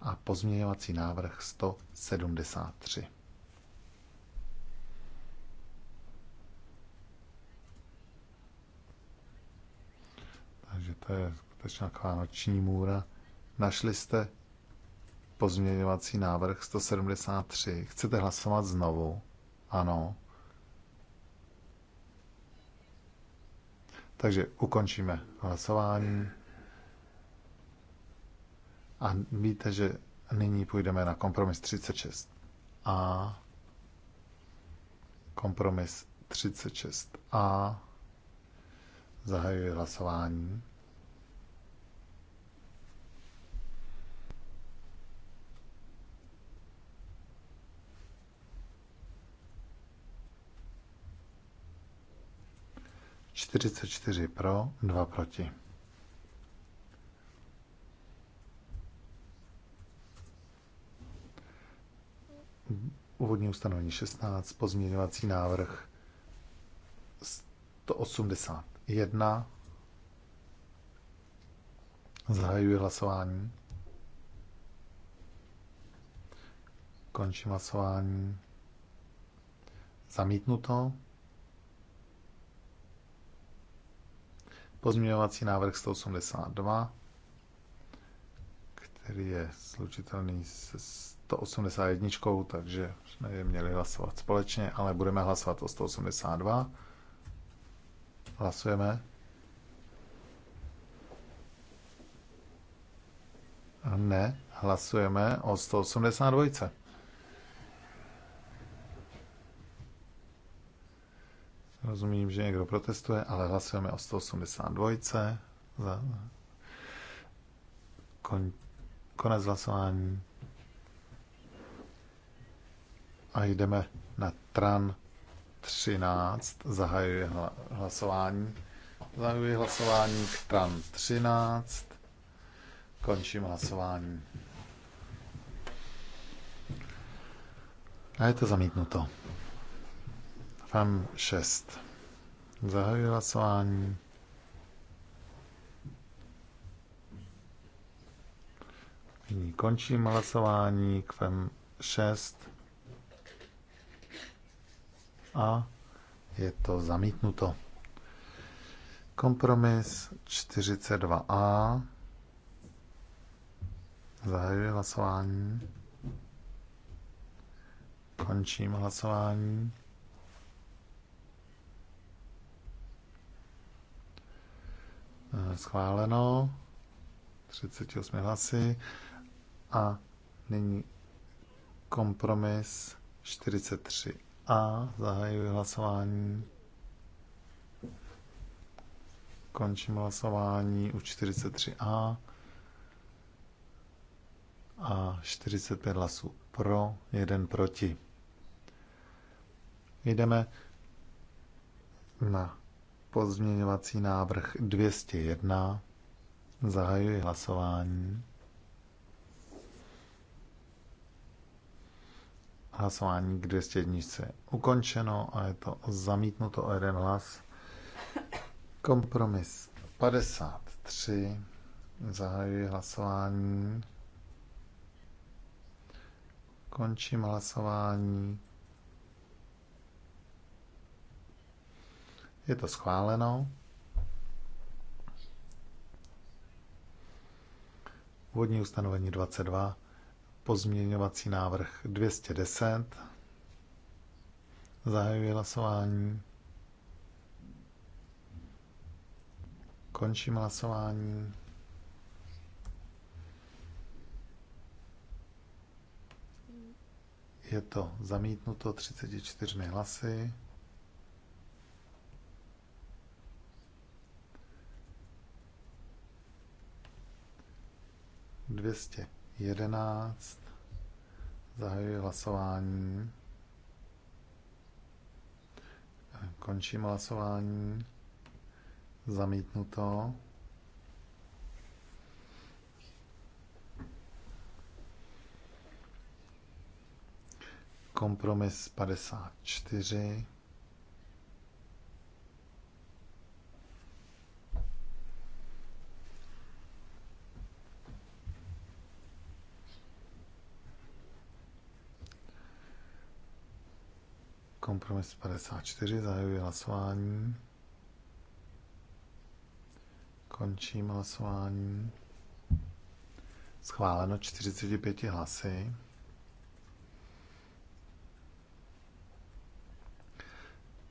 a pozměňovací návrh 173. Takže to je skutečná taková noční můra. Našli jste pozměňovací návrh 173. Chcete hlasovat znovu? Ano. Takže ukončíme hlasování. A víte, že nyní půjdeme na kompromis 36. A kompromis 36. A zahajuji hlasování. Čtyřicet čtyři pro, dva proti. Úvodní ustanovení 16, pozměňovací návrh 181. Zahajuji hlasování. Končím hlasování. Zamítnuto. Pozměňovací návrh 182, který je slučitelný se 181, takže jsme je měli hlasovat společně, ale budeme hlasovat o 182. Hlasujeme. Ne, hlasujeme o 182. Rozumím, že někdo protestuje, ale hlasujeme o 182. Za... Kon... Konec hlasování a jdeme na TRAN 13. Zahajuji hlasování. Zahajuji hlasování k TRAN 13. Končím hlasování. A je to zamítnuto. FAM 6. Zahajuji hlasování. Nyní končím hlasování k FEM 6 a je to zamítnuto. Kompromis 42a. Zahajuji hlasování. Končím hlasování. Eh, schváleno. 38 hlasy. A nyní kompromis a zahajuji hlasování. Končím hlasování u 43A a 45 hlasů pro, jeden proti. Jdeme na pozměňovací návrh 201. Zahajuji hlasování. Hlasování k 201 je ukončeno a je to zamítnuto o jeden hlas. Kompromis 53. Zahajuji hlasování. Končím hlasování. Je to schváleno. Vodní ustanovení 22. Pozměňovací návrh 210. Zahajuji hlasování. Končím hlasování. Je to zamítnuto 34 hlasy. Dvěstě 11. Zahajuji hlasování. Končím hlasování. Zamítnuto. Kompromis 54. Kompromis 54, zahajuji hlasování. Končím hlasování. Schváleno 45 hlasy.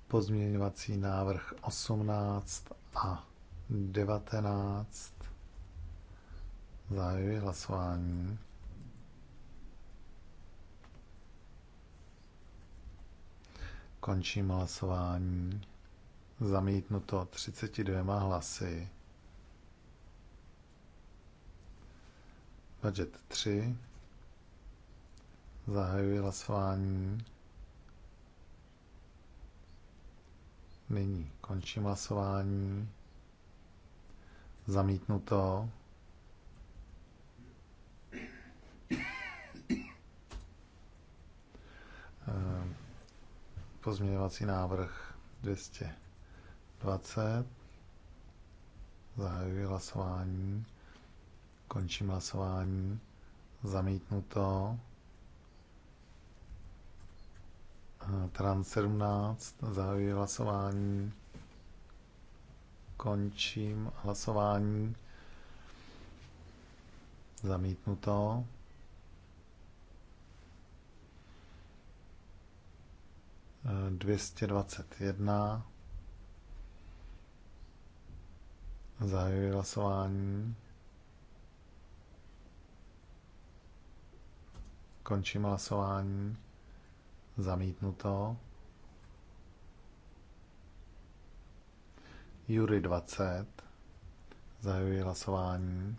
Pozměňovací návrh 18 a 19. Zahajuji hlasování. Končím hlasování. Zamítnuto 32 hlasy. Budget 3. Zahajuji hlasování. Nyní končím hlasování. Zamítnuto. Pozměňovací návrh 220. Zahajuji hlasování. Končím hlasování. Zamítnuto. Tran 17. Zahajuji hlasování. Končím hlasování. Zamítnuto. 221. Zahajuji hlasování. Končím hlasování. Zamítnuto. Jury 20. Zahajuji hlasování.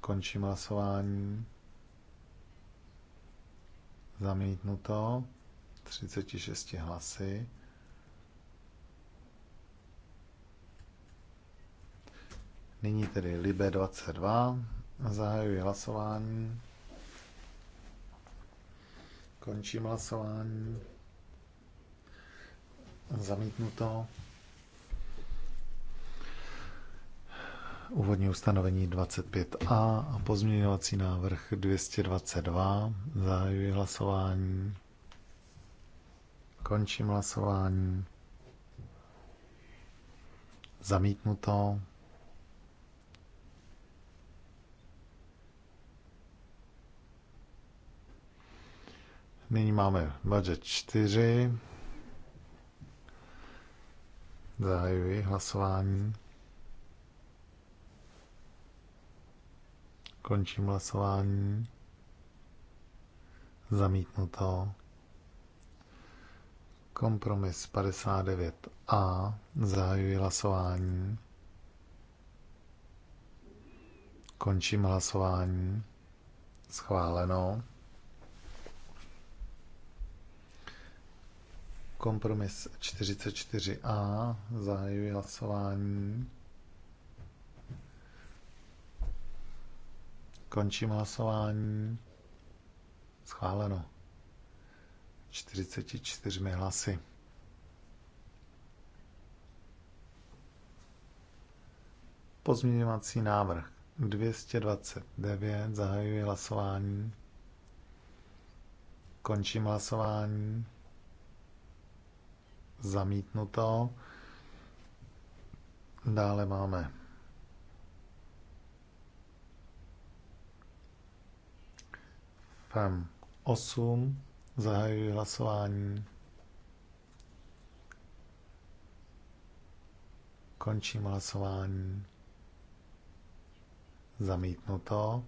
Končím hlasování. Zamítnuto. 36 hlasy. Nyní tedy Libe 22. Zahajuji hlasování. Končím hlasování. Zamítnuto. Úvodní ustanovení 25a a pozměňovací návrh 222. Zahajuji hlasování. Končím hlasování. Zamítnuto. Nyní máme budget 4. Zahajuji hlasování. Končím hlasování. Zamítnuto. Kompromis 59a. Zahajuji hlasování. Končím hlasování. Schváleno. Kompromis 44a. Zahajuji hlasování. Končím hlasování. Schváleno. 44 hlasy. Pozměňovací návrh 229. Zahajuji hlasování. Končím hlasování. Zamítnuto. Dále máme FEM 8. Zahajuji hlasování. Končím hlasování. Zamítnuto.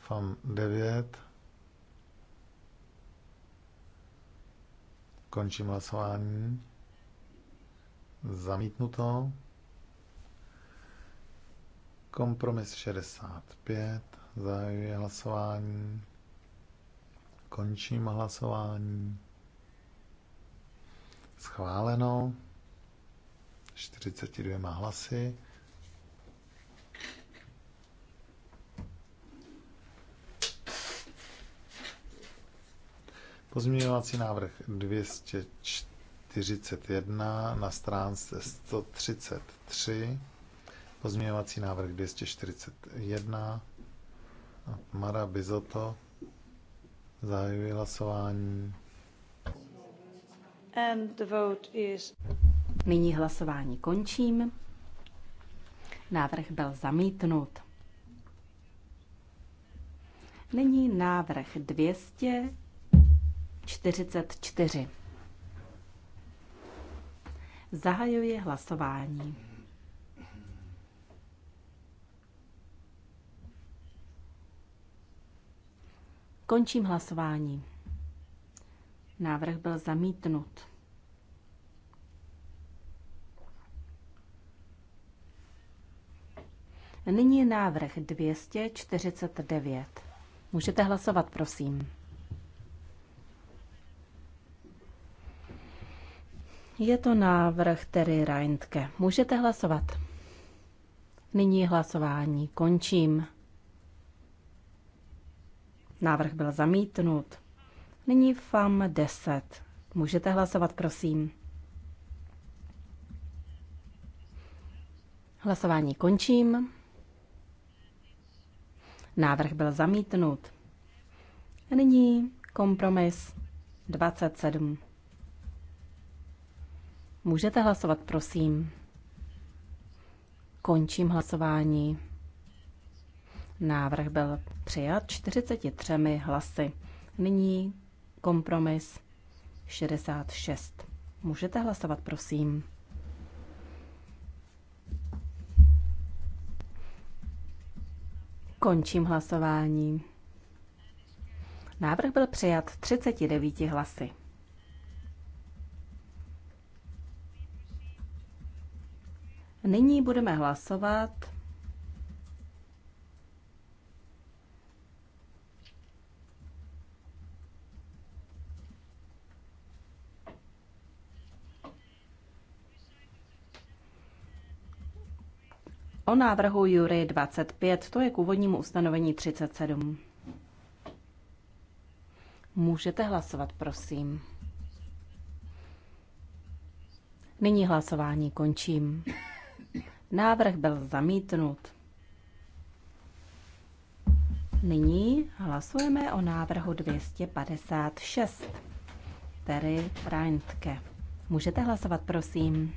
Fan 9. Končím hlasování. Zamítnuto. Kompromis 65. Zahajuji hlasování. Končím hlasování. Schváleno. 42 hlasy. Pozměňovací návrh 241 na stránce 133. Pozměňovací návrh 241 Mara Bizoto Zahajuji hlasování. And the vote is... Nyní hlasování končím. Návrh byl zamítnut. Nyní návrh 244. Zahajuji hlasování. Končím hlasování. Návrh byl zamítnut. Nyní je návrh 249. Můžete hlasovat, prosím. Je to návrh Terry Reintke. Můžete hlasovat. Nyní hlasování končím. Návrh byl zamítnut. Nyní FAM 10. Můžete hlasovat, prosím. Hlasování končím. Návrh byl zamítnut. A nyní kompromis 27. Můžete hlasovat, prosím. Končím hlasování. Návrh byl přijat 43 hlasy. Nyní kompromis 66. Můžete hlasovat, prosím. Končím hlasování. Návrh byl přijat 39 hlasy. Nyní budeme hlasovat o návrhu Jury 25. To je k úvodnímu ustanovení 37. Můžete hlasovat, prosím. Nyní hlasování končím. Návrh byl zamítnut. Nyní hlasujeme o návrhu 256, tedy Reintke. Můžete hlasovat, prosím.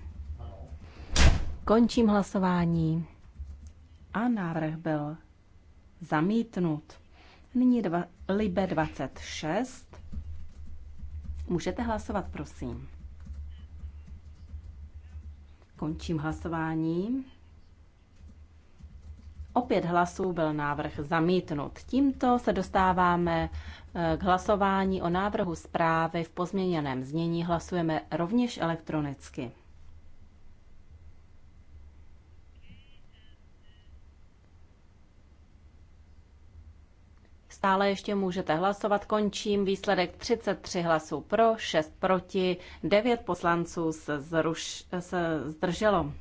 Končím hlasování a návrh byl zamítnut. Nyní dva, Libe 26. Můžete hlasovat, prosím. Končím hlasování. Opět hlasů byl návrh zamítnut. Tímto se dostáváme e, k hlasování o návrhu zprávy v pozměněném znění. Hlasujeme rovněž elektronicky. Stále ještě můžete hlasovat. Končím výsledek 33 hlasů pro, 6 proti, 9 poslanců se, zruš, se zdrželo.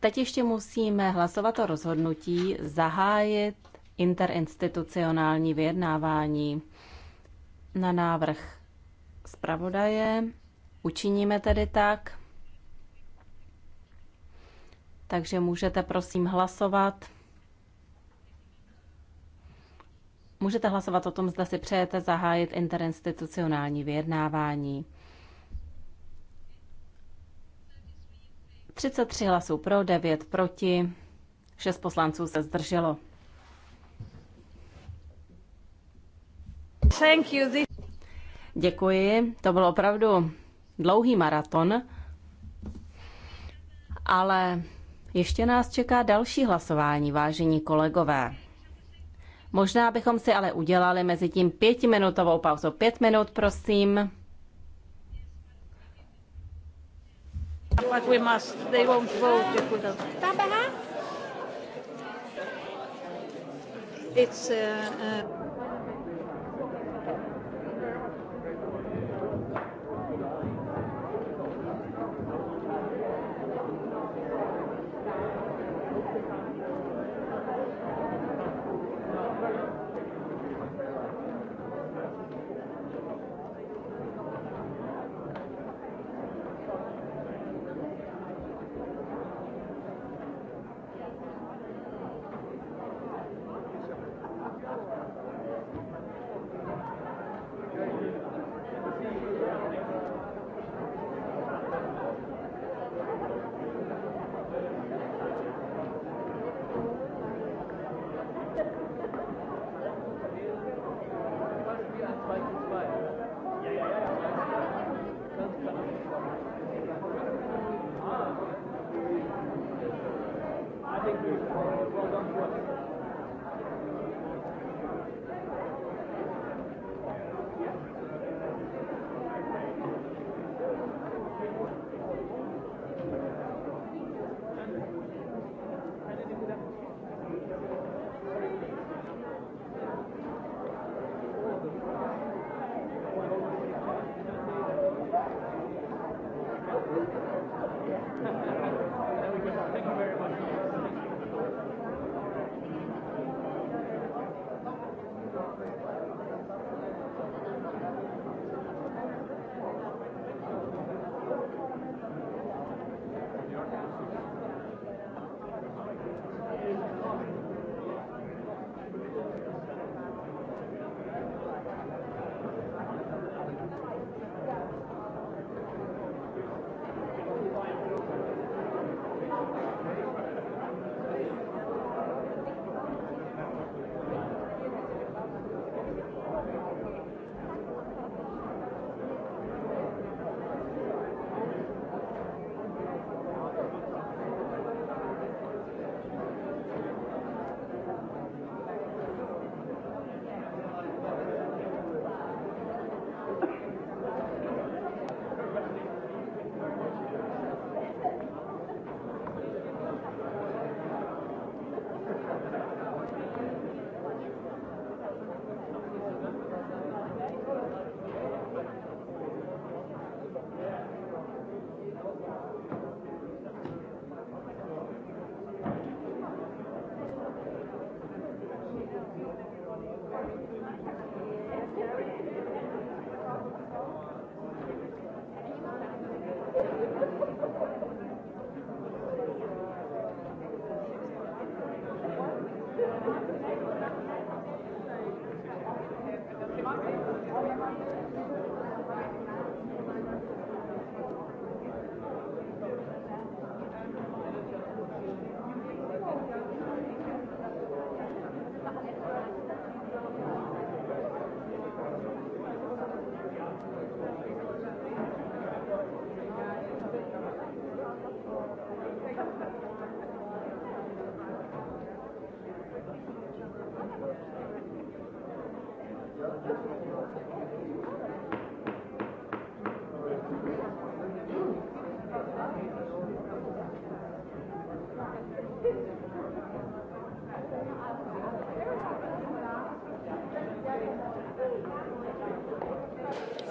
Teď ještě musíme hlasovat o rozhodnutí zahájit interinstitucionální vyjednávání na návrh zpravodaje. Učiníme tedy tak takže můžete prosím hlasovat. Můžete hlasovat o tom, zda si přejete zahájit interinstitucionální vyjednávání. 33 hlasů pro, 9 proti, 6 poslanců se zdrželo. Thank you. Děkuji, to byl opravdu dlouhý maraton, ale ještě nás čeká další hlasování, vážení kolegové. Možná bychom si ale udělali mezi tím pětiminutovou pauzu. Pět minut, prosím. But we must, they won't vote It's, uh, uh...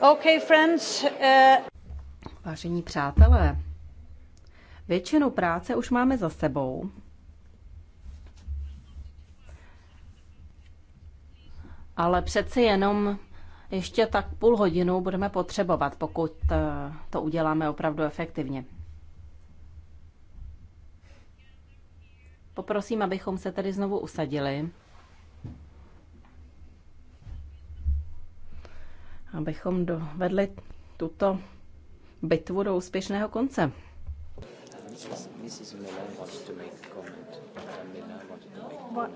Okay, friends, uh... Vážení přátelé, většinu práce už máme za sebou, ale přeci jenom ještě tak půl hodinu budeme potřebovat, pokud eh, to uděláme opravdu efektivně. Poprosím, abychom se tedy znovu usadili. Abychom dovedli tuto bitvu do úspěšného konce. What?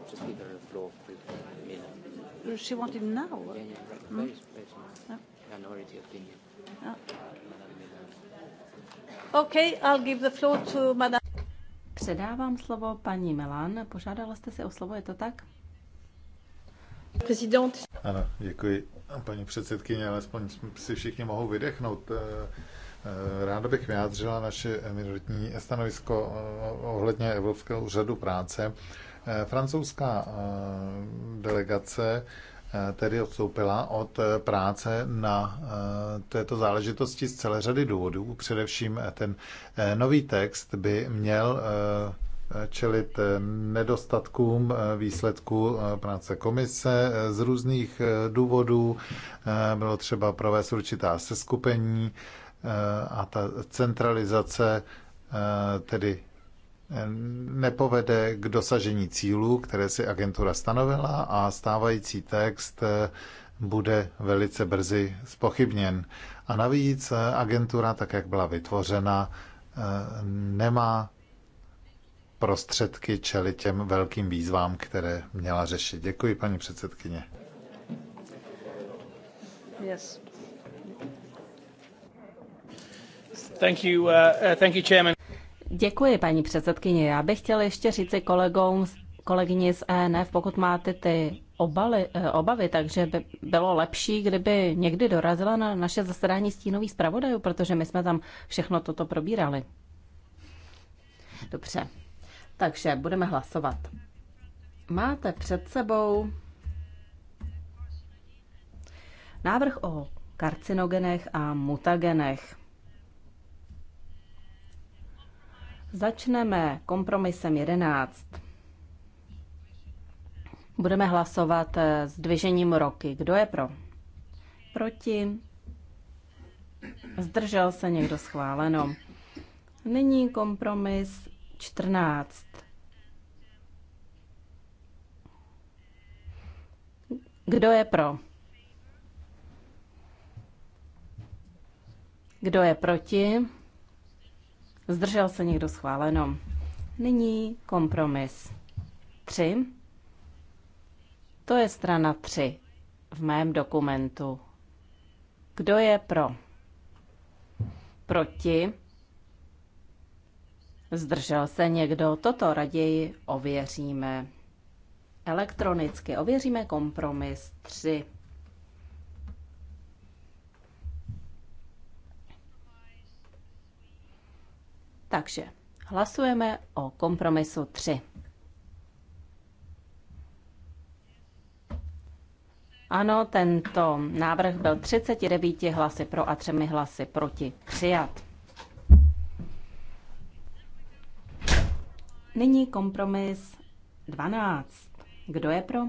she wanted now. Yeah, yeah, right. Hmm? Yeah. Minority opinion. Yeah. Okay, I'll give the floor to Madame. Předávám slovo paní Melan. Požádala jste se o slovo, je to tak? Prezident. Ano, děkuji. Paní předsedkyně, alespoň si všichni mohou vydechnout. Eh, eh, ráda bych vyjádřila naše minoritní stanovisko eh, ohledně Evropského úřadu práce. Eh, francouzská eh, delegace eh, tedy odstoupila od práce na této záležitosti z celé řady důvodů. Především ten nový text by měl čelit nedostatkům výsledků práce komise z různých důvodů. Bylo třeba provést určitá seskupení a ta centralizace tedy nepovede k dosažení cílů, které si agentura stanovila a stávající text bude velice brzy spochybněn. A navíc agentura, tak jak byla vytvořena, nemá prostředky čelit těm velkým výzvám, které měla řešit. Děkuji, paní předsedkyně. Yes. Thank you, uh, uh thank you, chairman. Děkuji, paní předsedkyně. Já bych chtěla ještě říci kolegům, kolegyni z ENF, pokud máte ty obaly, eh, obavy, takže by bylo lepší, kdyby někdy dorazila na naše zasedání stínových zpravodajů, protože my jsme tam všechno toto probírali. Dobře, takže budeme hlasovat. Máte před sebou návrh o karcinogenech a mutagenech. Začneme kompromisem 11. Budeme hlasovat eh, s dvižením roky. Kdo je pro? Proti? Zdržel se někdo schváleno. Nyní kompromis 14. Kdo je pro? Kdo je proti? Zdržel se někdo schváleno. Nyní kompromis 3. To je strana 3 v mém dokumentu. Kdo je pro? Proti? Zdržel se někdo? Toto raději ověříme. Elektronicky ověříme kompromis 3. Takže hlasujeme o kompromisu 3. Ano, tento návrh byl 39 hlasy pro a 3 hlasy proti přijat. Nyní kompromis 12. Kdo je pro?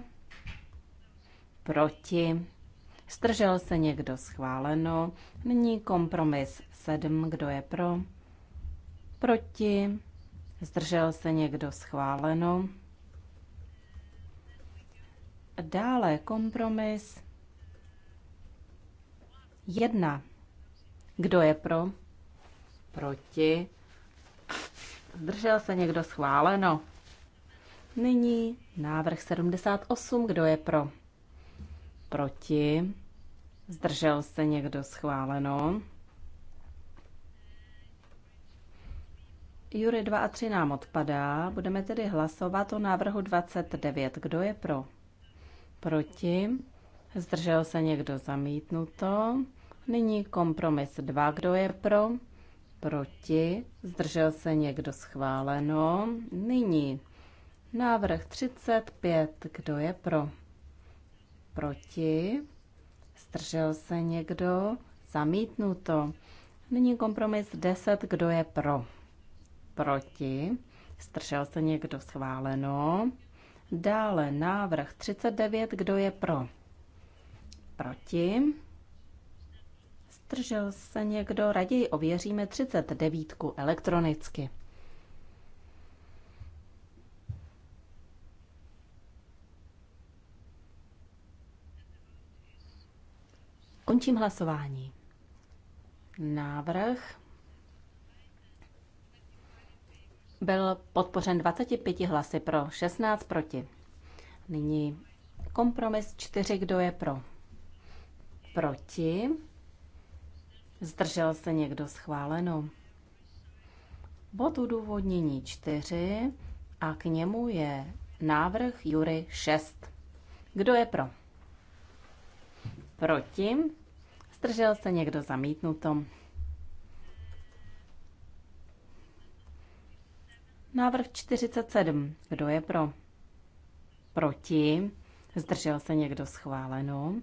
Proti. Stržel se někdo schváleno. Nyní kompromis 7. Kdo je pro? Proti? Zdržel se někdo schváleno? Dále kompromis Jedna. Kdo je pro? Proti? Zdržel se někdo schváleno? Nyní návrh 78. Kdo je pro? Proti? Zdržel se někdo schváleno? Jury 2 a 3 nám odpadá, budeme tedy hlasovat o návrhu 29. Kdo je pro? Proti? Zdržel se někdo zamítnuto? Nyní kompromis 2. Kdo je pro? Proti? Zdržel se někdo schváleno? Nyní návrh 35. Kdo je pro? Proti? Zdržel se někdo? Zamítnuto. Nyní kompromis 10. Kdo je pro? proti, stržel se někdo schváleno. Dále návrh 39, kdo je pro, proti, stržel se někdo, raději ověříme 39 elektronicky. Končím hlasování. Návrh byl podpořen 25 hlasy pro, 16 proti. Nyní kompromis 4, kdo je pro. Proti. Zdržel se někdo schváleno. Bod udůvodnění 4 a k němu je návrh Jury 6. Kdo je pro? Proti. Zdržel se někdo zamítnutom. Návrh 47. Kdo je pro? Proti? Zdržel se někdo schváleno?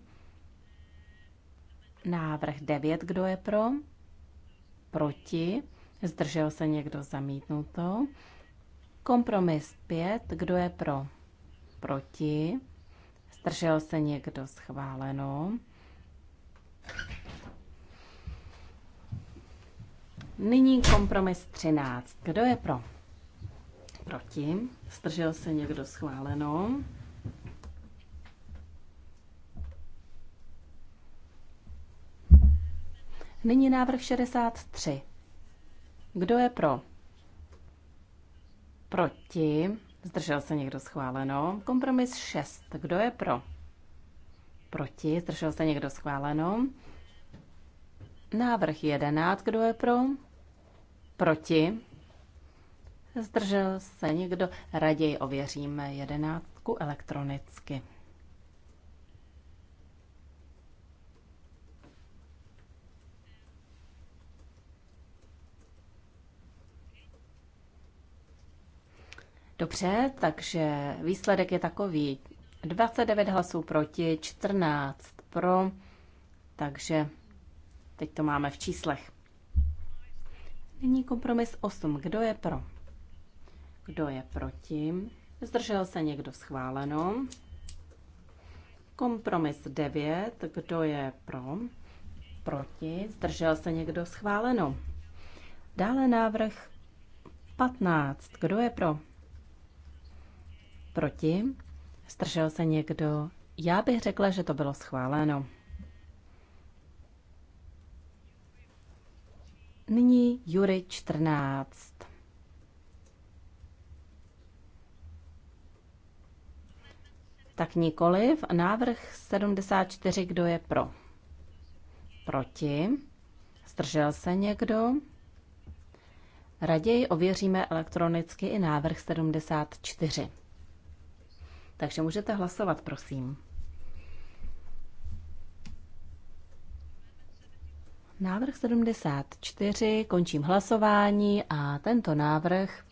Návrh 9. Kdo je pro? Proti? Zdržel se někdo zamítnuto? Kompromis 5. Kdo je pro? Proti? Zdržel se někdo schváleno? Nyní kompromis 13. Kdo je pro? Proti? Zdržel se někdo schváleno? Nyní návrh 63. Kdo je pro? Proti? Zdržel se někdo schváleno? Kompromis 6. Kdo je pro? Proti? Zdržel se někdo schváleno? Návrh 11. Kdo je pro? Proti? Zdržel se někdo? Raději ověříme jedenáctku elektronicky. Dobře, takže výsledek je takový. 29 hlasů proti, 14 pro, takže teď to máme v číslech. Nyní kompromis 8. Kdo je pro? Kdo je proti? Zdržel se někdo schváleno? Kompromis 9. Kdo je pro? Proti? Zdržel se někdo schváleno? Dále návrh 15. Kdo je pro? Proti? Zdržel se někdo? Já bych řekla, že to bylo schváleno. Nyní Jury 14. Tak nikoliv. Návrh 74, kdo je pro? Proti? Zdržel se někdo? Raději ověříme elektronicky i návrh 74. Takže můžete hlasovat, prosím. Návrh 74, končím hlasování a tento návrh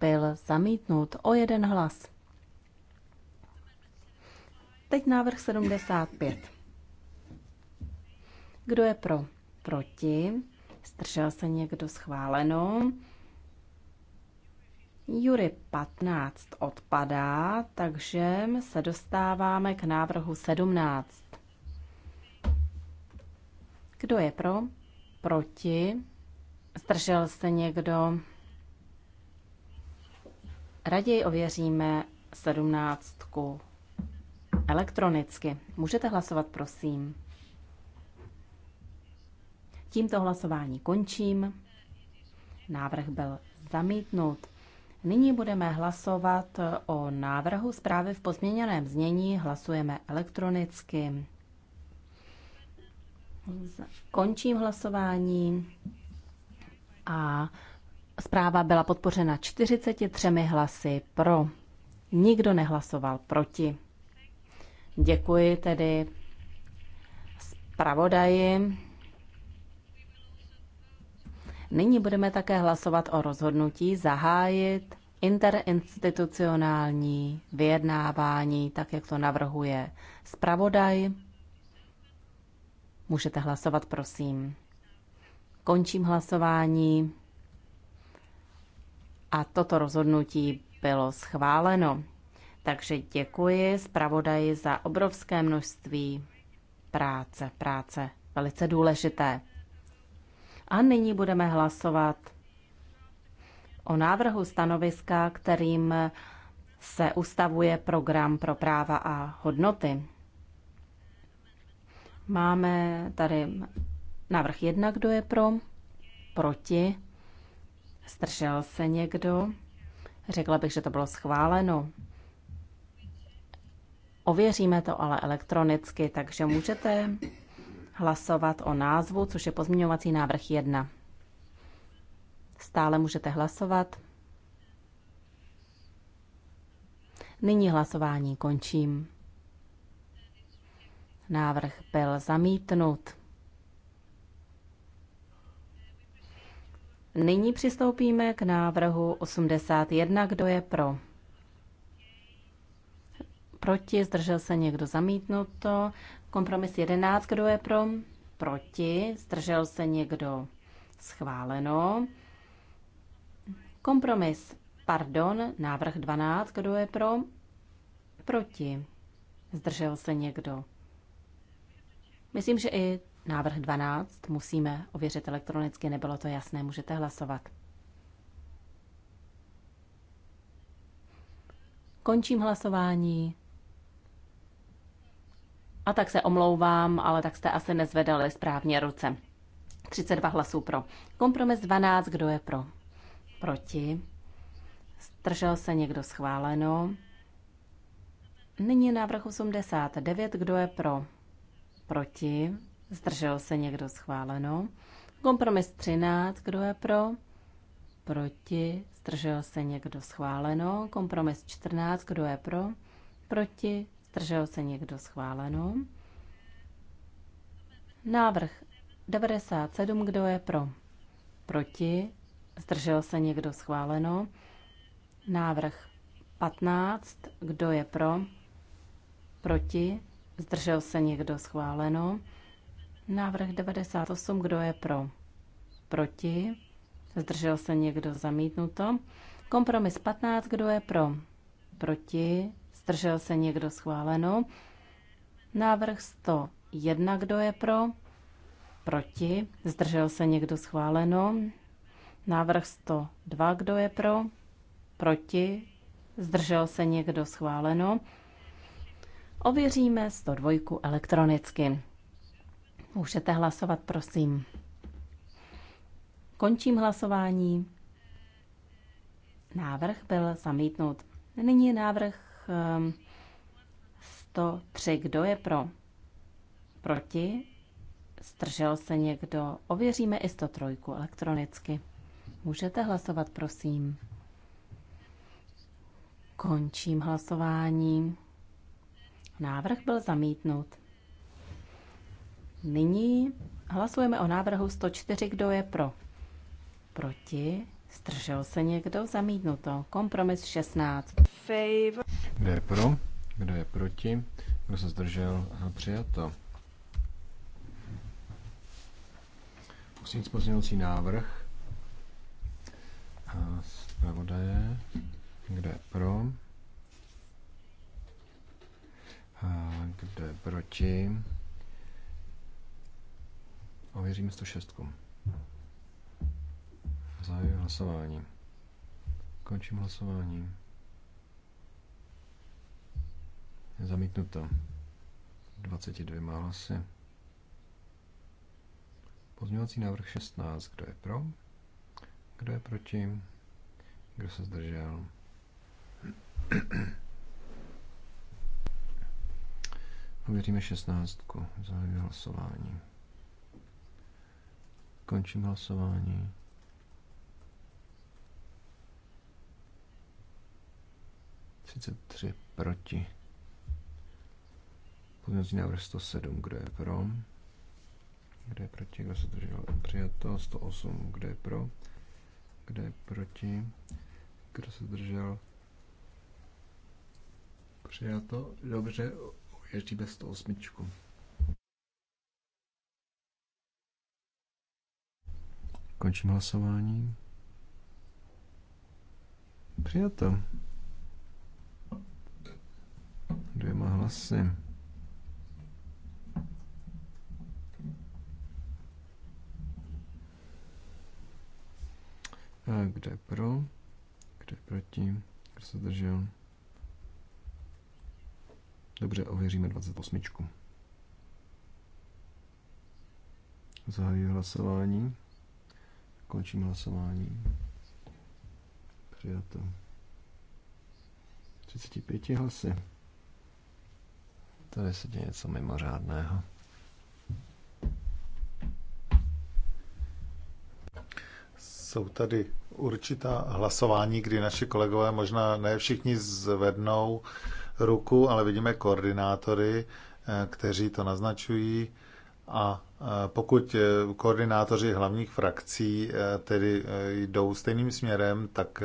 byl zamítnut o jeden hlas. Teď návrh 75. Kdo je pro? Proti? Zdržel se někdo schváleno? Jury 15 odpadá, takže se dostáváme k návrhu 17. Kdo je pro? Proti? Zdržel se někdo? Raději ověříme sedmnáctku elektronicky. Můžete hlasovat, prosím. Tímto hlasování končím. Návrh byl zamítnut. Nyní budeme hlasovat o návrhu zprávy v pozměněném znění. Hlasujeme elektronicky. Končím hlasování a zpráva byla podpořena 43 hlasy pro. Nikdo nehlasoval proti. Děkuji tedy zpravodaji. Nyní budeme také hlasovat o rozhodnutí zahájit interinstitucionální vyjednávání, tak jak to navrhuje zpravodaj. Můžete hlasovat, prosím. Končím hlasování a toto rozhodnutí bylo schváleno. Takže děkuji zpravodaji za obrovské množství práce, práce velice důležité. A nyní budeme hlasovat o návrhu stanoviska, kterým se ustavuje program pro práva a hodnoty. Máme tady návrh jedna, kdo je pro, proti, stržel se někdo. Řekla bych, že to bylo schváleno. Ověříme to ale elektronicky, takže můžete hlasovat o názvu, což je pozměňovací návrh 1. Stále můžete hlasovat. Nyní hlasování končím. Návrh byl zamítnut. Nyní přistoupíme k návrhu 81. Kdo je pro? proti, zdržel se někdo zamítnuto. Kompromis 11, kdo je pro, proti, zdržel se někdo schváleno. Kompromis, pardon, návrh 12, kdo je pro, proti, zdržel se někdo. Myslím, že i návrh 12 musíme ověřit elektronicky, nebylo to jasné, můžete hlasovat. Končím hlasování. A tak se omlouvám, ale tak jste asi nezvedali správně ruce. 32 hlasů pro. Kompromis 12, kdo je pro? Proti. Stržel se někdo schváleno. Nyní návrh 89, kdo je pro? Proti. Zdržel se někdo schváleno. Kompromis 13, kdo je pro? Proti. Zdržel se někdo schváleno. Kompromis 14, kdo je pro? Proti. Zdržel se někdo schváleno? Návrh 97, kdo je pro? Proti? Zdržel se někdo schváleno? Návrh 15, kdo je pro? Proti? Zdržel se někdo schváleno? Návrh 98, kdo je pro? Proti? Zdržel se někdo zamítnuto? Kompromis 15, kdo je pro? Proti? Zdržel se někdo schváleno? Návrh 101, kdo je pro? Proti. Zdržel se někdo schváleno? Návrh 102, kdo je pro? Proti. Zdržel se někdo schváleno? Ověříme 102 elektronicky. Můžete hlasovat, prosím. Končím hlasování. Návrh byl zamítnut. Nyní návrh 103. Ehm, Kdo je pro? Proti? Zdržel se někdo? Ověříme i 103 elektronicky. Můžete hlasovat, prosím. Končím hlasování. Návrh byl zamítnut. Nyní hlasujeme o návrhu 104. Kdo je pro? Proti? Zdržel se někdo? Zamítnuto. Kompromis 16. Favor. Kdo je pro? Kdo je proti? Kdo se zdržel? A přijato. Musím jít pozměňovací návrh. A zpravodaje. Kdo je pro? A kdo je proti? Ověříme 106. Zahajuji hlasování. Končím hlasování. Zamítnuto. 22 hlasy. Pozměňovací návrh 16. Kdo je pro? Kdo je proti? Kdo se zdržel? Ověříme 16. Zahajuji hlasování. Končím hlasování. 33 proti. Pozměňovací návrh 107, kdo je pro? Kdo je proti? Kdo se držel? Přijato. 108, kdo je pro? Kdo je proti? Kdo se držel? Přijato. Dobře, bez 108. Končím hlasování. Přijato dvěma hlasy. A kde pro? Kde proti? Kdo se držel? Dobře, ověříme 28. Zahajuji hlasování. Končím hlasování. Přijato. 35 hlasy. Tady se děje něco mimořádného. Jsou tady určitá hlasování, kdy naši kolegové možná ne všichni zvednou ruku, ale vidíme koordinátory, eh, kteří to naznačují a pokud eh, koordinátoři hlavních frakcí eh, tedy eh, jdou stejným směrem, tak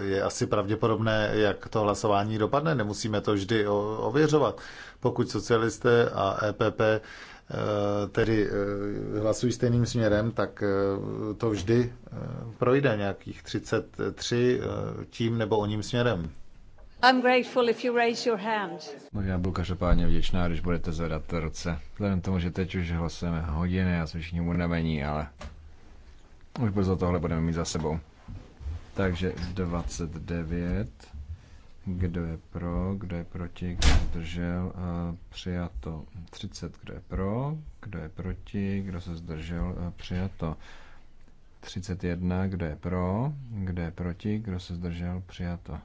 je asi pravděpodobné, jak to hlasování dopadne. Nemusíme to vždy ověřovat. Pokud socialisté a EPP tedy hlasují stejným směrem, tak to vždy projde nějakých 33 tím nebo oním směrem. I'm grateful if you raise your hand. Já budu každopádně vděčná, když budete zvedat ruce. Vzhledem tomu, že teď už hlasujeme hodiny a jsme všichni unavení, ale už brzo tohle budeme mít za sebou. Takže 29. Kdo je pro, kdo je proti, kdo se zdržel, přijato 30, kdo je pro, kdo je proti, kdo se zdržel, přijato 31, kdo je pro, kdo je proti, kdo se zdržel, přijato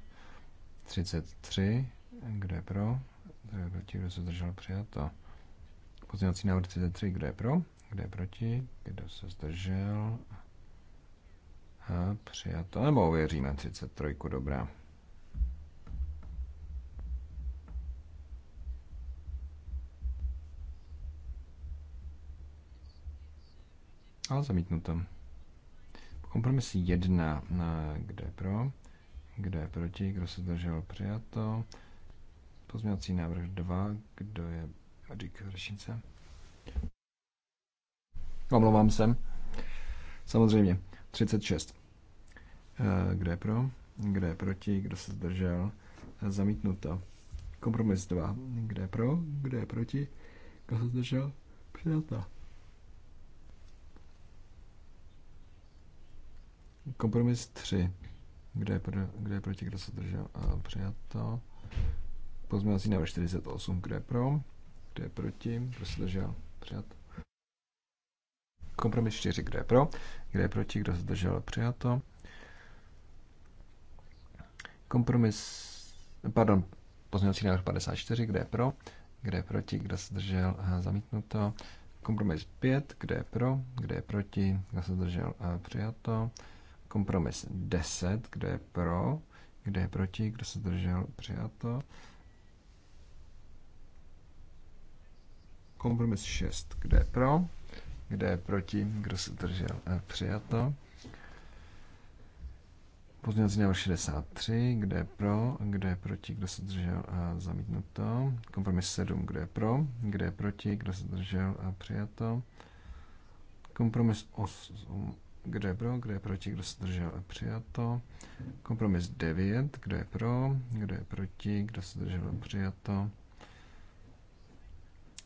33. Kdo je pro? Kdo je proti? Kdo se zdržel? Přijato. Pozměňovací návrh 33. Kdo je pro? Kdo je proti? Kdo se zdržel? A přijato. Nebo ověříme 33. Dobrá. Ale zamítnuto. Kompromis 1. Kde pro? Kdo je proti? Kdo se zdržel? Přijato. Pozměňovací návrh 2. Kdo je... Říká řešnice. Omlouvám se. Samozřejmě. 36. Eh, kdo je pro? Kdo je proti? Kdo se zdržel? Zamítnuto. Kompromis 2. Kdo je pro? Kdo je proti? Kdo se zdržel? Přijato. Kompromis 3. Kde je, pro, kde je proti, kdo se držel zdržel? Přijato. Pozměňovací návrh 48, kde je pro? kde je proti, kdo se držel Přijat. Kompromis 4, kde je pro? kde je proti, kdo se držel Přijato. Kompromis, pardon, pozměňovací návrh 54, kde je pro, kde je proti, kdo se a zamítnuto. Kompromis 5, kde je pro, kde je proti, kdo se zdržel, přijato. Kompromis 10, kdo je pro, kdo je proti, kdo se držel, přijato. Kompromis 6, kdo je pro, kdo je proti, kdo se držel, eh, přijato. Pozměňovací návrh 63, kde je pro, kde je proti, kdo se držel a eh, zamítnuto. Kompromis 7, kde je pro, kde je proti, kdo se držel a eh, přijato. Kompromis 8, kdo je pro, kdo je proti, kdo se zdržel, přijato. Kompromis 9, kdo je pro, kdo je proti, kdo se zdržel, přijato.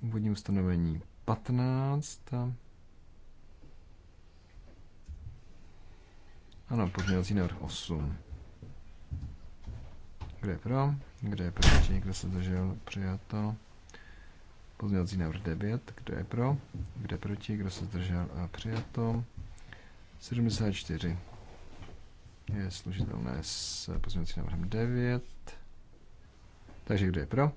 Úvodní ustanovení 15. Ano, pozměňovací návrh 8. Kdo je pro, kdo je proti, kdo se zdržel, přijato. Pozměňovací návrh 9, kdo je pro, kdo je proti, kdo se zdržel, přijato. 74 je služitelné s pozměňovacím návrhem 9. Takže kdo je pro?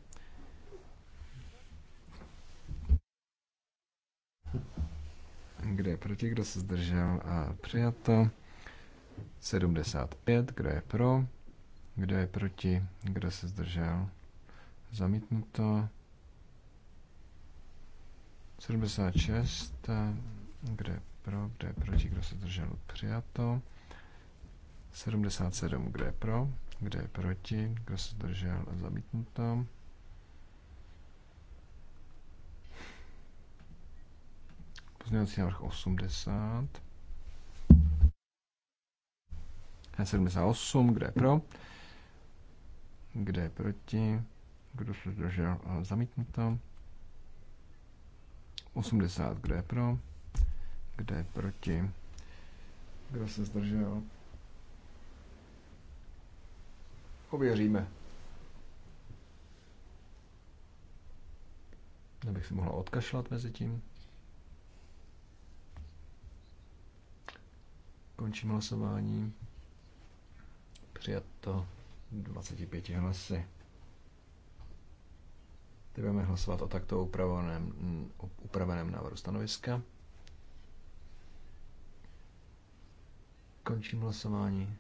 Kdo je proti? Kdo se zdržel? A přijato. 75. Kdo je pro? Kdo je proti? Kdo se zdržel? Zamítnuto. 76. Kdo je pro, kdo je proti, kdo se zdržel, přijato. 77, kdo je pro, kdo je proti, kdo se zdržel, zamítnuto. Pozměňovací návrh 80. 78, kdo je pro, kdo je proti, kdo se zdržel, zamítnuto. 80, kdo je pro, kdo je proti? Kdo se zdržel? Ověříme. Abych si mohla odkašlat mezi tím. Končím hlasování. to 25 hlasy. Teď budeme hlasovat o takto upraveném, mm, upraveném návrhu stanoviska. Končím hlasování.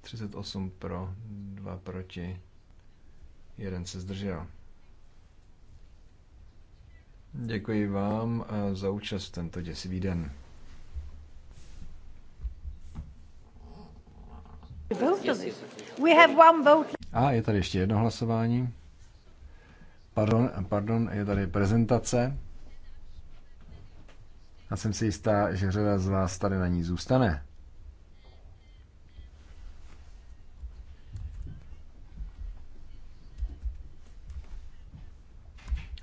38 pro, 2 proti, 1 se zdržel. Děkuji vám eh, za účast tento děsivý den. A je tady ještě jedno hlasování. Pardon, pardon, je tady prezentace. A jsem si jistá, že řada z vás tady na ní zůstane.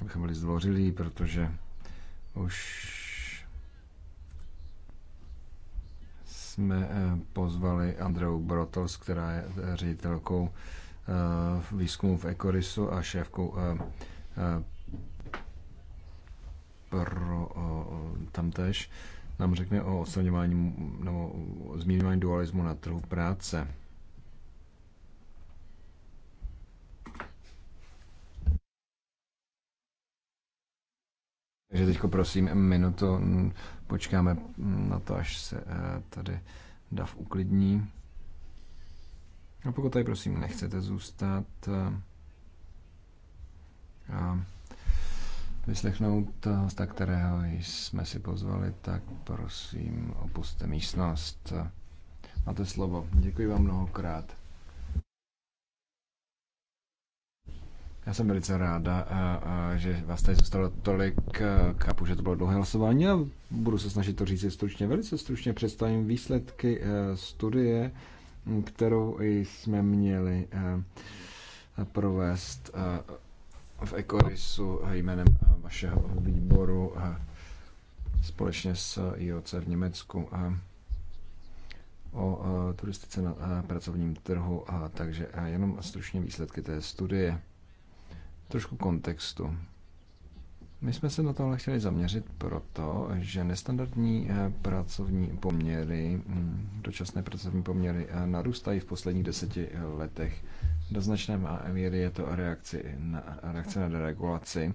Abychom byli zdvořilí, protože už jsme eh, pozvali Andreu Brotos, která je eh, ředitelkou eh, výzkumu v Ekorisu a šéfkou pro tamtež nám řekne o odstraňování nebo o dualismu na trhu práce. Takže teď prosím minutu, počkáme na to, až se e, tady dav uklidní. A pokud tady prosím nechcete zůstat, e, a vyslechnout hosta, kterého jsme si pozvali, tak prosím opuste místnost. Máte slovo. Děkuji vám mnohokrát. Já jsem velice ráda, že vás tady zůstalo tolik. Kápu, že to bylo dlouhé hlasování a budu se snažit to říct stručně. Velice stručně představím výsledky e, studie, kterou jsme měli e, provést e, v Ekorisu jménem eh, vašeho výboru a eh, společně s eh, IOC v Německu a o turistice na pracovním trhu. a Takže jenom stručně výsledky té studie. Trošku kontextu. My jsme se na tohle chtěli zaměřit proto, že nestandardní eh, pracovní poměry, hm, dočasné pracovní poměry eh, narůstají v posledních deseti letech. Do značné míry je to reakci na, reakce na deregulaci.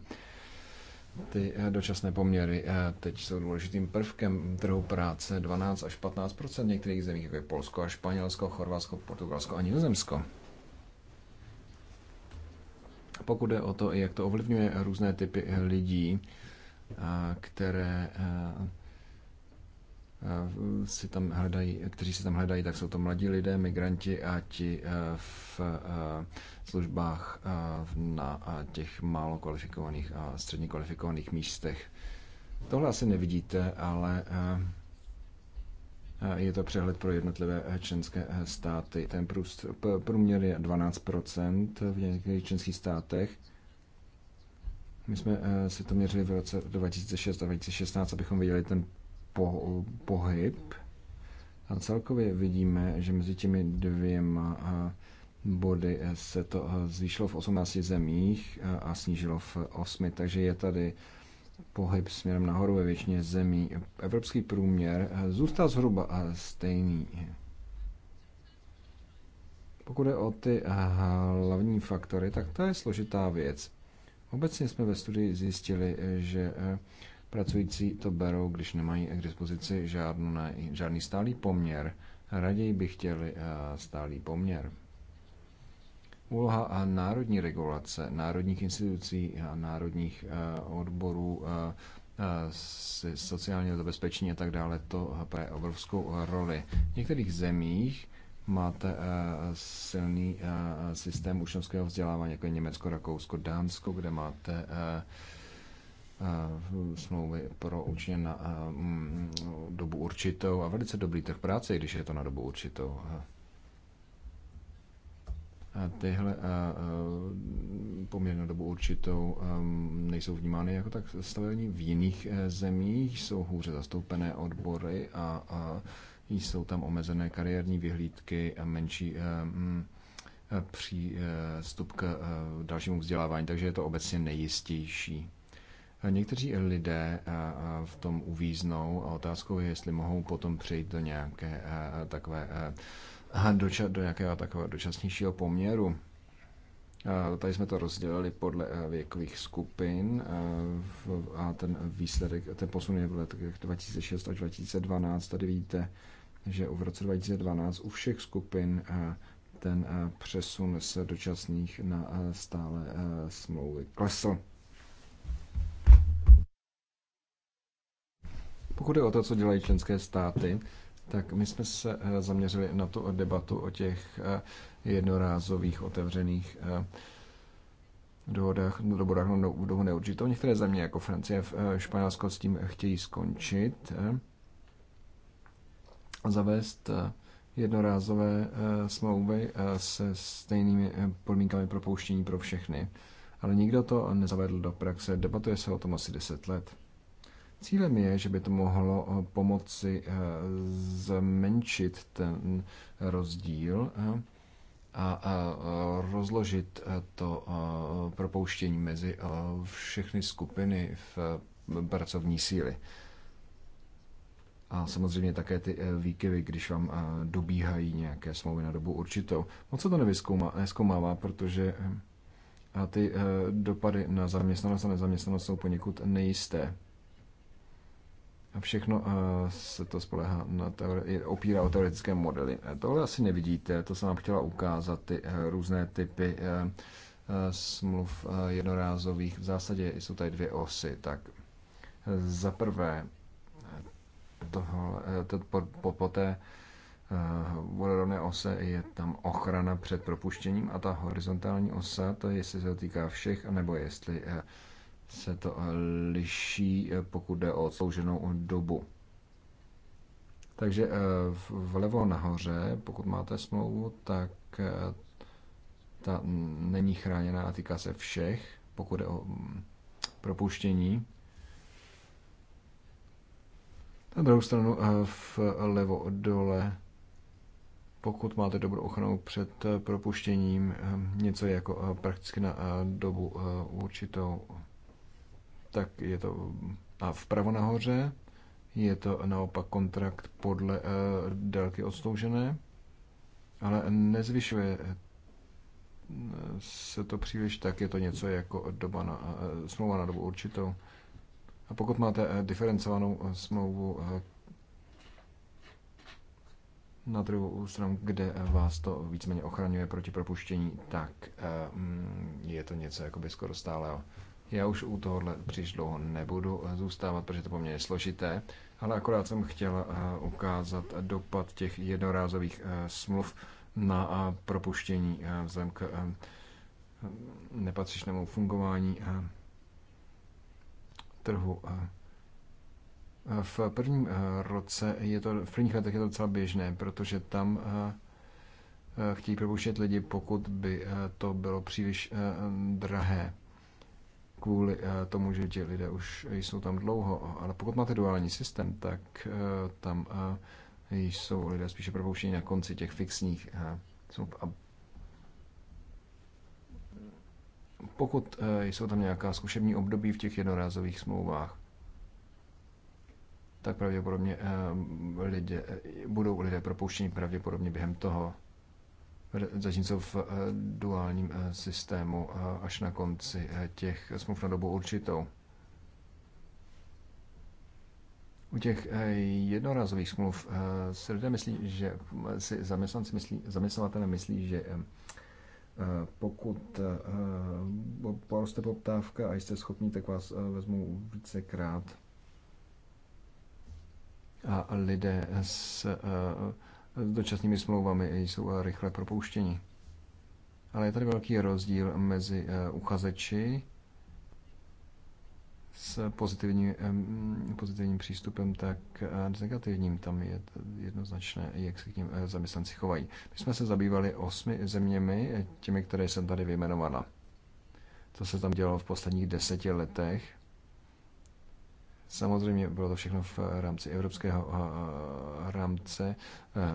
Ty eh, dočasné poměry teď jsou důležitým prvkem trhu práce 12 až 15 v některých zemích, jako je Polsko a Španělsko, Chorvatsko, Portugalsko a Nizozemsko. Pokud jde o to, jak to ovlivňuje různé typy lidí, které si tam hledají, kteří si tam hledají, tak jsou to mladí lidé, migranti a ti v službách na těch málo kvalifikovaných a středně kvalifikovaných místech. Tohle asi nevidíte, ale je to přehled pro jednotlivé členské státy. Ten průměr je 12% v některých členských státech. My jsme eh, si to měřili v roce 2006 a 2016, abychom viděli ten po, pohyb. A celkově vidíme, že mezi těmi dvěma eh, body eh, se to zvýšilo v 18 zemích a snížilo v 8, takže je tady pohyb směrem nahoru ve většině zemí. Evropský průměr eh, zůstal zhruba eh, stejný. Pokud je o ty eh, hlavní faktory, tak to je složitá věc. Obecně jsme ve studii zjistili, že pracující to berou, když nemají k dispozici žádný, žádný stálý poměr. Raději by chtěli stálý poměr. Úloha a národní regulace, národních institucí a národních eh, odborů eh, eh, sociálního zabezpečení a tak dále, to hraje obrovskou roli. V některých zemích máte silný systém učňovského vzdělávání, jako je Německo, Rakousko, Dánsko, kde máte smlouvy pro učně na mm, dobu určitou a velice dobrý trh práce, když je to na dobu určitou tyhle poměrně dobu určitou um, nejsou vnímány jako tak stavební. V jiných eh, zemích jsou hůře zastoupené odbory a, a jsou tam omezené kariérní vyhlídky a menší eh, mm, eh, přístup k dalšímu vzdělávání, takže je to obecně nejistější. Někteří lidé v tom uvíznou a otázkou je, jestli mohou potom přejít do nějaké takové doča, do jakého takového dočasnějšího poměru. Tady jsme to rozdělili podle eh, věkových skupin eh, a ten výsledek, ten posun je v letech 2006 až 2012. Tady vidíte, že v roce 2012 u všech skupin eh, ten přesun se dočasných na stále smlouvy klesl. Pokud je o to, co dělají členské státy, tak my jsme se eh, zaměřili na tu debatu o těch eh, jednorázových otevřených eh, dohodách, no, no, dohodách no, dobu neurčitou. Některé země, jako Francie, Španělsko, s tím chtějí skončit a zavést jednorázové smlouvy se stejnými podmínkami propouštění pro všechny. Ale nikdo to nezavedl do praxe. Debatuje se o tom asi 10 let. Cílem je, že by to mohlo eh, pomoci eh, zmenšit ten rozdíl eh, a rozložit to propouštění mezi všechny skupiny v pracovní síly. A samozřejmě také ty výkyvy, když vám dobíhají nějaké smlouvy na dobu určitou. Moc se to nevyskoumává, neskoumává, protože ty dopady na zaměstnanost a nezaměstnanost jsou poněkud nejisté. A všechno eh, se to spolehá na teore- opírá o teoretické modely. Tohle asi nevidíte, to jsem vám chtěla ukázat, ty eh, různé typy eh, smluv jednorázových. V zásadě jsou tady dvě osy. Tak za prvé, tohle, to, po, po, poté vodorovné ose je tam ochrana před propuštěním a ta horizontální osa, to je, jestli se to týká všech, nebo jestli se to eh, liší, eh, pokud jde o odslouženou dobu. Takže eh, vlevo nahoře, pokud máte smlouvu, tak ta není chráněná a týká se všech, pokud jde o mm, propuštění. Na druhou stranu vlevo dole, pokud máte dobrou ochranu před propuštěním, něco jako prakticky na dobu určitou, tak je to a vpravo nahoře je to naopak kontrakt podle uh, délky odsloužené, ale nezvyšuje eh, se to příliš tak, je to něco jako doba na, uh, smlouva na dobu určitou. A pokud máte uh, diferencovanou uh, smlouvu uh, na druhou stranu, kde vás to víceméně ochraňuje proti propuštění, tak mm, je to něco jako by skoro stálého. Já už u tohohle příliš dlouho nebudu eh, zůstávat, protože to po je složité, ale akorát jsem chtěl eh, ukázat dopad těch jednorázových eh, smluv na propuštění vzhledem k nepatřičnému fungování trhu. V prvním roce je to, v prvních letech je to docela běžné, protože tam chtějí propuštět lidi, pokud by to bylo příliš drahé kvůli eh, tomu, že ti lidé už jsou tam dlouho. Ale pokud máte duální systém, tak eh, tam eh, jsou lidé spíše propouštěni na konci těch fixních smluv. A pokud jsou tam nějaká zkušební období v těch jednorázových smlouvách, tak pravděpodobně lidé, budou lidé propouštěni pravděpodobně během toho zatímco v eh, duálním eh, systému eh, až na konci těch smluv na dobu určitou. U těch jednorázových smluv se lidé myslí, že si zaměstnanci myslí, zaměstnavatele myslí, že pokud poroste poptávka a jste schopni, tak vás vezmou vícekrát. A lidé s s dočasnými smlouvami jsou rychle propouštěni. Ale je tady velký rozdíl mezi eh, uchazeči s pozitivním, pozitivním přístupem, tak eh, s negativním. Tam je jednoznačné, jak se k těm eh, zaměstnanci chovají. My jsme se zabývali osmi zeměmi, těmi, které jsem tady vyjmenovala. Co se tam dělalo v posledních deseti letech Samozřejmě bylo to všechno v eh, rámci evropského eh, eh, rámce,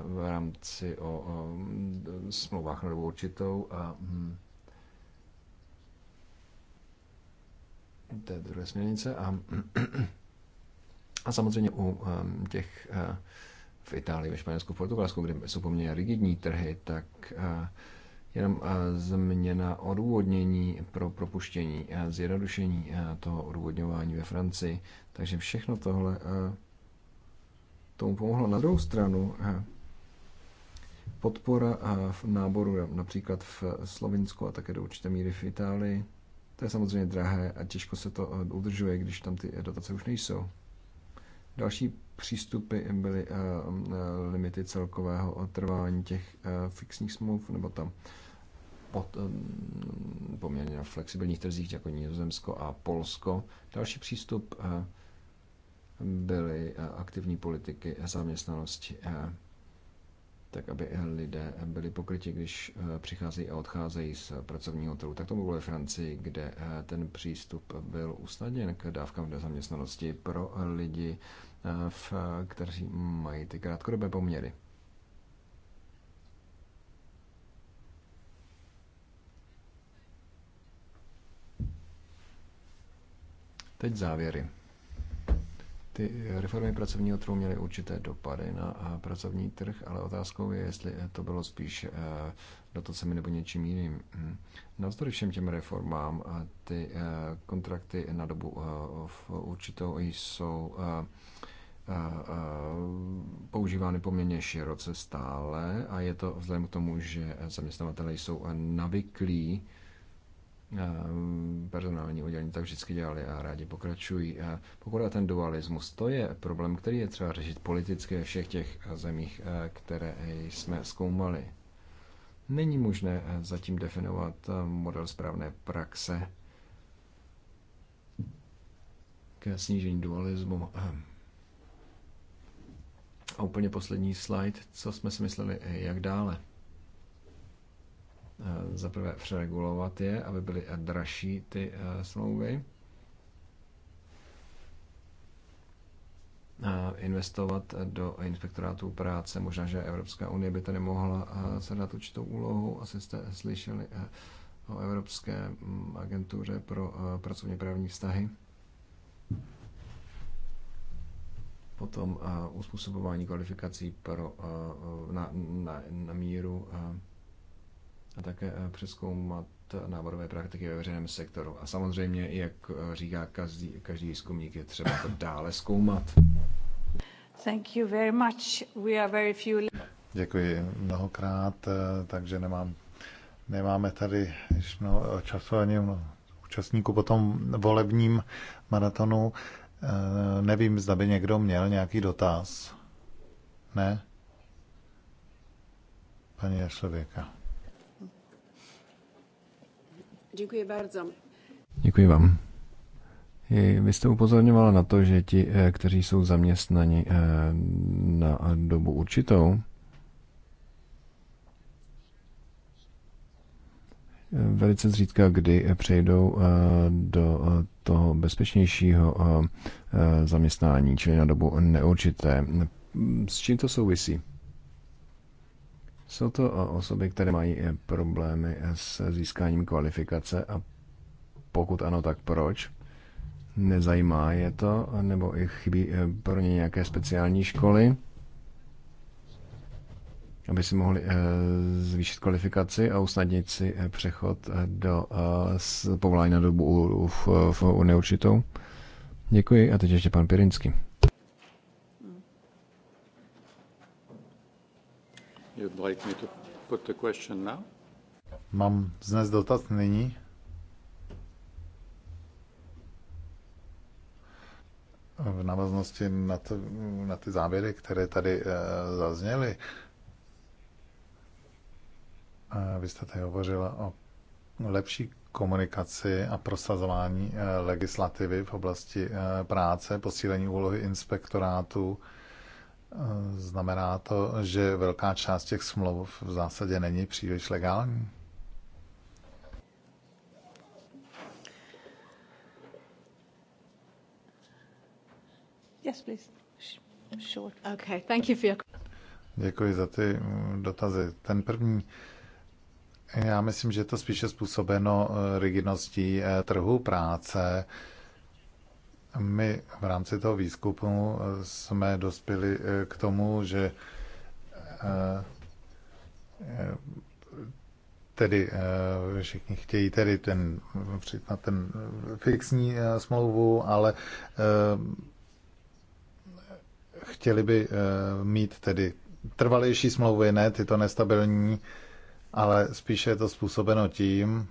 v rámci o smlouvách na dobu určitou a hm, té druhé směrnice a, (clears throat) a samozřejmě u těch v Itálii, ve Španělsku, v Portugalsku, kde jsou poměrně rigidní trhy, tak jenom eh, změna odůvodnění pro propuštění, a eh, zjednodušení eh, toho odůvodňování ve Francii. Takže všechno tohle tomu pomohlo. Na druhou stranu podpora v náboru například v Slovinsku a také do určité míry v Itálii, to je samozřejmě drahé a těžko se to udržuje, když tam ty dotace už nejsou. Další přístupy byly eh, eh, limity celkového eh, trvání těch fixních smluv, nebo tam pod, poměrně na flexibilních trzích jako Nizozemsko a Polsko. Další přístup byly aktivní politiky zaměstnanosti tak aby lidé byli pokryti, když eh, přicházejí a odcházejí z pracovního trhu. Tak to bylo ve Francii, kde eh, ten přístup byl usnadněn k dávkám v nezaměstnanosti pro lidi, eh, v, kteří mají ty krátkodobé poměry. Teď závěry ty reformy pracovního trhu měly určité dopady na eh, pracovní trh, ale otázkou je, jestli eh, to bylo spíš eh, dotacemi nebo něčím jiným. Hm. Navzdory všem těm reformám, ty kontrakty na dobu v určitou jsou používány poměrně široce stále a je to vzhledem k tomu, že zaměstnavatele jsou navyklí personální oddělení tak vždycky dělali a rádi pokračují. Pokud je ten dualismus, to je problém, který je třeba řešit politicky ve všech těch zemích, které jsme zkoumali. Není možné zatím definovat model správné praxe ke snížení dualismu. A úplně poslední slide, co jsme si mysleli, jak dále zaprvé přeregulovat je, aby byly dražší ty eh, smlouvy, investovat do inspektorátů práce. Možná, že Evropská unie by tady mohla eh, se dát určitou úlohu. Asi jste slyšeli eh, o Evropské mm, agentuře pro pracovně právní vztahy. Potom uspůsobování kvalifikací pro, na, na, na míru a také eh, přeskoumat náborové praktiky ve veřejném sektoru. A samozřejmě, jak eh, říká každý, každý výzkumník, je třeba to dále zkoumat. Thank you very much. We are very few... Děkuji mnohokrát, eh, takže nemám, nemáme tady již mnoho času ani mnoho účastníků po tom volebním maratonu. Nevím, zda by někdo měl nějaký dotaz. Ne? Paní Jašlověka. Děkuji bardzo. Děkuji vám. Vy jste upozorňovala na to, že ti, eh, kteří jsou zaměstnani eh, na dobu určitou, eh, velice zřídka kdy přejdou do toho bezpečnějšího zaměstnání, čili na dobu neurčité. S čím to souvisí? Jsou to eh, osoby, které mají eh, problémy eh, s získáním kvalifikace a pokud ano, tak proč? Nezajímá je to, nebo i chybí pro ně nějaké speciální školy, aby si mohli zvýšit kvalifikaci a usnadnit si přechod do povolání na dobu v, v, v neurčitou. Děkuji a teď ještě pan Pirinský. You'd like me to put the question now? Mám znes dotaz nyní? V návaznosti na, to, na ty závěry, které tady e, zazněly, e, vy jste tady hovořila o lepší komunikaci a prosazování e, legislativy v oblasti e, práce, posílení úlohy inspektorátu, e, Znamená to, že velká část těch smluv v zásadě není příliš legální? Yes, please. Short. Okay, thank you for your... Děkuji za ty mm, dotazy. Ten první, já myslím, že je to spíše způsobeno eh, rigidností eh, trhu práce, my v rámci toho výzkumu eh, jsme dospěli eh, k tomu, že eh, tedy všichni chtějí tedy ten, na ten fixní smlouvu, ale chtěli by mít tedy trvalější smlouvy, ne tyto nestabilní, ale spíše je to způsobeno tím,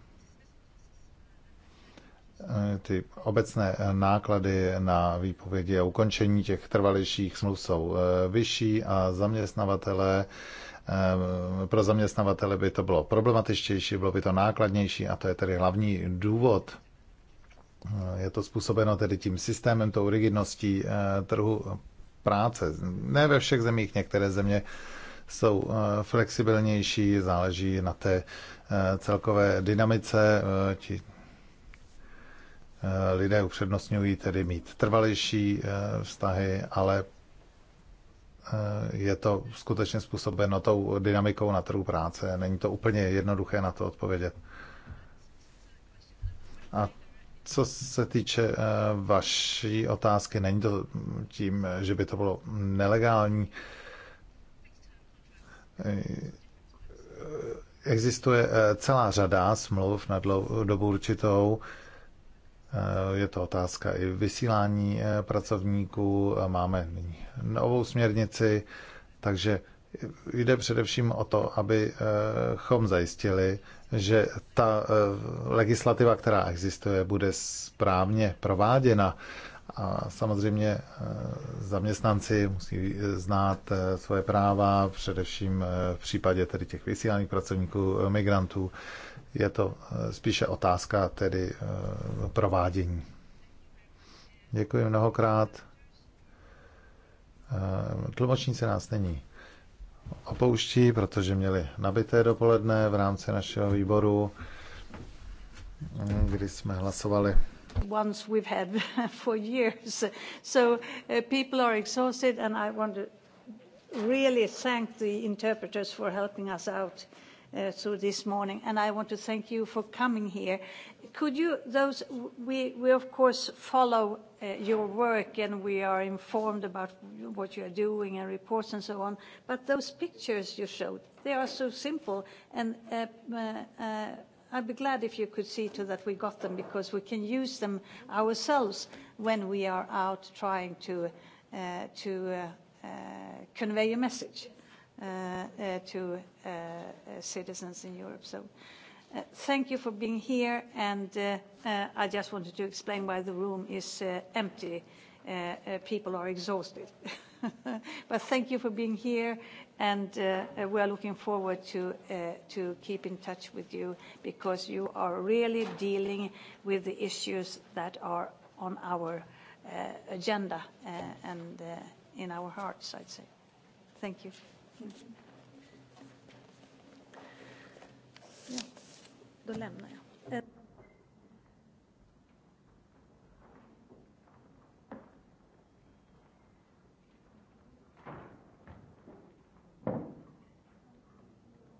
Eh, ty obecné eh, náklady na výpovědi a ukončení těch trvalějších smluv jsou eh, vyšší a zaměstnavatele pro zaměstnavatele by to bylo problematičtější, bylo by to nákladnější a to je tedy hlavní důvod. Je to způsobeno tedy tím systémem, tou rigidností trhu práce. Ne ve všech zemích, některé země jsou flexibilnější, záleží na té celkové dynamice. Ti Eh, lidé upřednostňují tedy mít trvalejší eh, vztahy, ale eh, je to skutečně způsobeno tou dynamikou na trhu práce. Není to úplně jednoduché na to odpovědět. A co se týče vaší otázky, není to tím, že by to bylo nelegální. Existuje celá řada smluv na dobu určitou, je to otázka i vysílání eh, pracovníků. Máme novou směrnici, takže jde především o to, abychom eh, zajistili, že ta eh, legislativa, která existuje, bude správně prováděna. A samozřejmě zaměstnanci musí znát svoje práva, především v případě tedy těch vysílaných pracovníků, migrantů. Je to eh, spíše otázka tedy eh, provádění. Děkuji mnohokrát. Eh, tlumočníci nás není opouští, protože měli nabité dopoledne v rámci našeho výboru, kdy jsme hlasovali we've had (laughs) for years. So people are exhausted, and I want to really thank the interpreters for helping us out uh, through this morning, and I want to thank you for coming here. Could you, those, we, we of course follow uh, your work and we are informed about what you are doing and reports and so on, but those pictures you showed, they are so simple, and uh, uh, uh, I'd be glad if you could see to that we got them because we can use them ourselves when we are out trying to, uh, to uh, uh, convey a message. Uh, uh, to uh, citizens in Europe. So, thank you for being here, and I just wanted to explain why the room is empty. People are exhausted. (laughs) But thank you for being here, and uh, we are looking forward to, uh, to keep in touch with you because you are really dealing with the issues that are on our uh, agenda and in our hearts, I'd say. Thank you. Då lämnar jag.